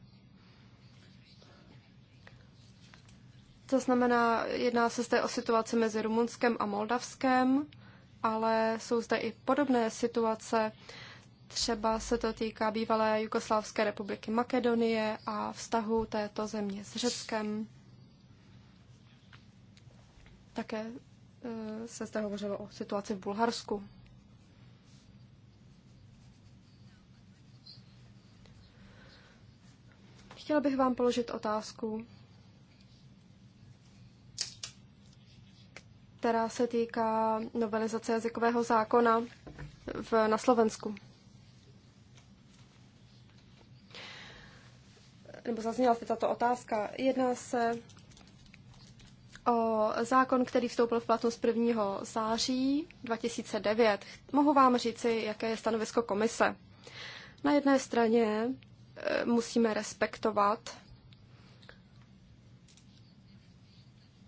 S4: To znamená, jedná se zde o situaci mezi Rumunskem a Moldavskem, ale jsou zde i podobné situace Třeba se to týká bývalé Jugoslávské republiky Makedonie a vztahu této země s Řeckem. Také e, se zde hovořilo o situaci v Bulharsku. Chtěla bych vám položit otázku, která se týká novelizace jazykového zákona v, na Slovensku. nebo zazněla zde tato otázka. Jedná se o zákon, který vstoupil v platnost 1. září 2009. Mohu vám říci, jaké je stanovisko komise. Na jedné straně e, musíme respektovat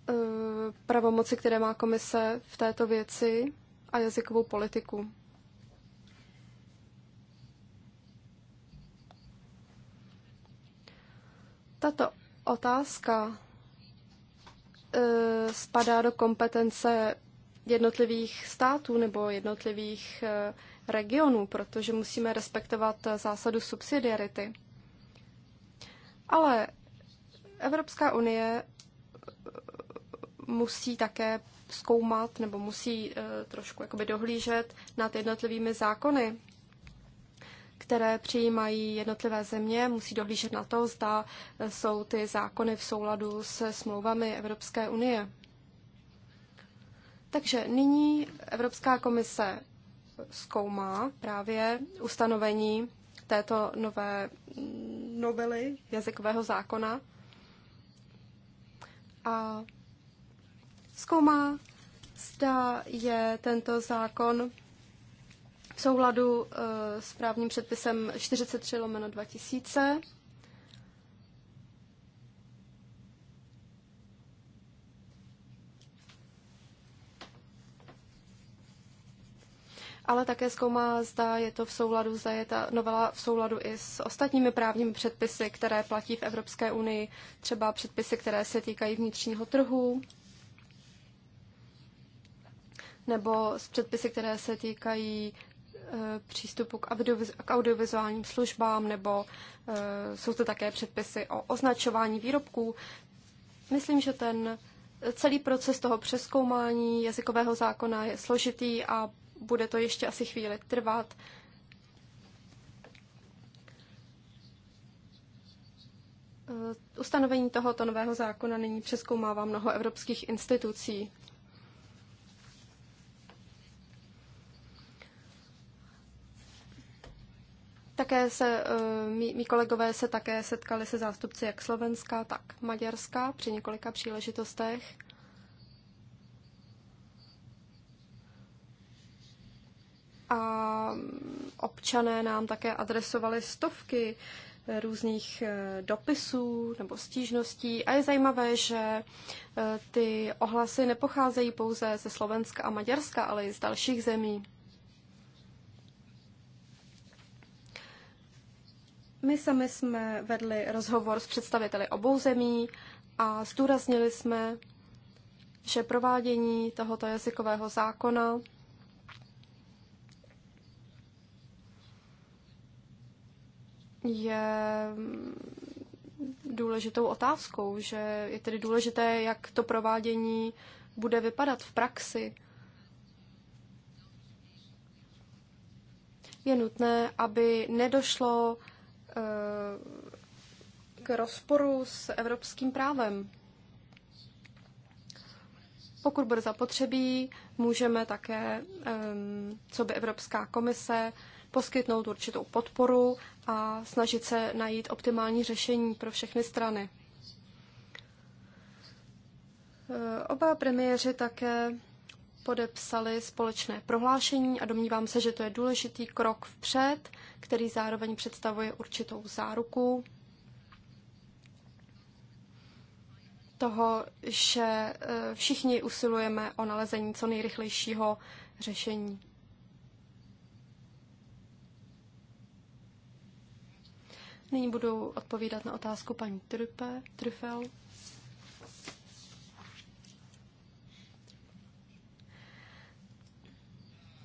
S4: e, pravomoci, které má komise v této věci a jazykovou politiku. Tato otázka e, spadá do kompetence jednotlivých států nebo jednotlivých e, regionů, protože musíme respektovat zásadu subsidiarity. Ale Evropská unie e, musí také zkoumat nebo musí trošku jakoby dohlížet nad jednotlivými zákony které přijímají jednotlivé země, musí dohlížet na to, zda jsou ty zákony v souladu se smlouvami Evropské unie. Takže nyní Evropská komise zkoumá právě ustanovení této nové novely jazykového zákona a zkoumá, zda je tento zákon v souladu eh, s právním předpisem 43 lomeno 2000. ale také zkoumá, zda je to v souladu, zda je ta novela v souladu i s ostatními právními předpisy, které platí v Evropské unii, třeba předpisy, které se týkají vnitřního trhu, nebo s předpisy, které se týkají Eh, přístupu k, audioviz- k audiovizuálním službám, nebo eh, jsou to také předpisy o označování výrobků. Myslím, že ten celý proces toho přeskoumání jazykového zákona je složitý a bude to ještě asi chvíli trvat. Eh, ustanovení tohoto nového zákona nyní přeskoumává mnoho evropských institucí. Také se, eh, mý, mý kolegové se také setkali se zástupci jak Slovenska, tak Maďarska při několika příležitostech. A mm, občané nám také adresovali stovky eh, různých eh, dopisů nebo stížností. A je zajímavé, že ty ohlasy nepocházejí pouze ze Slovenska a Maďarska, ale i z dalších zemí. My sami jsme vedli rozhovor s představiteli obou zemí a zdůraznili jsme, že provádění tohoto jazykového zákona je důležitou otázkou, že je tedy důležité, jak to provádění bude vypadat v praxi. Je nutné, aby nedošlo k rozporu s evropským právem. Pokud bude zapotřebí, můžeme také, co by Evropská komise, poskytnout určitou podporu a snažit se najít optimální řešení pro všechny strany. E, oba premiéři také podepsali společné prohlášení a domnívám se, že to je důležitý krok vpřed, který zároveň představuje určitou záruku toho, že eh, všichni usilujeme o nalezení co nejrychlejšího řešení. Nyní budu odpovídat na otázku paní Trupe Trüffel.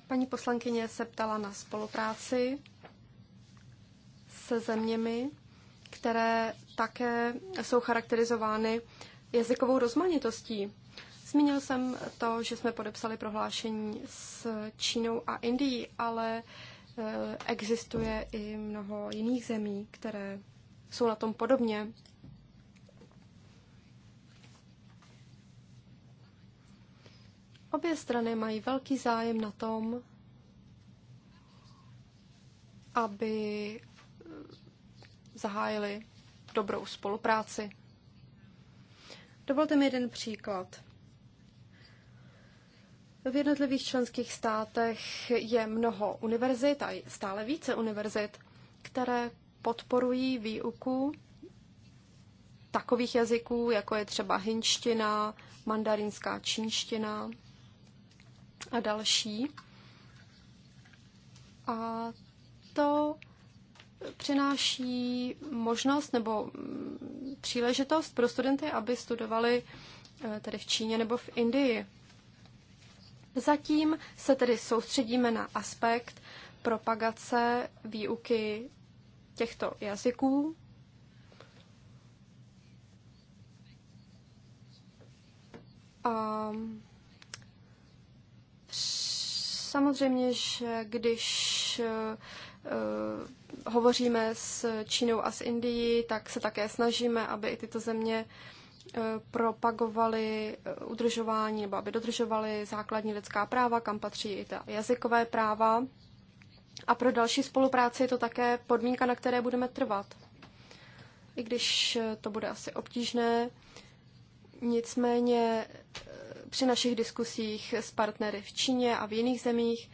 S4: Paní poslankyně se ptala na spolupráci se zeměmi, které také jsou charakterizovány jazykovou rozmanitostí. Zmínil jsem to, že jsme podepsali prohlášení s Čínou a Indií, ale eh, existuje i mnoho jiných zemí, které jsou na tom podobně. Obě strany mají velký zájem na tom, aby eh, zahájili dobrou spolupráci. Dovolte mi jeden příklad. V jednotlivých členských státech je mnoho univerzit a stále více univerzit, které podporují výuku takových jazyků, jako je třeba hinština, mandarinská čínština a další. A to přináší možnost nebo mm, příležitost pro studenty, aby studovali e, tedy v Číně nebo v Indii. Zatím se tedy soustředíme na aspekt propagace výuky těchto jazyků. A um Samozřejmě, že když eh, eh, hovoříme s Čínou a s Indií, tak se také snažíme, aby i tyto země eh, propagovali udržování nebo aby dodržovali základní lidská práva, kam patří i ta jazykové práva. A pro další spolupráci je to také podmínka, na které budeme trvat. I když to bude asi obtížné, nicméně při našich diskusích s partnery v Číně a v jiných zemích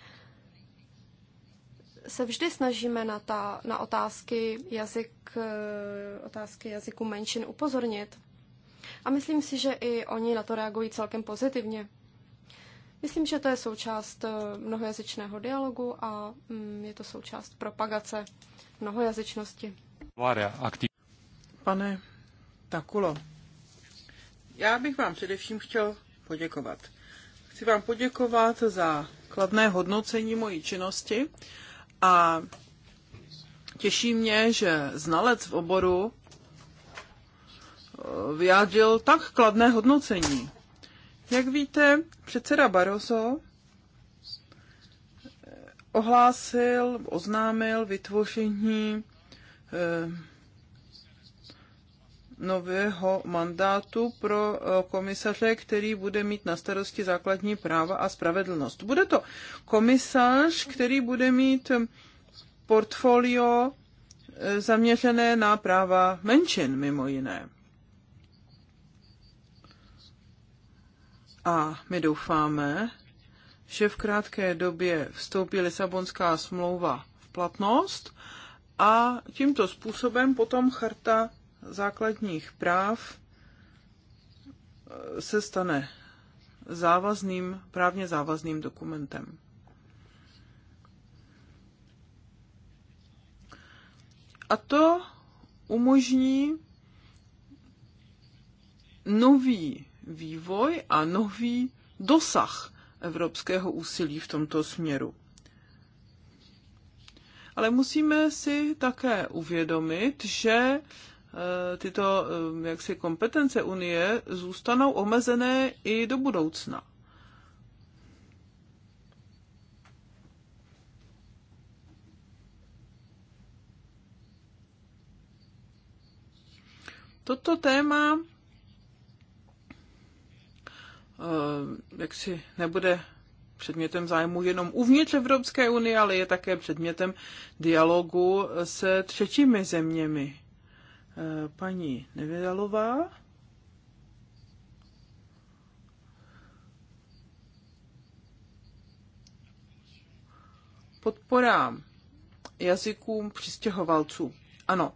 S4: se vždy snažíme na, ta, na otázky, jazyk, eh, otázky jazyku menšin upozornit. A myslím si, že i oni na to reagují celkem pozitivně. Myslím, že to je součást eh, mnohojazyčného dialogu a mm, je to součást propagace mnohojazyčnosti.
S2: Pane Takulo, já bych vám především chtěl poděkovat. Chci vám poděkovat za kladné hodnocení mojí činnosti a těší mě, že znalec v oboru eh, vyjádřil tak kladné hodnocení. Jak víte, předseda Barroso eh, ohlásil, oznámil vytvoření eh, nového mandátu pro eh, komisaře, který bude mít na starosti základní práva a spravedlnost. Bude to komisař, který bude mít portfolio eh, zaměřené na práva menšin, mimo jiné. A my doufáme, že v krátké době vstoupí Lisabonská smlouva v platnost a tímto způsobem potom charta základních práv eh, se stane závazným, právně závazným dokumentem. A to umožní nový vývoj a nový dosah evropského úsilí v tomto směru. Ale musíme si také uvědomit, že Eh, tyto eh, jaksi kompetence Unie zůstanou omezené i do budoucna. Toto téma eh, jak si nebude předmětem zájmu jenom uvnitř Evropské unie, ale je také předmětem dialogu se třetími zeměmi paní Nevědalová. Podpora jazykům přistěhovalců. Ano,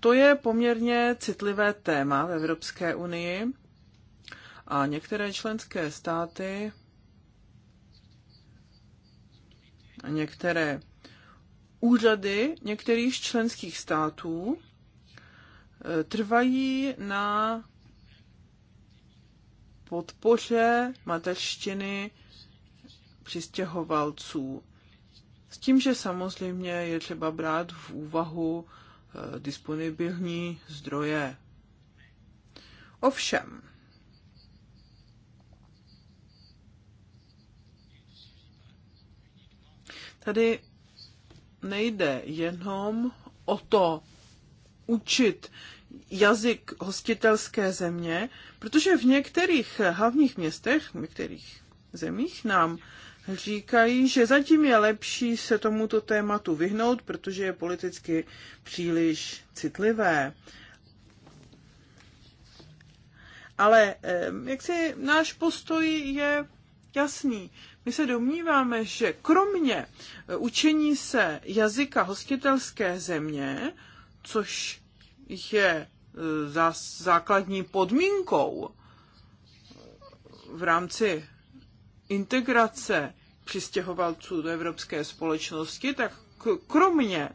S2: to je poměrně citlivé téma v Evropské unii a některé členské státy a některé úřady některých členských států e, trvají na podpoře mateřštiny přistěhovalců. S tím, že samozřejmě je třeba brát v úvahu e, disponibilní zdroje. Ovšem, tady nejde jenom o to učit jazyk hostitelské země, protože v některých hlavních městech, v některých zemích nám říkají, že zatím je lepší se tomuto tématu vyhnout, protože je politicky příliš citlivé. Ale eh, jak si náš postoj je jasný. My se domníváme, že kromě e, učení se jazyka hostitelské země, což je e, základní podmínkou e, v rámci integrace přistěhovalců do evropské společnosti, tak kromě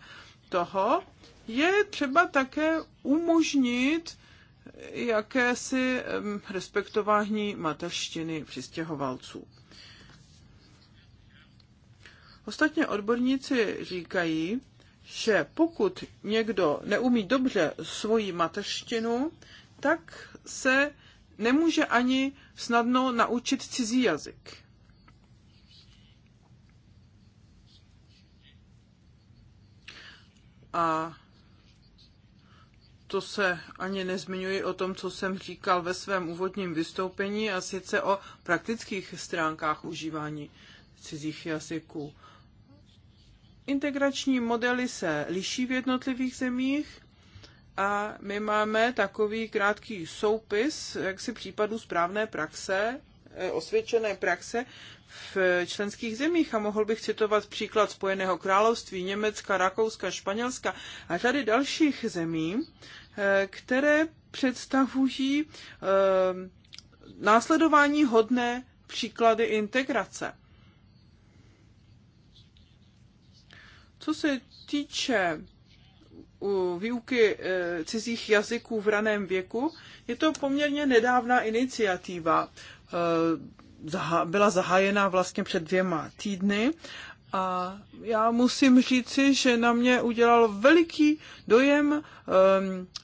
S2: toho je třeba také umožnit jakési respektování mateřštiny přistěhovalců. Ostatně odborníci říkají, že pokud někdo neumí dobře svoji mateřštinu, tak se nemůže ani snadno naučit cizí jazyk. A to se ani nezmiňuji o tom, co jsem říkal ve svém úvodním vystoupení, a sice o praktických stránkách užívání cizích jazyků. Integrační modely se liší v jednotlivých zemích a my máme takový krátký soupis jaksi případů správné praxe, eh, osvědčené praxe v členských zemích a mohl bych citovat příklad Spojeného království, Německa, Rakouska, Španělska a tady dalších zemí, eh, které představují eh, následování hodné příklady integrace. Co se týče výuky e, cizích jazyků v raném věku, je to poměrně nedávná iniciativa. E, byla zahájena vlastně před dvěma týdny a já musím říci, že na mě udělal veliký dojem e,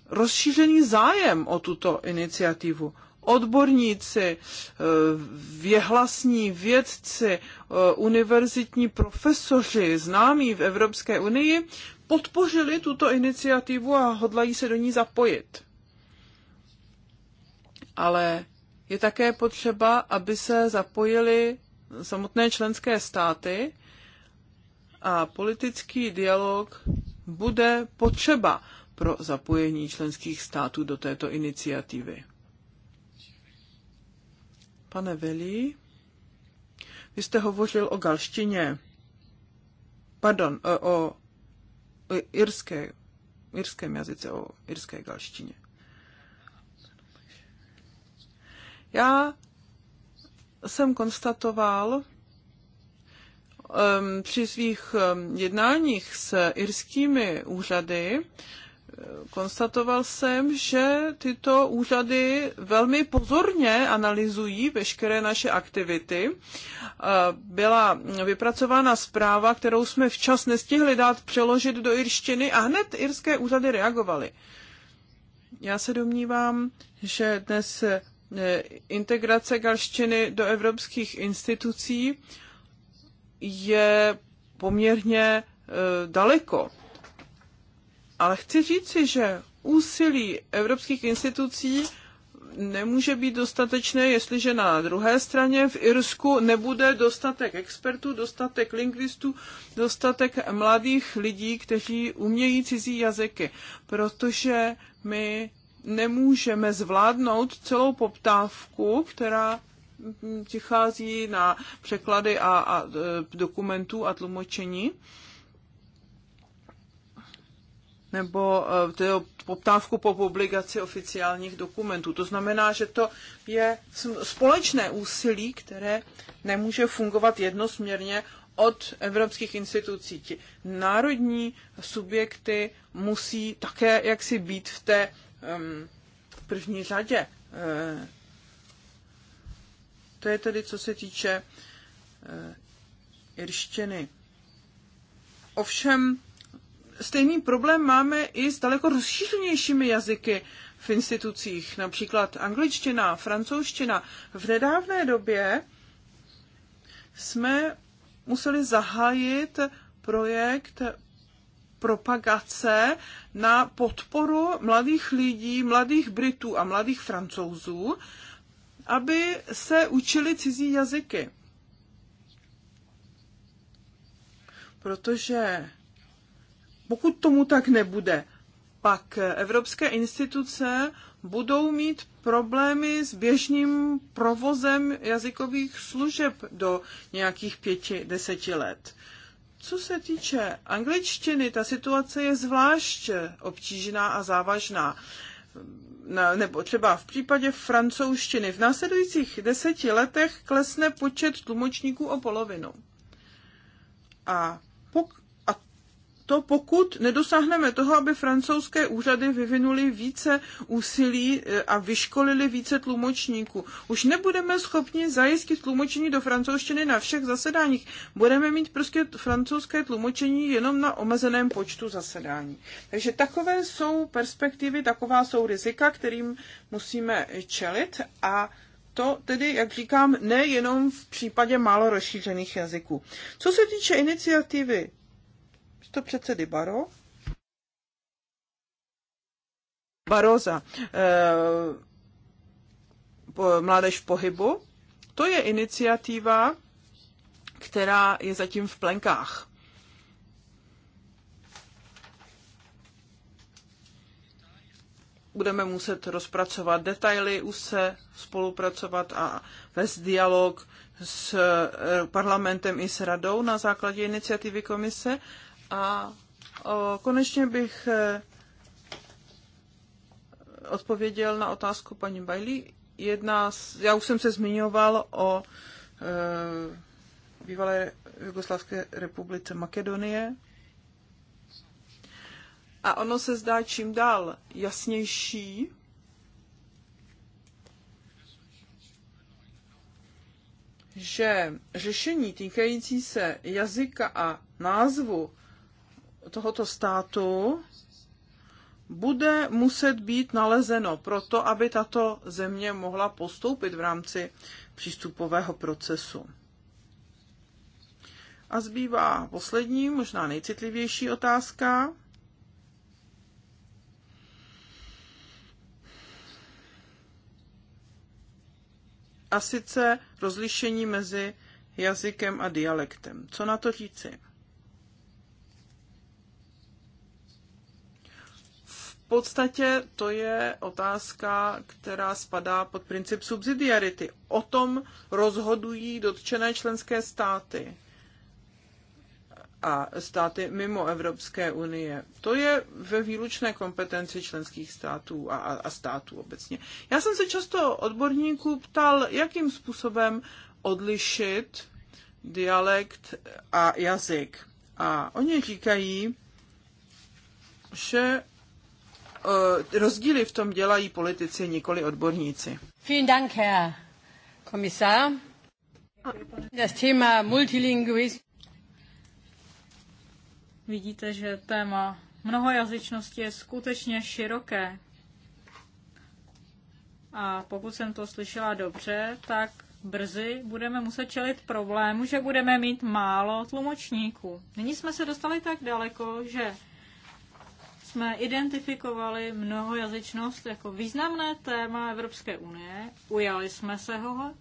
S2: rozšířený zájem o tuto iniciativu odborníci, eh, věhlasní vědci, eh, univerzitní profesoři známí v Evropské unii podpořili tuto iniciativu a hodlají se do ní zapojit. Ale je také potřeba, aby se zapojili samotné členské státy a politický dialog bude potřeba pro zapojení členských států do této iniciativy. Pane Veli, vy jste hovořil o galštině, pardon, o, o irské, irském jazyce, o irské galštině. Já jsem konstatoval, um, při svých um, jednáních s irskými úřady, konstatoval jsem, že tyto úřady velmi pozorně analyzují veškeré naše aktivity. Byla vypracována zpráva, kterou jsme včas nestihli dát přeložit do irštiny a hned irské úřady reagovaly. Já se domnívám, že dnes e, integrace galštiny do evropských institucí je poměrně e, daleko ale chci říci, že úsilí evropských institucí nemůže být dostatečné, jestliže na druhé straně v Irsku nebude dostatek expertů, dostatek lingvistů, dostatek mladých lidí, kteří umějí cizí jazyky, protože my nemůžeme zvládnout celou poptávku, která přichází na překlady a, a e, dokumentů a tlumočení nebo eh, poptávku po publikaci oficiálních dokumentů. To znamená, že to je společné úsilí, které nemůže fungovat jednosměrně od evropských institucí. Ti národní subjekty musí také jaksi být v té um, první řadě. E, to je tedy, co se týče e, irštiny. Ovšem, stejný problém máme i s daleko rozšířenějšími jazyky v institucích, například angličtina, francouzština. V nedávné době jsme museli zahájit projekt propagace na podporu mladých lidí, mladých Britů a mladých Francouzů, aby se učili cizí jazyky. Protože pokud tomu tak nebude, pak evropské instituce budou mít problémy s běžným provozem jazykových služeb do nějakých pěti, deseti let. Co se týče angličtiny, ta situace je zvlášť obtížná a závažná. Nebo třeba v případě francouzštiny. V následujících deseti letech klesne počet tlumočníků o polovinu. A pok- to pokud nedosáhneme toho, aby francouzské úřady vyvinuli více úsilí eh, a vyškolili více tlumočníků. Už nebudeme schopni zajistit tlumočení do francouzštiny na všech zasedáních. Budeme mít prostě francouzské tlumočení jenom na omezeném počtu zasedání. Takže takové jsou perspektivy, taková jsou rizika, kterým musíme čelit a to tedy, jak říkám, nejenom v případě málo rozšířených jazyků. Co se týče iniciativy místo předsedy Baro. Baroza. Eh, Mládež v pohybu. To je iniciativa, která je zatím v plenkách. Budeme muset rozpracovat detaily, už se spolupracovat a vést dialog s eh, parlamentem i s radou na základě iniciativy komise a konečně bych eh, odpověděl na otázku paní Bailey. Jedna, já už jsem se zmiňoval o e, bývalé Jugoslavské republice Makedonie. A ono se zdá čím dál jasnější, že řešení týkající se jazyka a názvu tohoto státu bude muset být nalezeno proto, aby tato země mohla postoupit v rámci přístupového procesu. A zbývá poslední, možná nejcitlivější otázka. A sice rozlišení mezi jazykem a dialektem. Co na to říci? podstatě to je otázka, která spadá pod princip subsidiarity. O tom rozhodují dotčené členské státy a státy mimo Evropské unie. To je ve výlučné kompetenci členských států a, a, a států obecně. Já jsem se často odborníků ptal, jakým způsobem odlišit dialekt a jazyk. A oni říkají, že Eh, rozdíly v tom dělají politici, nikoli odborníci.
S3: Vielen Dank, Herr Kommissar. Das Thema Multilinguismus.
S1: Vidíte, že téma mnohojazyčnosti je skutečně široké. A pokud jsem to slyšela dobře, tak brzy budeme muset čelit problému, že budeme mít málo tlumočníků. Nyní jsme se dostali tak daleko, že jsme identifikovali mnohojazyčnost jako významné téma Evropské unie, ujali jsme se ho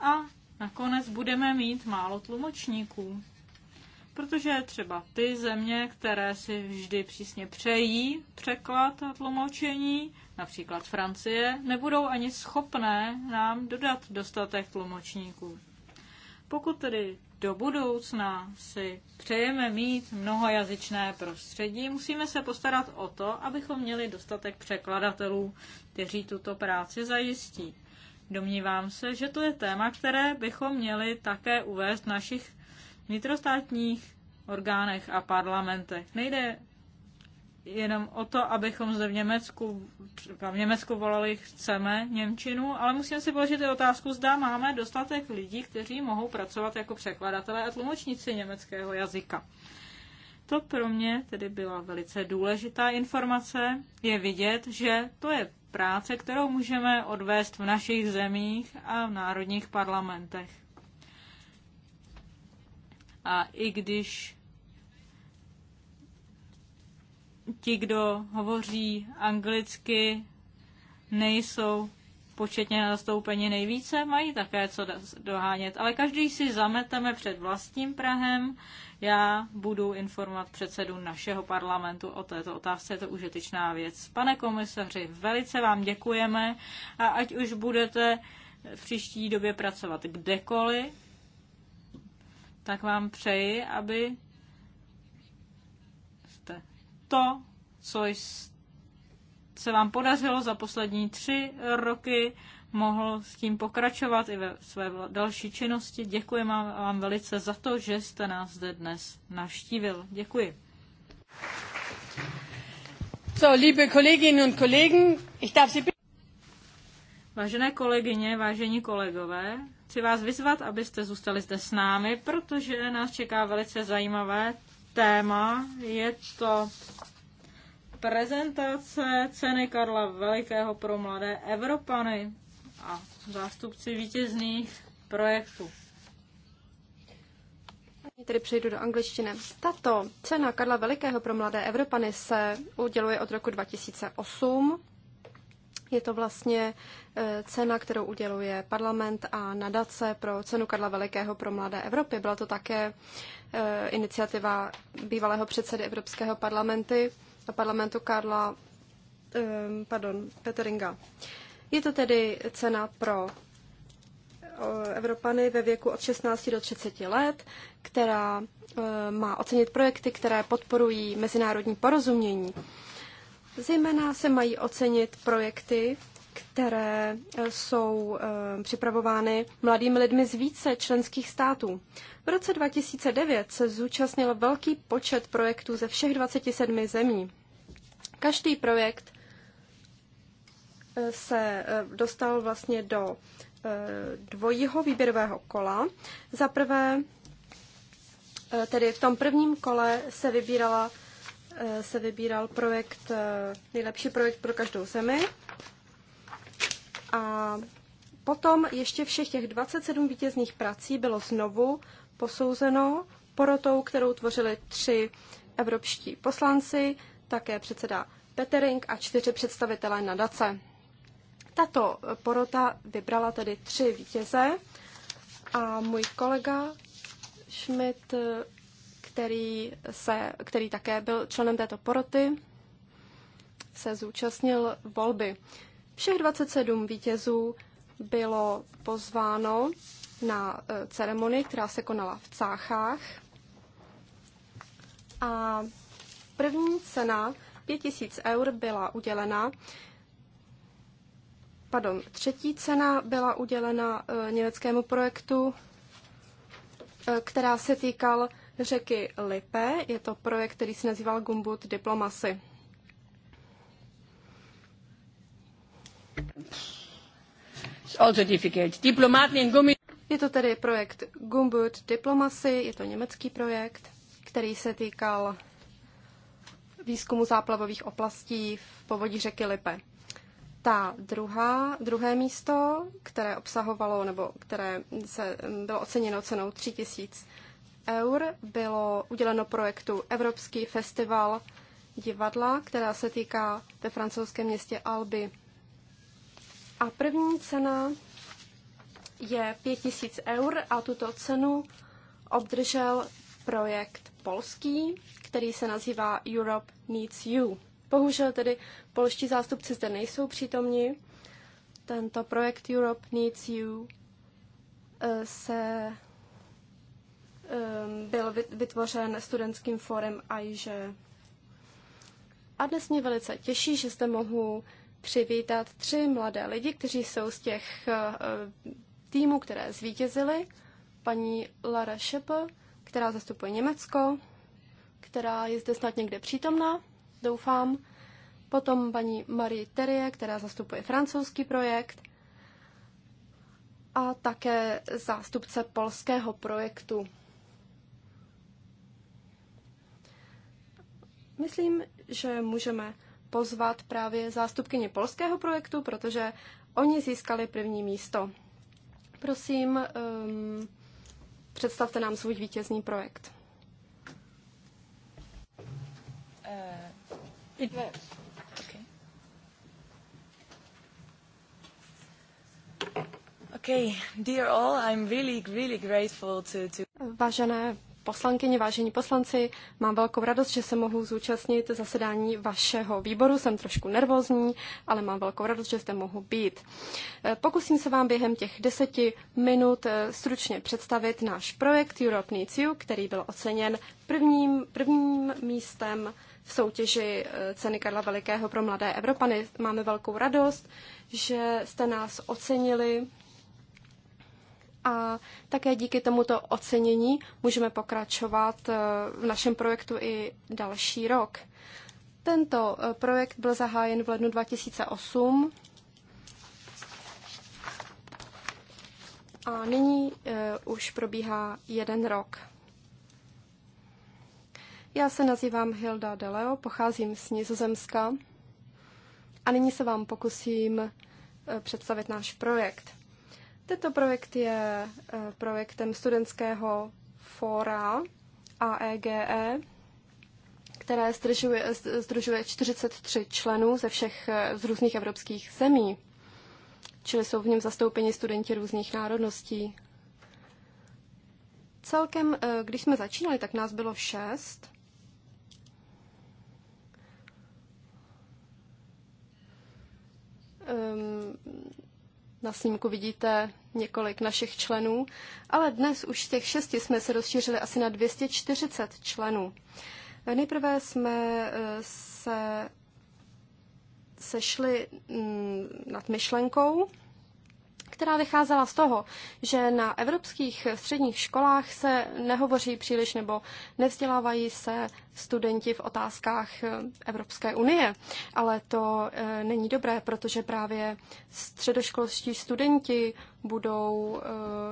S1: a nakonec budeme mít málo tlumočníků. Protože třeba ty země, které si vždy přísně přejí překlad a tlumočení, například Francie, nebudou ani schopné nám dodat dostatek tlumočníků. Pokud tedy do budoucna si přejeme mít mnohojazyčné prostředí, musíme se postarat o to, abychom měli dostatek překladatelů, kteří tuto práci zajistí. Domnívám se, že to je téma, které bychom měli také uvést v našich vnitrostátních orgánech a parlamentech. Nejde jenom o to, abychom zde v Německu, v Německu volali chceme Němčinu, ale musím si položit i otázku, zda máme dostatek lidí, kteří mohou pracovat jako překladatelé a tlumočníci německého jazyka. To pro mě tedy byla velice důležitá informace. Je vidět, že to je práce, kterou můžeme odvést v našich zemích a v národních parlamentech. A i když ti, kdo hovoří anglicky, nejsou početně zastoupeni nejvíce, mají také co dohánět. Ale každý si zameteme před vlastním Prahem. Já budu informovat předsedu našeho parlamentu o této otázce, je to užitečná věc. Pane komisaři, velice vám děkujeme a ať už budete v příští době pracovat kdekoliv, tak vám přeji, aby to, co se vám podařilo za poslední tři roky, mohl s tím pokračovat i ve své další činnosti. Děkuji vám velice za to, že jste nás zde dnes navštívil. Děkuji.
S3: So, liebe Kolleginnen und Kollegen, ich darf Sie
S1: Vážené kolegyně, vážení kolegové, chci vás vyzvat, abyste zůstali zde s námi, protože nás čeká velice zajímavé téma. Je to prezentace ceny Karla Velikého pro mladé Evropany a zástupci vítězných
S3: projektů.
S4: Tady přejdu do angličtiny. Tato cena Karla Velikého pro mladé Evropany se uděluje od roku 2008 je to vlastně eh, cena, kterou uděluje parlament a nadace pro cenu Karla Velikého pro mladé Evropy. Byla to také eh, iniciativa bývalého předsedy Evropského parlamenty, eh, parlamentu Karla, pardon, Peteringa. Je to tedy cena pro Evropany ve věku od 16 do 30 let, která má ocenit projekty, které podporují mezinárodní porozumění. Zejména se mají ocenit projekty, které eh, jsou eh, připravovány mladými lidmi z více členských států. V roce 2009 se zúčastnil velký počet projektů ze všech 27 zemí. Každý projekt eh, se dostal vlastně do dvojího výběrového kola. Za prvé, tedy v tom prvním kole se vybírala Eh, se vybíral projekt, eh, nejlepší projekt pro každou zemi. A potom ještě všech těch 27 vítězných prací bylo znovu posouzeno porotou, kterou tvořili tři evropští poslanci, také předseda Petering a čtyři představitelé nadace. Tato porota vybrala tedy tři vítěze a můj kolega Schmidt eh, který, se, který také byl členem této poroty, se zúčastnil volby. Všech 27 vítězů bylo pozváno na eh, ceremonii, která se konala v Cáchách. A první cena 5000 eur byla udělena pardon, třetí cena byla udělena eh, německému projektu, eh, která se týkal řeky Lipe. Je to projekt, který se nazýval Gumbut Diplomacy. Je to tedy projekt Gumbut Diplomacy, je to německý projekt, který se týkal výzkumu záplavových oplastí v povodí řeky Lipe. Ta druhá, druhé místo, které obsahovalo, nebo které se bylo oceněno cenou 3000 eur bylo uděleno projektu Evropský festival divadla, která se týká ve francouzském městě Alby. A první cena je 5000 eur a tuto cenu obdržel projekt polský, který se nazývá Europe Needs You. Bohužel tedy polští zástupci zde nejsou přítomni. Tento projekt Europe Needs You eh, se Ehm, byl vytvořen studentským fórem AIŽE. A dnes mě velice těší, že zde mohu přivítat tři mladé lidi, kteří jsou z těch ehm, týmů, které zvítězily. Paní Lara Schepe, která zastupuje Německo, která je zde snad někde přítomná, doufám. Potom paní Marie Terie, která zastupuje francouzský projekt a také zástupce polského projektu. Myslím, že můžeme pozvat právě zástupkyně polského projektu, protože oni získali první místo. Prosím, um, představte nám svůj vítězný projekt.
S1: Uh, it works.
S3: Okay. dear all, I'm really, really grateful to, to...
S4: Vážené poslankyně, vážení poslanci, mám velkou radost, že se mohu zúčastnit zasedání vašeho výboru. Jsem trošku nervózní, ale mám velkou radost, že zde mohu být. Eh, pokusím se vám během těch deseti minut eh, stručně představit náš projekt Europe Needs You, který byl oceněn prvním, prvním místem v soutěži eh, ceny Karla Velikého pro mladé Evropany. Máme velkou radost, že jste nás ocenili a také díky tomuto ocenění můžeme pokračovat eh, v našem projektu i další rok. Tento eh, projekt byl zahájen v lednu 2008 a nyní eh, už probíhá jeden rok. Já se nazývám Hilda Deleo, pocházím z Nizozemska a nyní se vám pokusím představit náš projekt. Tento projekt je eh, projektem studentského fóra AEGE, e, které združuje, združuje 43 členů ze všech eh, z různých evropských zemí, čili jsou v něm zastoupeni studenti různých národností. Celkem, eh, když jsme začínali, tak nás bylo šest. Um, na snímku vidíte několik našich členů, ale dnes už z těch šesti jsme se rozšířili asi na 240 členů. Nejprve jsme eh, se sešli mm, nad myšlenkou, která vycházela z toho, že na evropských středních školách se nehovoří příliš nebo nevzdělávají se studenti v otázkách eh, Evropské unie. Ale to eh, není dobré, protože právě středoškolští studenti budou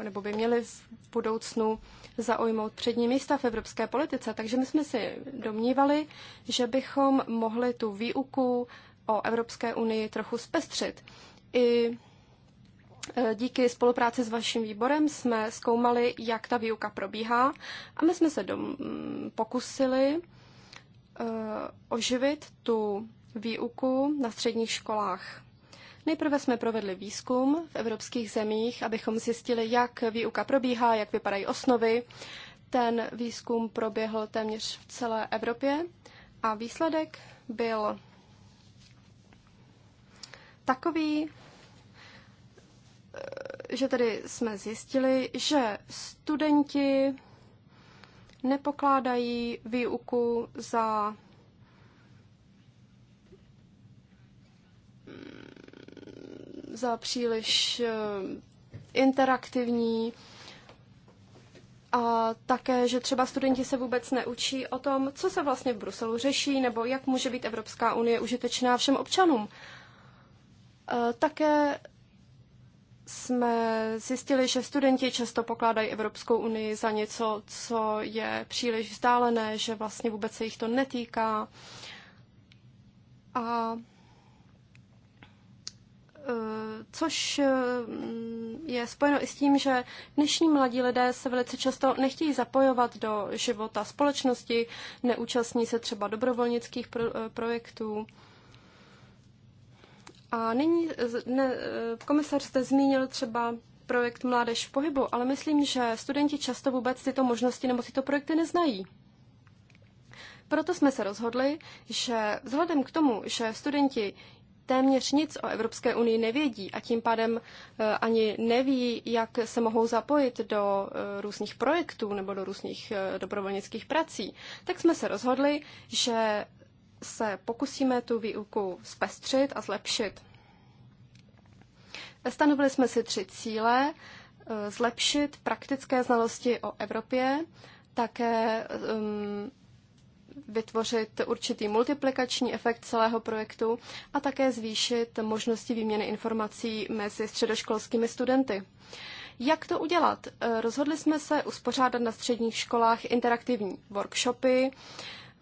S4: eh, nebo by měli v budoucnu zaujmout přední místa v evropské politice. Takže my jsme si domnívali, že bychom mohli tu výuku o Evropské unii trochu zpestřit. I Eh, díky spolupráci s vaším výborem jsme zkoumali, jak ta výuka probíhá a my jsme se dom- pokusili uh, oživit tu výuku na středních školách. Nejprve jsme provedli výzkum v evropských zemích, abychom zjistili, jak výuka probíhá, jak vypadají osnovy. Ten výzkum proběhl téměř v celé Evropě a výsledek byl takový, Eh, že tedy jsme zjistili, že studenti nepokládají výuku za za příliš eh, interaktivní a také, že třeba studenti se vůbec neučí o tom, co se vlastně v Bruselu řeší, nebo jak může být Evropská unie užitečná všem občanům. Eh, také jsme zjistili, že studenti často pokládají Evropskou unii za něco, co je příliš vzdálené, že vlastně vůbec se jich to netýká. A e, což e, je spojeno i s tím, že dnešní mladí lidé se velice často nechtějí zapojovat do života společnosti, neúčastní se třeba dobrovolnických e, projektů. A nyní ne, eh, komisař jste zmínil třeba projekt Mládež v pohybu, ale myslím, že studenti často vůbec tyto možnosti nebo tyto projekty neznají. Proto jsme se rozhodli, že vzhledem k tomu, že studenti téměř nic o Evropské unii nevědí a tím pádem eh, ani neví, jak se mohou zapojit do eh, různých projektů nebo do různých dobrovolnických prací, tak jsme se rozhodli, že se pokusíme tu výuku zpestřit a zlepšit. Stanovili jsme si tři cíle. Eh, zlepšit praktické znalosti o Evropě, také um, vytvořit určitý multiplikační efekt celého projektu a také zvýšit možnosti výměny informací mezi středoškolskými studenty. Jak to udělat? Eh, rozhodli jsme se uspořádat na středních školách interaktivní workshopy,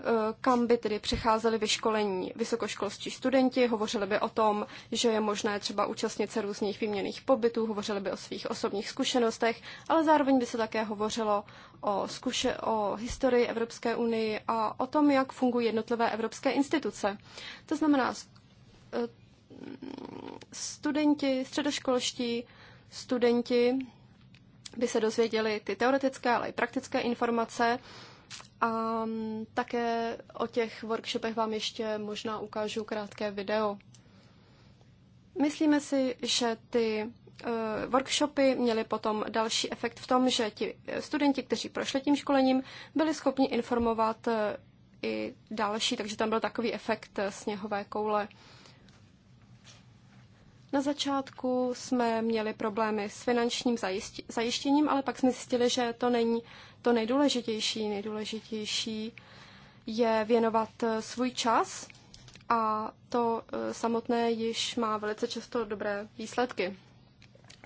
S4: Eh, kam by tedy přecházeli vyškolení vysokoškolští studenti, hovořili by o tom, že je možné třeba účastnit se různých výměných pobytů, hovořili by o svých osobních zkušenostech, ale zároveň by se také hovořilo o, zkuše, o historii Evropské unii a o tom, jak fungují jednotlivé evropské instituce. To znamená, eh, studenti, středoškolští studenti by se dozvěděli ty teoretické, ale i praktické informace, a také o těch workshopech vám ještě možná ukážu krátké video. Myslíme si, že ty eh, workshopy měly potom další efekt v tom, že ti studenti, kteří prošli tím školením, byli schopni informovat eh, i další, takže tam byl takový efekt eh, sněhové koule. Na začátku jsme měli problémy s finančním zajištěním, ale pak jsme zjistili, že to není to nejdůležitější. Nejdůležitější je věnovat eh, svůj čas a to eh, samotné již má velice často dobré výsledky.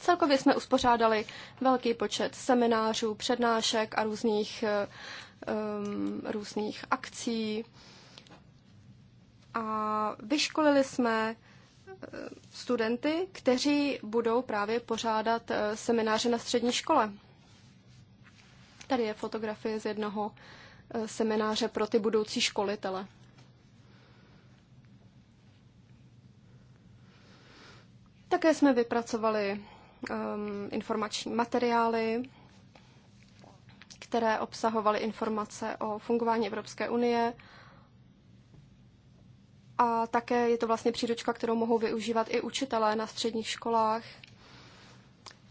S4: Celkově jsme uspořádali velký počet seminářů, přednášek a různých, um, různých akcí. A vyškolili jsme studenty, kteří budou právě pořádat semináře na střední škole. Tady je fotografie z jednoho eh, semináře pro ty budoucí školitele. Také jsme vypracovali um, informační materiály, které obsahovaly informace o fungování Evropské unie. A také je to vlastně příručka, kterou mohou využívat i učitelé na středních školách,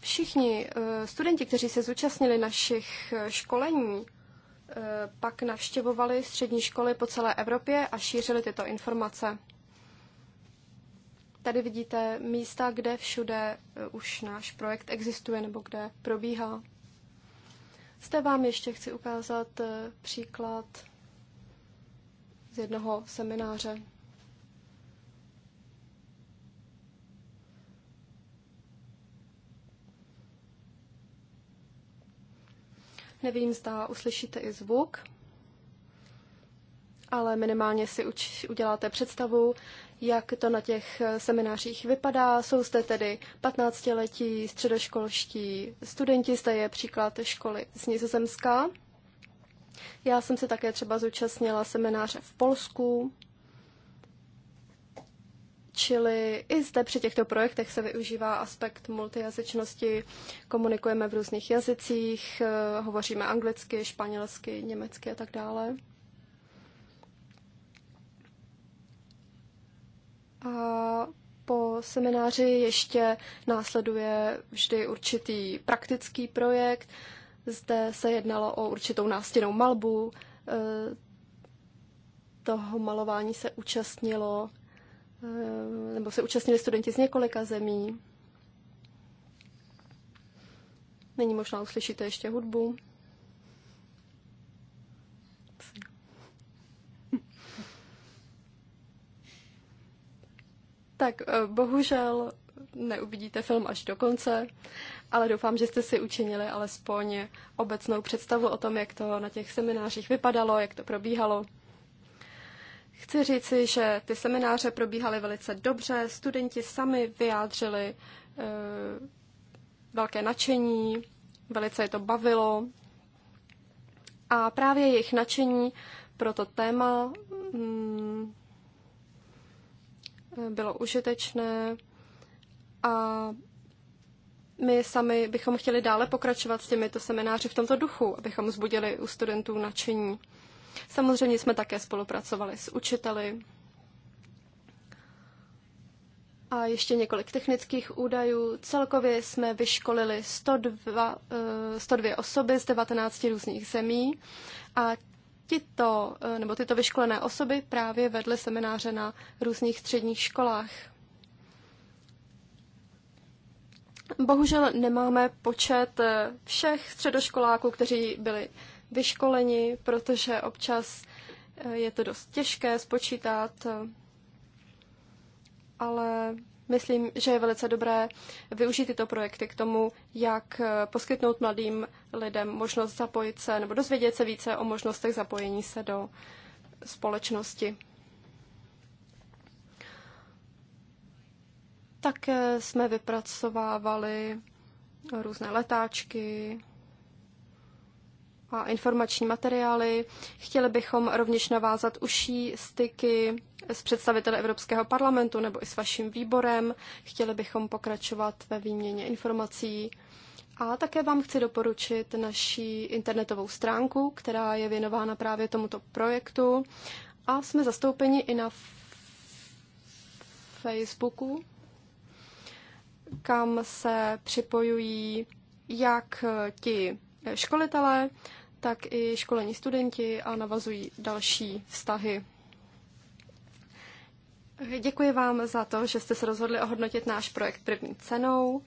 S4: Všichni eh, studenti, kteří se zúčastnili našich eh, školení, eh, pak navštěvovali střední školy po celé Evropě a šířili tyto informace. Tady vidíte místa, kde všude už náš projekt existuje nebo kde probíhá. Zde vám ještě chci ukázat příklad z jednoho semináře. Nevím, zda uslyšíte i zvuk, ale minimálně si uč, uděláte představu, jak to na těch seminářích vypadá. Jsou zde tedy 15-letí středoškolští studenti, zde je příklad školy z Nizozemska. Já jsem se také třeba zúčastnila semináře v Polsku, Čili i zde při těchto projektech se využívá aspekt multijazyčnosti. Komunikujeme v různých jazycích, eh, hovoříme anglicky, španělsky, německy a tak dále. A po semináři ještě následuje vždy určitý praktický projekt. Zde se jednalo o určitou nástěnou malbu. Eh, toho malování se účastnilo Eh, nebo se účastnili studenti z několika zemí. Není možná uslyšíte ještě hudbu. Tak eh, bohužel neuvidíte film až do konce, ale doufám, že jste si učinili alespoň obecnou představu o tom, jak to na těch seminářích vypadalo, jak to probíhalo. Chci říci, že ty semináře probíhaly velice dobře, studenti sami vyjádřili e, velké nadšení, velice je to bavilo a právě jejich nadšení pro to téma mm, bylo užitečné a my sami bychom chtěli dále pokračovat s těmito semináři v tomto duchu, abychom zbudili u studentů nadšení. Samozřejmě jsme také spolupracovali s učiteli. A ještě několik technických údajů. Celkově jsme vyškolili 102, 102 eh, osoby z 19 různých zemí a tito, eh, nebo tyto vyškolené osoby právě vedly semináře na různých středních školách. Bohužel nemáme počet eh, všech středoškoláků, kteří byli vyškoleni, protože občas eh, je to dost těžké spočítat, eh, ale myslím, že je velice dobré využít tyto projekty k tomu, jak eh, poskytnout mladým lidem možnost zapojit se nebo dozvědět se více o možnostech zapojení se do společnosti. Také jsme vypracovávali různé letáčky, a informační materiály. Chtěli bychom rovněž navázat užší styky s představiteli Evropského parlamentu nebo i s vaším výborem. Chtěli bychom pokračovat ve výměně informací. A také vám chci doporučit naší internetovou stránku, která je věnována právě tomuto projektu. A jsme zastoupeni i na Facebooku, kam se připojují jak ti školitelé, tak i školení studenti a navazují další vztahy. Děkuji vám za to, že jste se rozhodli ohodnotit náš projekt první cenou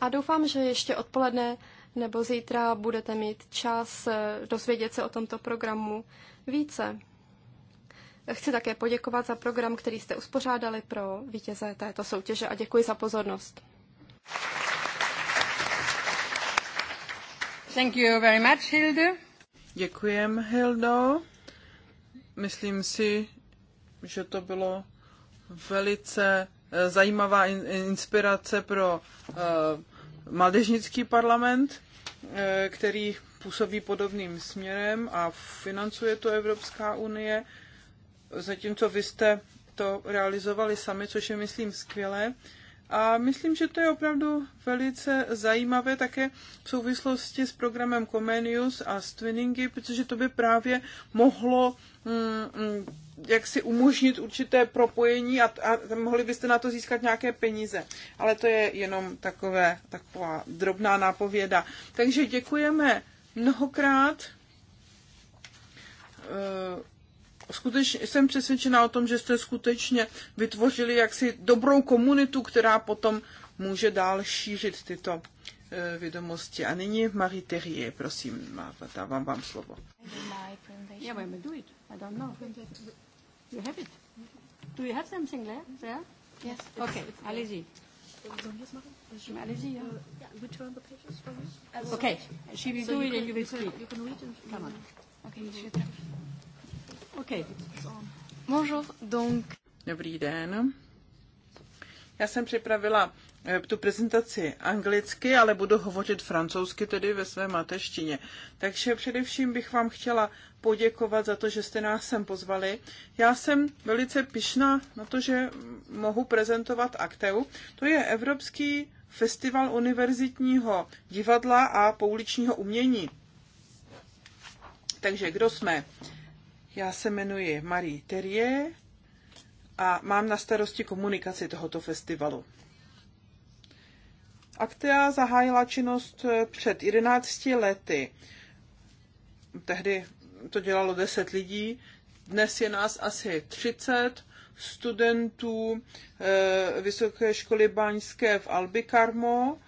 S4: a doufám, že ještě odpoledne nebo zítra budete mít čas dozvědět se o tomto programu více. Chci také poděkovat za program, který jste uspořádali pro vítěze této soutěže a děkuji za pozornost. Thank you very much, Hilde.
S2: Děkujem, Hildo. Myslím si, že to bylo velice eh, zajímavá inspirace pro eh, mládežnický parlament, eh, který působí podobným směrem a financuje to Evropská unie, zatímco vy jste to realizovali sami, což je, myslím, skvělé. A myslím, že to je opravdu velice zajímavé také v souvislosti s programem Comenius a s Twinningy, protože to by právě mohlo mm, mm, jak si umožnit určité propojení a, a mohli byste na to získat nějaké peníze. Ale to je jenom takové, taková drobná nápověda. Takže děkujeme mnohokrát eh, skutečně, jsem přesvědčena o tom, že jste skutečně vytvořili jaksi dobrou komunitu, která potom může dál šířit tyto e, vědomosti. A nyní Marie Terrier, prosím, dávám vám slovo.
S3: I don't know. You have it. Do you have something there? there? Yes. Okay, Okay, she will do it and you will speak. You can read and... Come on. Okay,
S2: Dobrý den. Já jsem připravila eh, tu prezentaci anglicky, ale budu hovořit francouzsky, tedy ve své mateštině. Takže především bych vám chtěla poděkovat za to, že jste nás sem pozvali. Já jsem velice pišná na to, že mohu prezentovat Akteu. To je Evropský festival univerzitního divadla a pouličního umění. Takže kdo jsme? Já se jmenuji Marie Terie a mám na starosti komunikaci tohoto festivalu. Aktea zahájila činnost eh, před 11 lety. Tehdy to dělalo 10 lidí, dnes je nás asi 30 studentů eh, Vysoké školy báňské v Albikarmo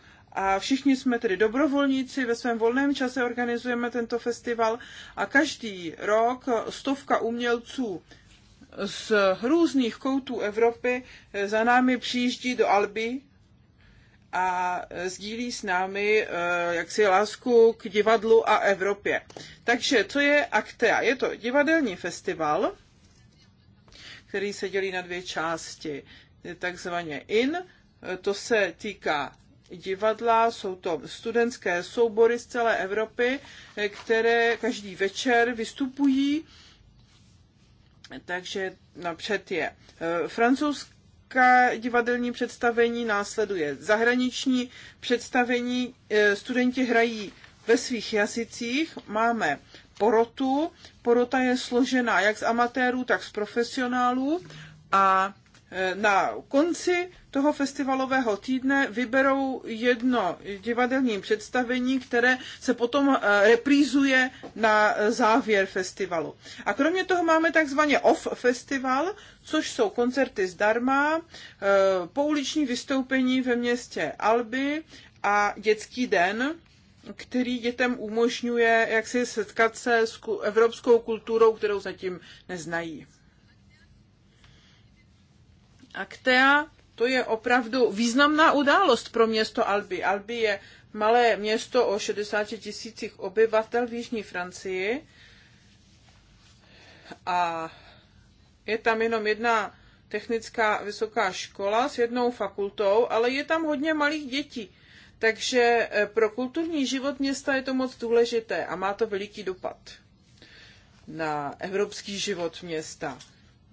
S2: a všichni jsme tedy dobrovolníci, ve svém volném čase organizujeme tento festival a každý rok stovka umělců z různých koutů Evropy za námi přijíždí do Alby a sdílí s námi eh, jaksi lásku k divadlu a Evropě. Takže co je Aktea? Je to divadelní festival, který se dělí na dvě části, takzvaně IN, to se týká divadla, jsou to studentské soubory z celé Evropy, které každý večer vystupují. Takže napřed je eh, francouzská divadelní představení, následuje zahraniční představení, eh, studenti hrají ve svých jazycích, máme porotu, porota je složená jak z amatérů, tak z profesionálů a eh, na konci toho festivalového týdne vyberou jedno divadelní představení, které se potom eh, reprízuje na eh, závěr festivalu. A kromě toho máme takzvaně off festival, což jsou koncerty zdarma, eh, pouliční vystoupení ve městě Alby a dětský den, který dětem umožňuje jak si setkat se s evropskou kulturou, kterou zatím neznají. Aktea to je opravdu významná událost pro město Albi. Albi je malé město o 60 tisících obyvatel v Jižní Francii a je tam jenom jedna technická vysoká škola s jednou fakultou, ale je tam hodně malých dětí. Takže eh, pro kulturní život města je to moc důležité a má to veliký dopad na evropský život města.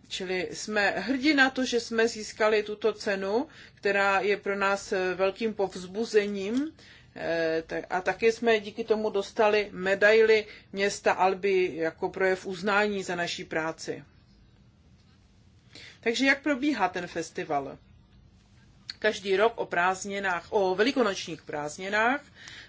S2: Čili jsme hrdi na to, že jsme získali tuto cenu, která je pro nás velkým povzbuzením. Eh, a také jsme díky tomu dostali medaily města Alby jako projev uznání za naší práci. Takže jak probíhá ten festival? Každý rok o prázdninách, o velikonočních prázdninách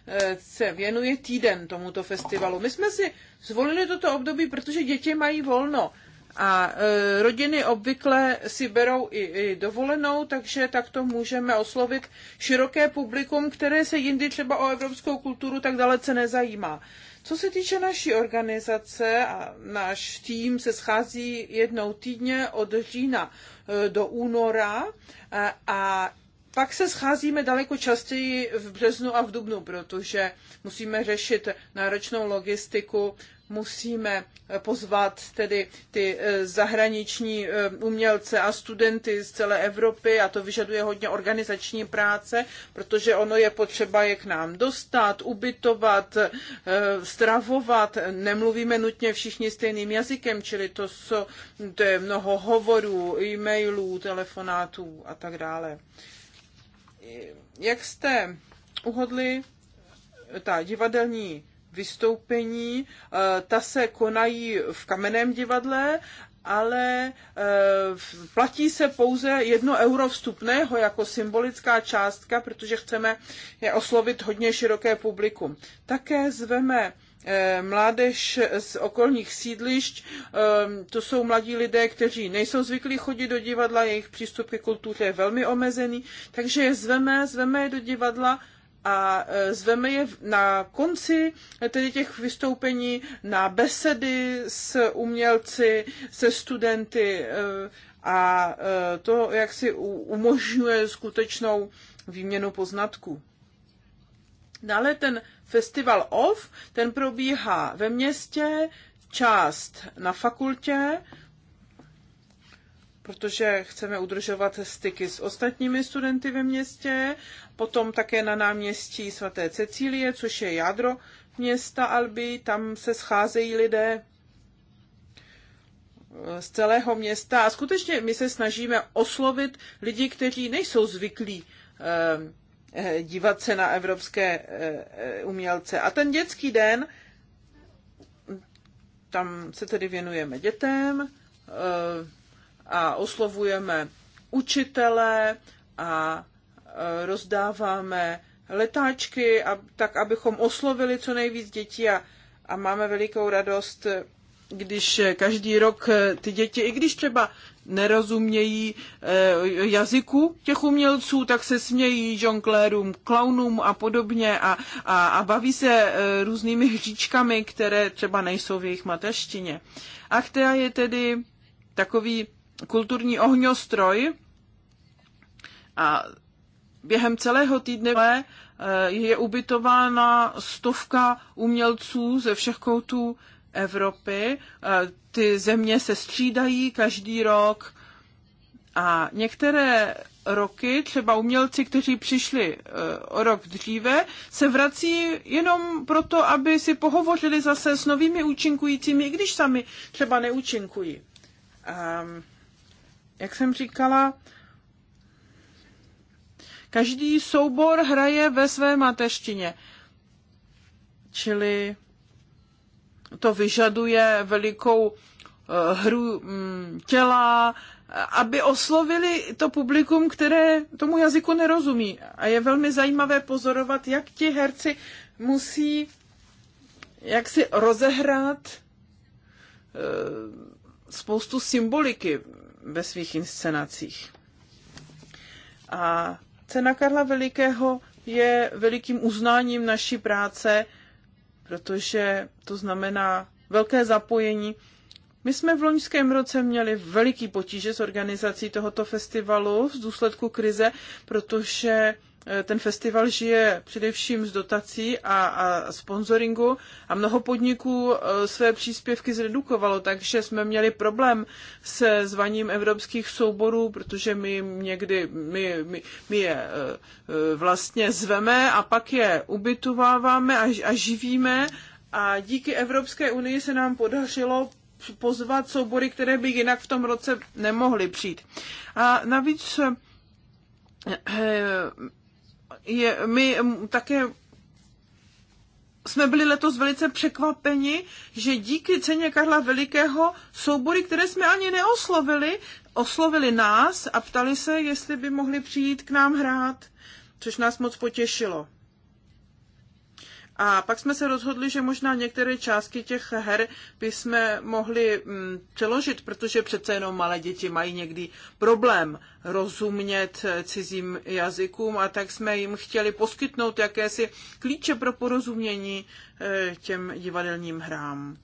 S2: eh, se věnuje týden tomuto festivalu. My jsme si zvolili toto období, protože děti mají volno a e, rodiny obvykle si berou i, i dovolenou, takže takto můžeme oslovit široké publikum, které se jindy třeba o evropskou kulturu tak dalece nezajímá. Co se týče naší organizace, a náš tým se schází jednou týdně od října e, do února e, a pak se scházíme daleko častěji v březnu a v dubnu, protože musíme řešit náročnou logistiku musíme pozvat tedy ty eh, zahraniční eh, umělce a studenty z celé Evropy a to vyžaduje hodně organizační práce, protože ono je potřeba je k nám dostat, ubytovat, eh, stravovat. Nemluvíme nutně všichni stejným jazykem, čili to, jsou, to je mnoho hovorů, e-mailů, telefonátů a tak dále. Jak jste uhodli ta divadelní vystoupení. Eh, ta se konají v Kamenném divadle ale eh, platí se pouze jedno euro vstupného jako symbolická částka, protože chceme je oslovit hodně široké publikum. Také zveme eh, mládež z okolních sídlišť. To jsou mladí lidé, kteří nejsou zvyklí chodit do divadla, jejich přístup ke kultuře je velmi omezený, takže je zveme, zveme je do divadla a e, zveme je na konci e, tedy těch vystoupení na besedy s umělci, se studenty e, a to, jak si umožňuje skutečnou výměnu poznatků. Dále ten festival OFF, ten probíhá ve městě, část na fakultě protože chceme udržovat styky s ostatními studenty ve městě, potom také na náměstí svaté Cecílie, což je jádro města Alby, tam se scházejí lidé eh, z celého města a skutečně my se snažíme oslovit lidi, kteří nejsou zvyklí eh, eh, dívat se na evropské umělce. A ten dětský den, tam se tedy věnujeme dětem, a oslovujeme učitele a e, rozdáváme letáčky, a, tak abychom oslovili co nejvíc dětí a, a máme velikou radost, když každý rok e, ty děti, i když třeba nerozumějí e, jazyku těch umělců, tak se smějí žonglérům, klaunům a podobně a, a, a baví se různými hříčkami, které třeba nejsou v jejich mateřštině. A která je tedy takový kulturní ohňostroj a během celého týdne eh, je ubytována stovka umělců ze všech koutů Evropy. Eh, ty země se střídají každý rok a některé roky, třeba umělci, kteří přišli eh, o rok dříve, se vrací jenom proto, aby si pohovořili zase s novými účinkujícími, i když sami třeba neúčinkují. Um, jak jsem říkala, každý soubor hraje ve své mateřštině. Čili to vyžaduje velikou eh, hru mm, těla, aby oslovili to publikum, které tomu jazyku nerozumí. A je velmi zajímavé pozorovat, jak ti herci musí jak si rozehrát eh, spoustu symboliky ve svých inscenacích. A cena Karla Velikého je velikým uznáním naší práce, protože to znamená velké zapojení. My jsme v loňském roce měli veliký potíže s organizací tohoto festivalu z důsledku krize, protože Eh, ten festival žije především z dotací a, a sponsoringu a mnoho podniků eh, své příspěvky zredukovalo, takže jsme měli problém se zvaním evropských souborů, protože my někdy my, my, my je eh, vlastně zveme a pak je ubytováváme a, a živíme a díky Evropské unii se nám podařilo pozvat soubory, které by jinak v tom roce nemohly přijít. A navíc je, my také jsme byli letos velice překvapeni, že díky ceně Karla Velikého soubory, které jsme ani neoslovili, oslovili nás a ptali se, jestli by mohli přijít k nám hrát, což nás moc potěšilo. A pak jsme se rozhodli, že možná některé částky těch her jsme mohli mm, přeložit, protože přece jenom malé děti mají někdy problém rozumět eh, cizím jazykům a tak jsme jim chtěli poskytnout jakési klíče pro porozumění eh, těm divadelním hrám.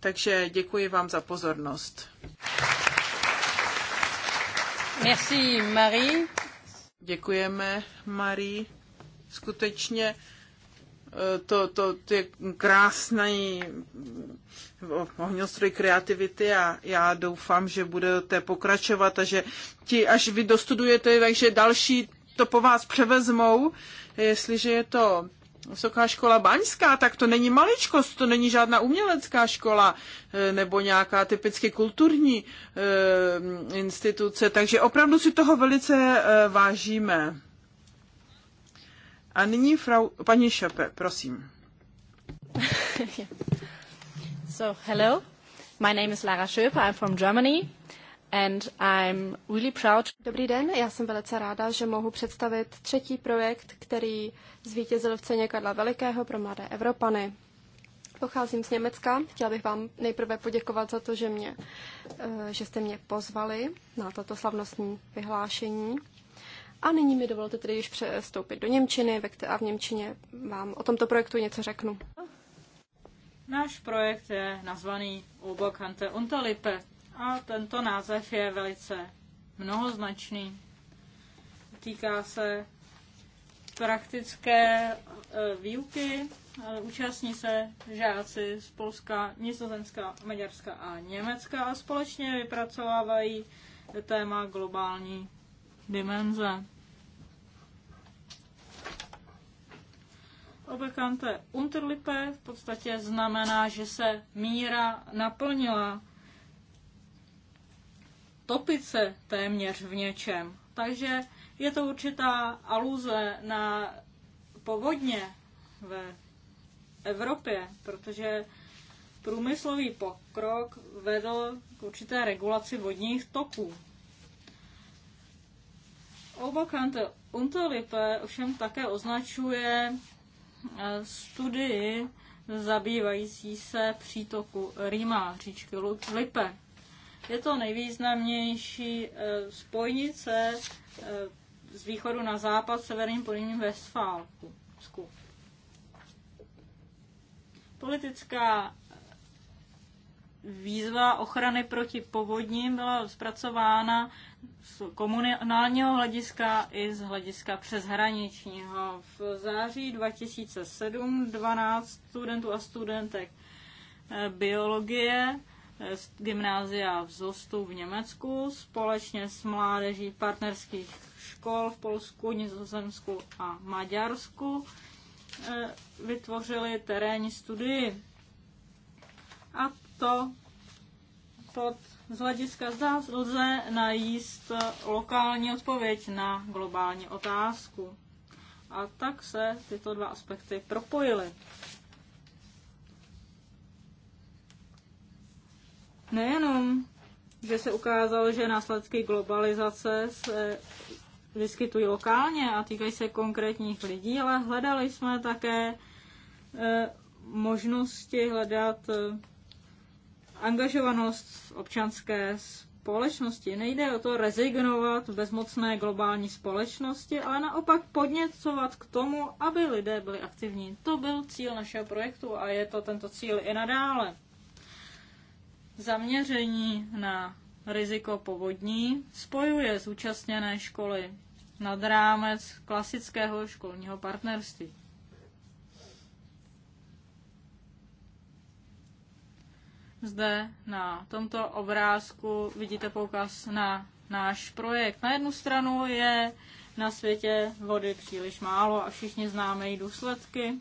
S2: Takže děkuji vám za pozornost. Merci, Marie. Děkujeme, Marie. Skutečně to, to, je krásný ohňostroj kreativity a já doufám, že budete pokračovat a že ti, až vy dostudujete, takže další to po vás převezmou, jestliže je to Vysoká škola baňská, tak to není maličkost, to není žádná umělecká škola e, nebo nějaká typicky kulturní e, instituce, takže opravdu si toho velice e, vážíme. A nyní frau, paní Šepe, prosím.
S4: so, hello. My name is Lara Schöpe, I'm from Germany. And I'm really proud. Dobrý den, já jsem velice ráda, že mohu představit třetí projekt, který zvítězil v ceně Karla Velikého pro mladé Evropany. Pocházím z Německa. Chtěla bych vám nejprve poděkovat za to, že, mě, eh, že jste mě pozvali na toto slavnostní vyhlášení. A nyní mi dovolte tedy již přestoupit do Němčiny a v Němčině vám o tomto projektu něco řeknu.
S1: Náš projekt je nazvaný Obokante Untalipe a tento název je velice mnohoznačný. Týká se praktické e, výuky, účastní se žáci z Polska, Nizozemska, Maďarska a Německa a společně vypracovávají téma globální dimenze. obekante unterlipe v podstatě znamená, že se míra naplnila. Topit se téměř v něčem. Takže je to určitá aluze na povodně ve Evropě, protože průmyslový pokrok vedl k určité regulaci vodních toků. Obakante Untolipe ovšem také označuje studii zabývající se přítoku Rýma, říčky Lipe. Je to nejvýznamnější eh, spojnice eh, z východu na západ severním polním Westfálku. Politická výzva ochrany proti povodním byla zpracována z komunálního hlediska i z hlediska přeshraničního. V září 2007 12 studentů a studentek eh, biologie eh, z gymnázia v Zostu v Německu společně s mládeží partnerských škol v Polsku, Nizozemsku a Maďarsku eh, vytvořili terénní studii. A to pod, z hlediska zda lze najíst lokální odpověď na globální otázku. A tak se tyto dva aspekty propojily. Nejenom, že se ukázalo, že následky globalizace se vyskytují lokálně a týkají se konkrétních lidí, ale hledali jsme také eh, možnosti hledat eh, angažovanost v občanské společnosti. Nejde o to rezignovat v bezmocné globální společnosti, ale naopak podněcovat k tomu, aby lidé byli aktivní. To byl cíl našeho projektu a je to tento cíl i nadále. Zaměření na riziko povodní spojuje zúčastněné školy nad rámec klasického školního partnerství. Zde na tomto obrázku vidíte poukaz na náš projekt. Na jednu stranu je na světě vody příliš málo a všichni známe její důsledky.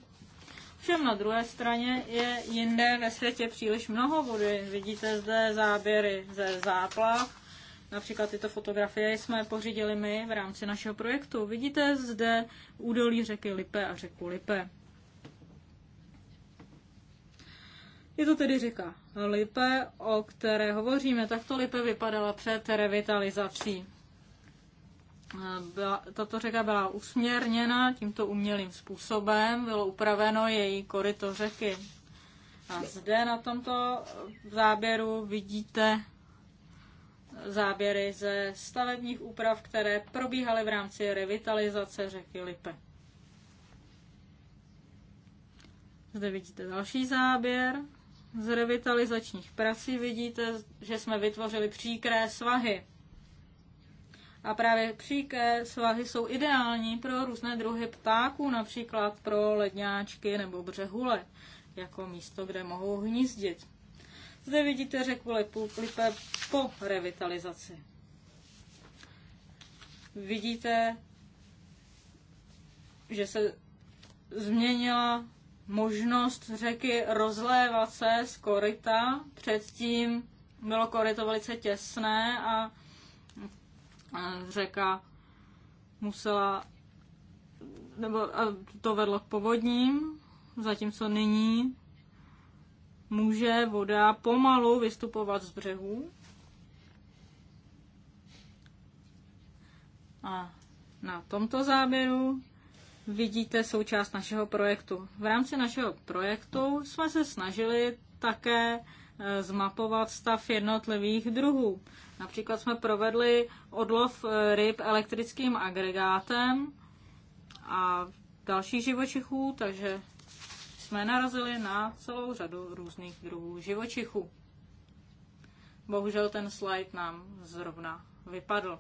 S1: Všem na druhé straně je jinde ve světě příliš mnoho vody. Vidíte zde záběry ze záplav. Například tyto fotografie jsme pořídili my v rámci našeho projektu. Vidíte zde údolí řeky Lipe a řeku Lipe. Je to tedy řeka Lipe, o které hovoříme. Takto Lipe vypadala před revitalizací. Byla, tato řeka byla usměrněna tímto umělým způsobem, bylo upraveno její koryto řeky. A zde na tomto záběru vidíte záběry ze stavebních úprav, které probíhaly v rámci revitalizace řeky Lipe. Zde vidíte další záběr z revitalizačních prací vidíte, že jsme vytvořili příkré svahy. A právě příké svahy jsou ideální pro různé druhy ptáků, například pro ledňáčky nebo břehule, jako místo, kde mohou hnízdit. Zde vidíte řeku Lipe po revitalizaci. Vidíte, že se změnila možnost řeky rozlévat se z koryta. Předtím bylo koryto velice těsné a řeka musela, nebo to vedlo k povodním, zatímco nyní může voda pomalu vystupovat z břehů. A na tomto záběru vidíte součást našeho projektu. V rámci našeho projektu jsme se snažili také e, zmapovat stav jednotlivých druhů. Například jsme provedli odlov e, ryb elektrickým agregátem a dalších živočichů, takže jsme narazili na celou řadu různých druhů živočichů. Bohužel ten slide nám
S3: zrovna
S1: vypadl.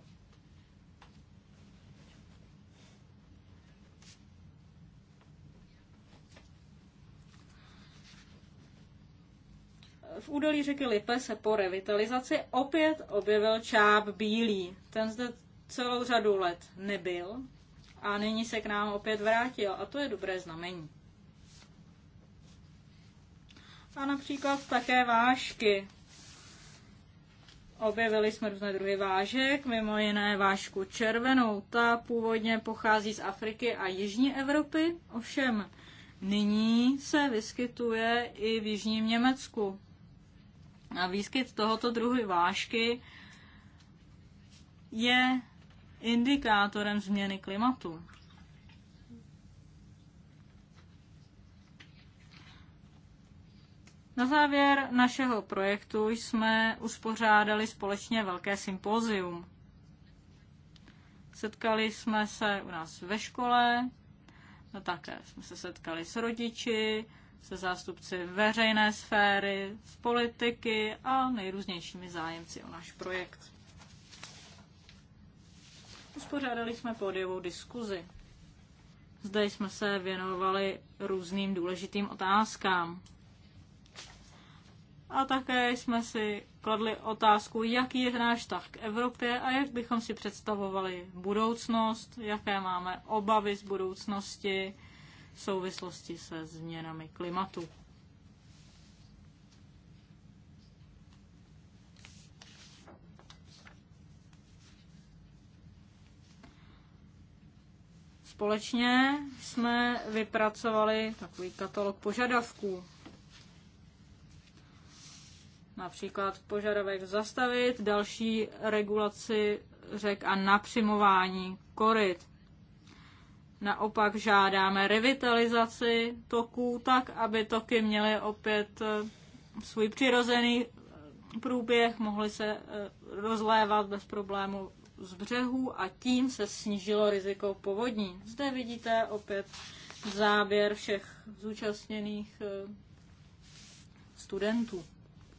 S1: v údolí řeky Lipe se po revitalizaci opět objevil čáp bílý. Ten zde celou řadu let nebyl a nyní se k nám opět vrátil a to je dobré znamení. A například také vášky. Objevili jsme různé druhy vážek, mimo jiné vášku červenou. Ta původně pochází z Afriky a Jižní Evropy, ovšem nyní se vyskytuje i v Jižním Německu. A výskyt tohoto druhu vášky je indikátorem změny klimatu. Na závěr našeho projektu jsme uspořádali společně velké sympózium. Setkali jsme se u nás ve škole, no také jsme se setkali s rodiči, se zástupci veřejné sféry, z politiky a nejrůznějšími zájemci o náš projekt. Uspořádali jsme pódiovou diskuzi. Zde jsme se věnovali různým důležitým otázkám. A také jsme si kladli otázku, jaký je náš vztah k Evropě a jak bychom si představovali budoucnost, jaké máme obavy z budoucnosti, v souvislosti se změnami klimatu. Společně jsme vypracovali takový katalog požadavků. Například požadavek zastavit další regulaci řek a napřimování koryt. Naopak žádáme revitalizaci toků tak, aby toky měly opět eh, svůj přirozený eh, průběh, mohly se eh, rozlévat bez problému z břehů a tím se snížilo riziko povodní. Zde vidíte opět záběr všech zúčastněných studentů,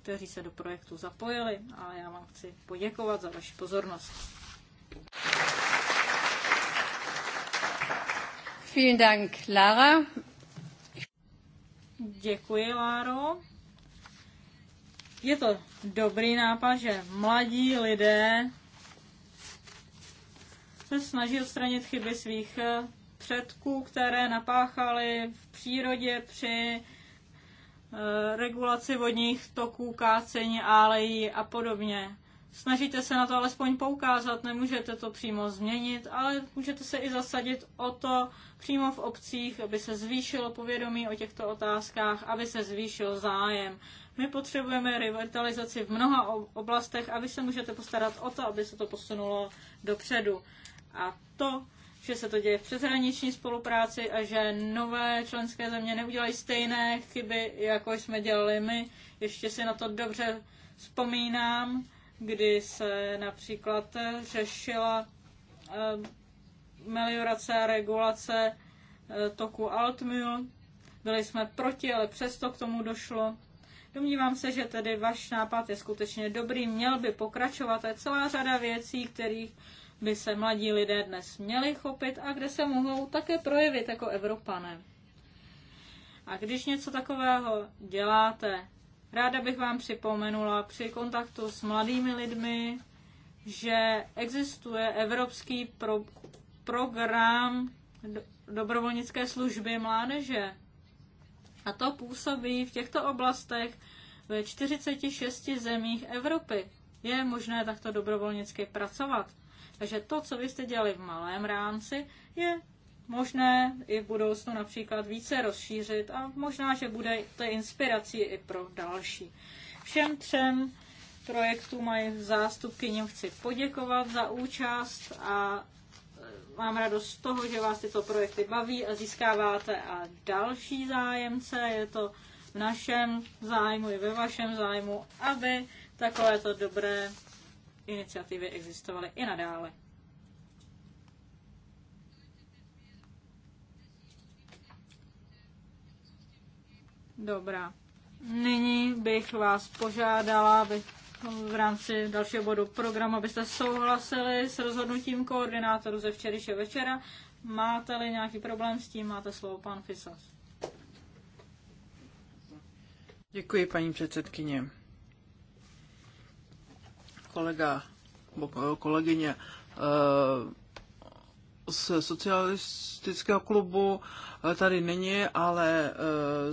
S1: kteří se do projektu zapojili a já vám chci poděkovat za vaši pozornost.
S3: Vielen Dank, Lara.
S1: Děkuji, Láro. Je to dobrý nápad, že mladí lidé se snaží odstranit chyby svých eh, předků, které napáchali v přírodě při eh, regulaci vodních toků, kácení, álejí a podobně. Snažíte se na to alespoň poukázat, nemůžete to přímo změnit, ale můžete se i zasadit o to přímo v obcích, aby se zvýšilo povědomí o těchto otázkách, aby se zvýšil zájem. My potřebujeme revitalizaci v mnoha oblastech a vy se můžete postarat o to, aby se to posunulo dopředu. A to, že se to děje v přeshraniční spolupráci a že nové členské země neudělají stejné chyby, jako jsme dělali my, ještě si na to dobře vzpomínám kdy se například řešila eh, meliorace a regulace eh, toku Altmühl. Byli jsme proti, ale přesto k tomu došlo. Domnívám se, že tedy váš nápad je skutečně dobrý, měl by pokračovat. Je celá řada věcí, kterých by se mladí lidé dnes měli chopit a kde se mohou také projevit jako Evropané. A když něco takového děláte, Ráda bych vám připomenula při kontaktu s mladými lidmi, že existuje evropský pro- program do- dobrovolnické služby mládeže. A to působí v těchto oblastech ve 46 zemích Evropy. Je možné takto dobrovolnicky pracovat. Takže to, co vy jste dělali v malém rámci, je možné i v budoucnu například více rozšířit a možná, že bude to inspirací i pro další. Všem třem projektům mají zástupky, něm chci poděkovat za účast a eh, mám radost z toho, že vás tyto projekty baví a získáváte a další zájemce. Je to v našem zájmu i ve vašem zájmu, aby takovéto dobré iniciativy existovaly i nadále. Dobrá. Nyní bych vás požádala, aby v rámci dalšího bodu programu, abyste souhlasili s rozhodnutím koordinátoru ze včerejšího večera. Máte-li nějaký problém s tím, máte slovo pan Fisas.
S2: Děkuji, paní předsedkyně. Kolega, kolegyně eh, z socialistického klubu eh, tady není, ale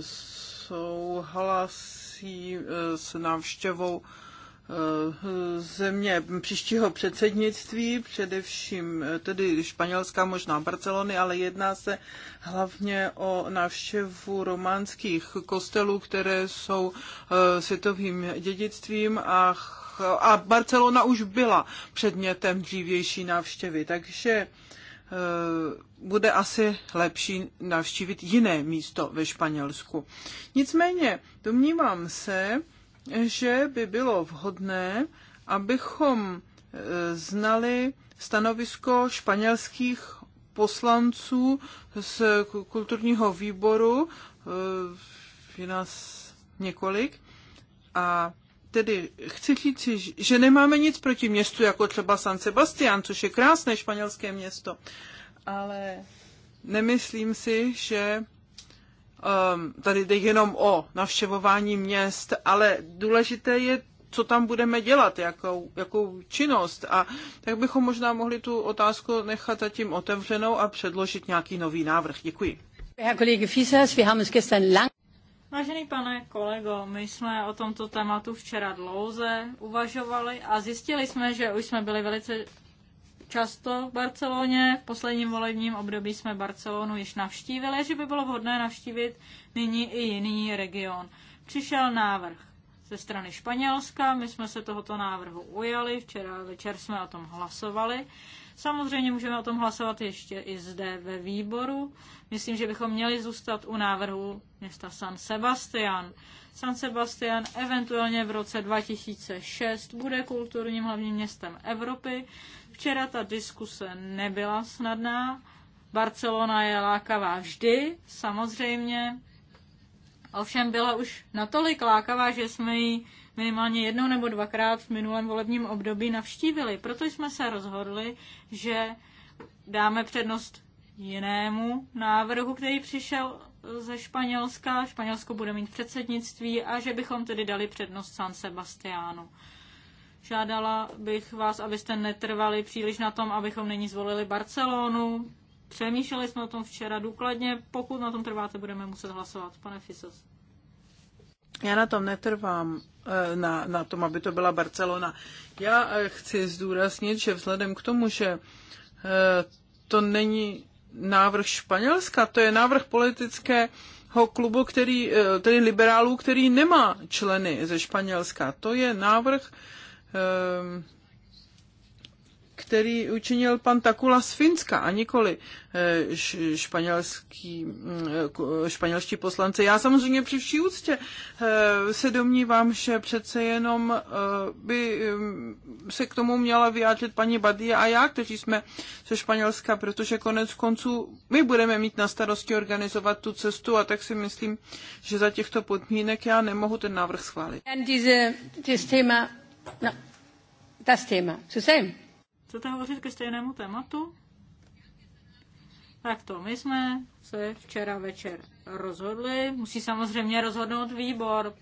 S2: z eh, souhlasí eh, s návštěvou eh, země příštího předsednictví, především eh, tedy Španělská, možná Barcelony, ale jedná se hlavně o návštěvu románských kostelů, které jsou světovým dědictvím a, a Barcelona už byla předmětem dřívější návštěvy. Takže Eh, bude asi lepší navštívit jiné místo ve Španělsku. Nicméně domnívám se, že by bylo vhodné, abychom eh, znali stanovisko španělských poslanců z kulturního výboru, eh, je nás několik, a tedy chci říct, že nemáme nic proti městu, jako třeba San Sebastián, což je krásné španělské město, ale nemyslím si, že um, tady jde jenom o navštěvování měst, ale důležité je co tam budeme dělat, jakou, jakou činnost. A tak bychom možná mohli tu otázku nechat zatím otevřenou a předložit nějaký nový návrh. Děkuji. Vážený pane
S1: kolego, my jsme o tomto tématu včera dlouze uvažovali a zjistili jsme, že už jsme byli velice často v Barceloně. V posledním volebním období jsme Barcelonu již navštívili, že by bylo vhodné navštívit nyní i jiný region. Přišel návrh ze strany Španělska, my jsme se tohoto návrhu ujali, včera večer jsme o tom hlasovali Samozřejmě můžeme o tom hlasovat ještě i zde ve výboru. Myslím, že bychom měli zůstat u návrhu města San Sebastian. San Sebastian eventuálně v roce 2006 bude kulturním hlavním městem Evropy. Včera ta diskuse nebyla snadná. Barcelona je lákavá vždy, samozřejmě. Ovšem byla už natolik lákavá, že jsme ji minimálně jednou nebo dvakrát v minulém volebním období navštívili. Proto jsme se rozhodli, že dáme přednost jinému návrhu, který přišel ze Španělska. Španělsko bude mít předsednictví a že bychom tedy dali přednost San Sebastiánu. Žádala bych vás, abyste netrvali příliš na tom, abychom nyní zvolili Barcelonu. Přemýšleli jsme o tom včera důkladně. Pokud na tom trváte, budeme muset hlasovat. Pane Fisos.
S2: Já na tom netrvám. Eh, na, na tom, aby to byla Barcelona. Já eh, chci zdůraznit, že vzhledem k tomu, že eh, to není návrh Španělska, to je návrh politické klubu, který, tedy liberálů, který nemá členy ze Španělska. To je návrh který učinil pan Takula z Finska a nikoli eh, španělský, mm, eh, španělští poslanci. Já samozřejmě při vší úctě eh, se domnívám, že přece jenom by mm, se k tomu měla vyjádřit paní Badia a já, kteří jsme ze Španělska, protože konec konců my budeme mít na starosti organizovat tu cestu a tak si myslím, že za těchto podmínek já nemohu ten návrh schválit.
S3: Diese, dieses Thema, no, das Thema, zusammen.
S1: Chcete hovořit ke stejnému tématu? Tak to, my jsme se včera večer rozhodli. Musí samozřejmě rozhodnout výbor.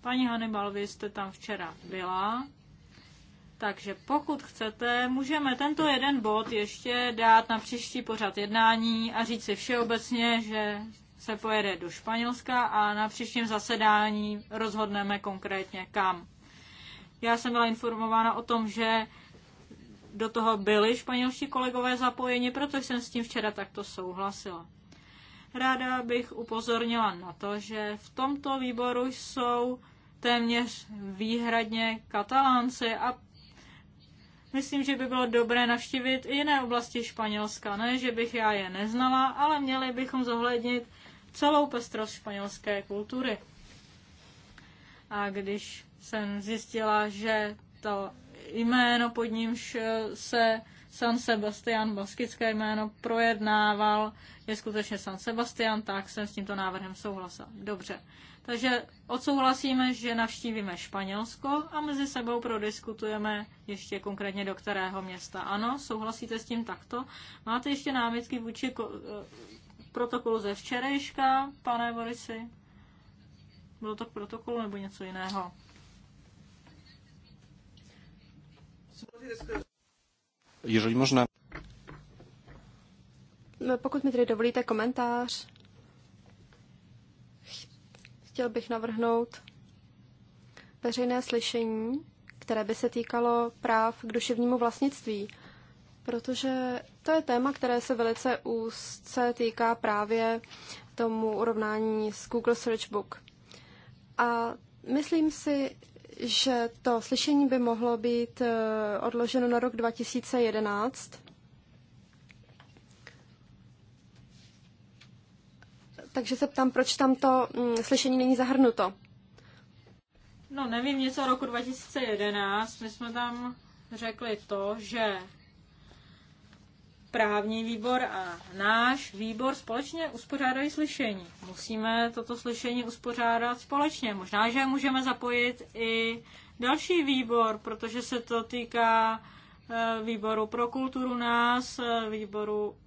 S1: Paní Hannibal, vy jste tam včera byla. Takže pokud chcete, můžeme tento jeden bod ještě dát na příští pořad jednání a říct si všeobecně, že se pojede do Španělska a na příštím zasedání rozhodneme konkrétně kam. Já jsem byla informována o tom, že do toho byli španělští kolegové zapojeni, protože jsem s tím včera takto souhlasila. Ráda bych upozornila na to, že v tomto výboru jsou téměř výhradně katalánci a myslím, že by bylo dobré navštívit i jiné oblasti Španělska. Ne, že bych já je neznala, ale měli bychom zohlednit celou pestrost španělské kultury. A když jsem zjistila, že to jméno, pod nímž eh, se San Sebastian, baskické jméno, projednával, je skutečně San Sebastian, tak jsem s tímto návrhem souhlasil. Dobře. Takže odsouhlasíme, že navštívíme Španělsko a mezi sebou prodiskutujeme ještě konkrétně do kterého města. Ano, souhlasíte s tím takto? Máte ještě námitky vůči eh, protokolu ze včerejška, pane Borisi? Bylo to k protokolu nebo něco jiného?
S2: Jeżeli można.
S4: No, pokud mi tedy dovolíte komentář, chtěl bych navrhnout veřejné slyšení, které by se týkalo práv k duševnímu vlastnictví, protože to je téma, které se velice úzce týká právě tomu urovnání s Google Search Book. A myslím si, že to slyšení by mohlo být eh, odloženo na rok 2011. Takže se ptám, proč tam to mm, slyšení není zahrnuto.
S1: No, nevím, něco roku 2011. My jsme tam řekli to, že právní výbor a náš výbor společně uspořádají slyšení. Musíme toto slyšení uspořádat společně. Možná, že můžeme zapojit i další výbor, protože se to týká eh, výboru pro kulturu nás, eh, výboru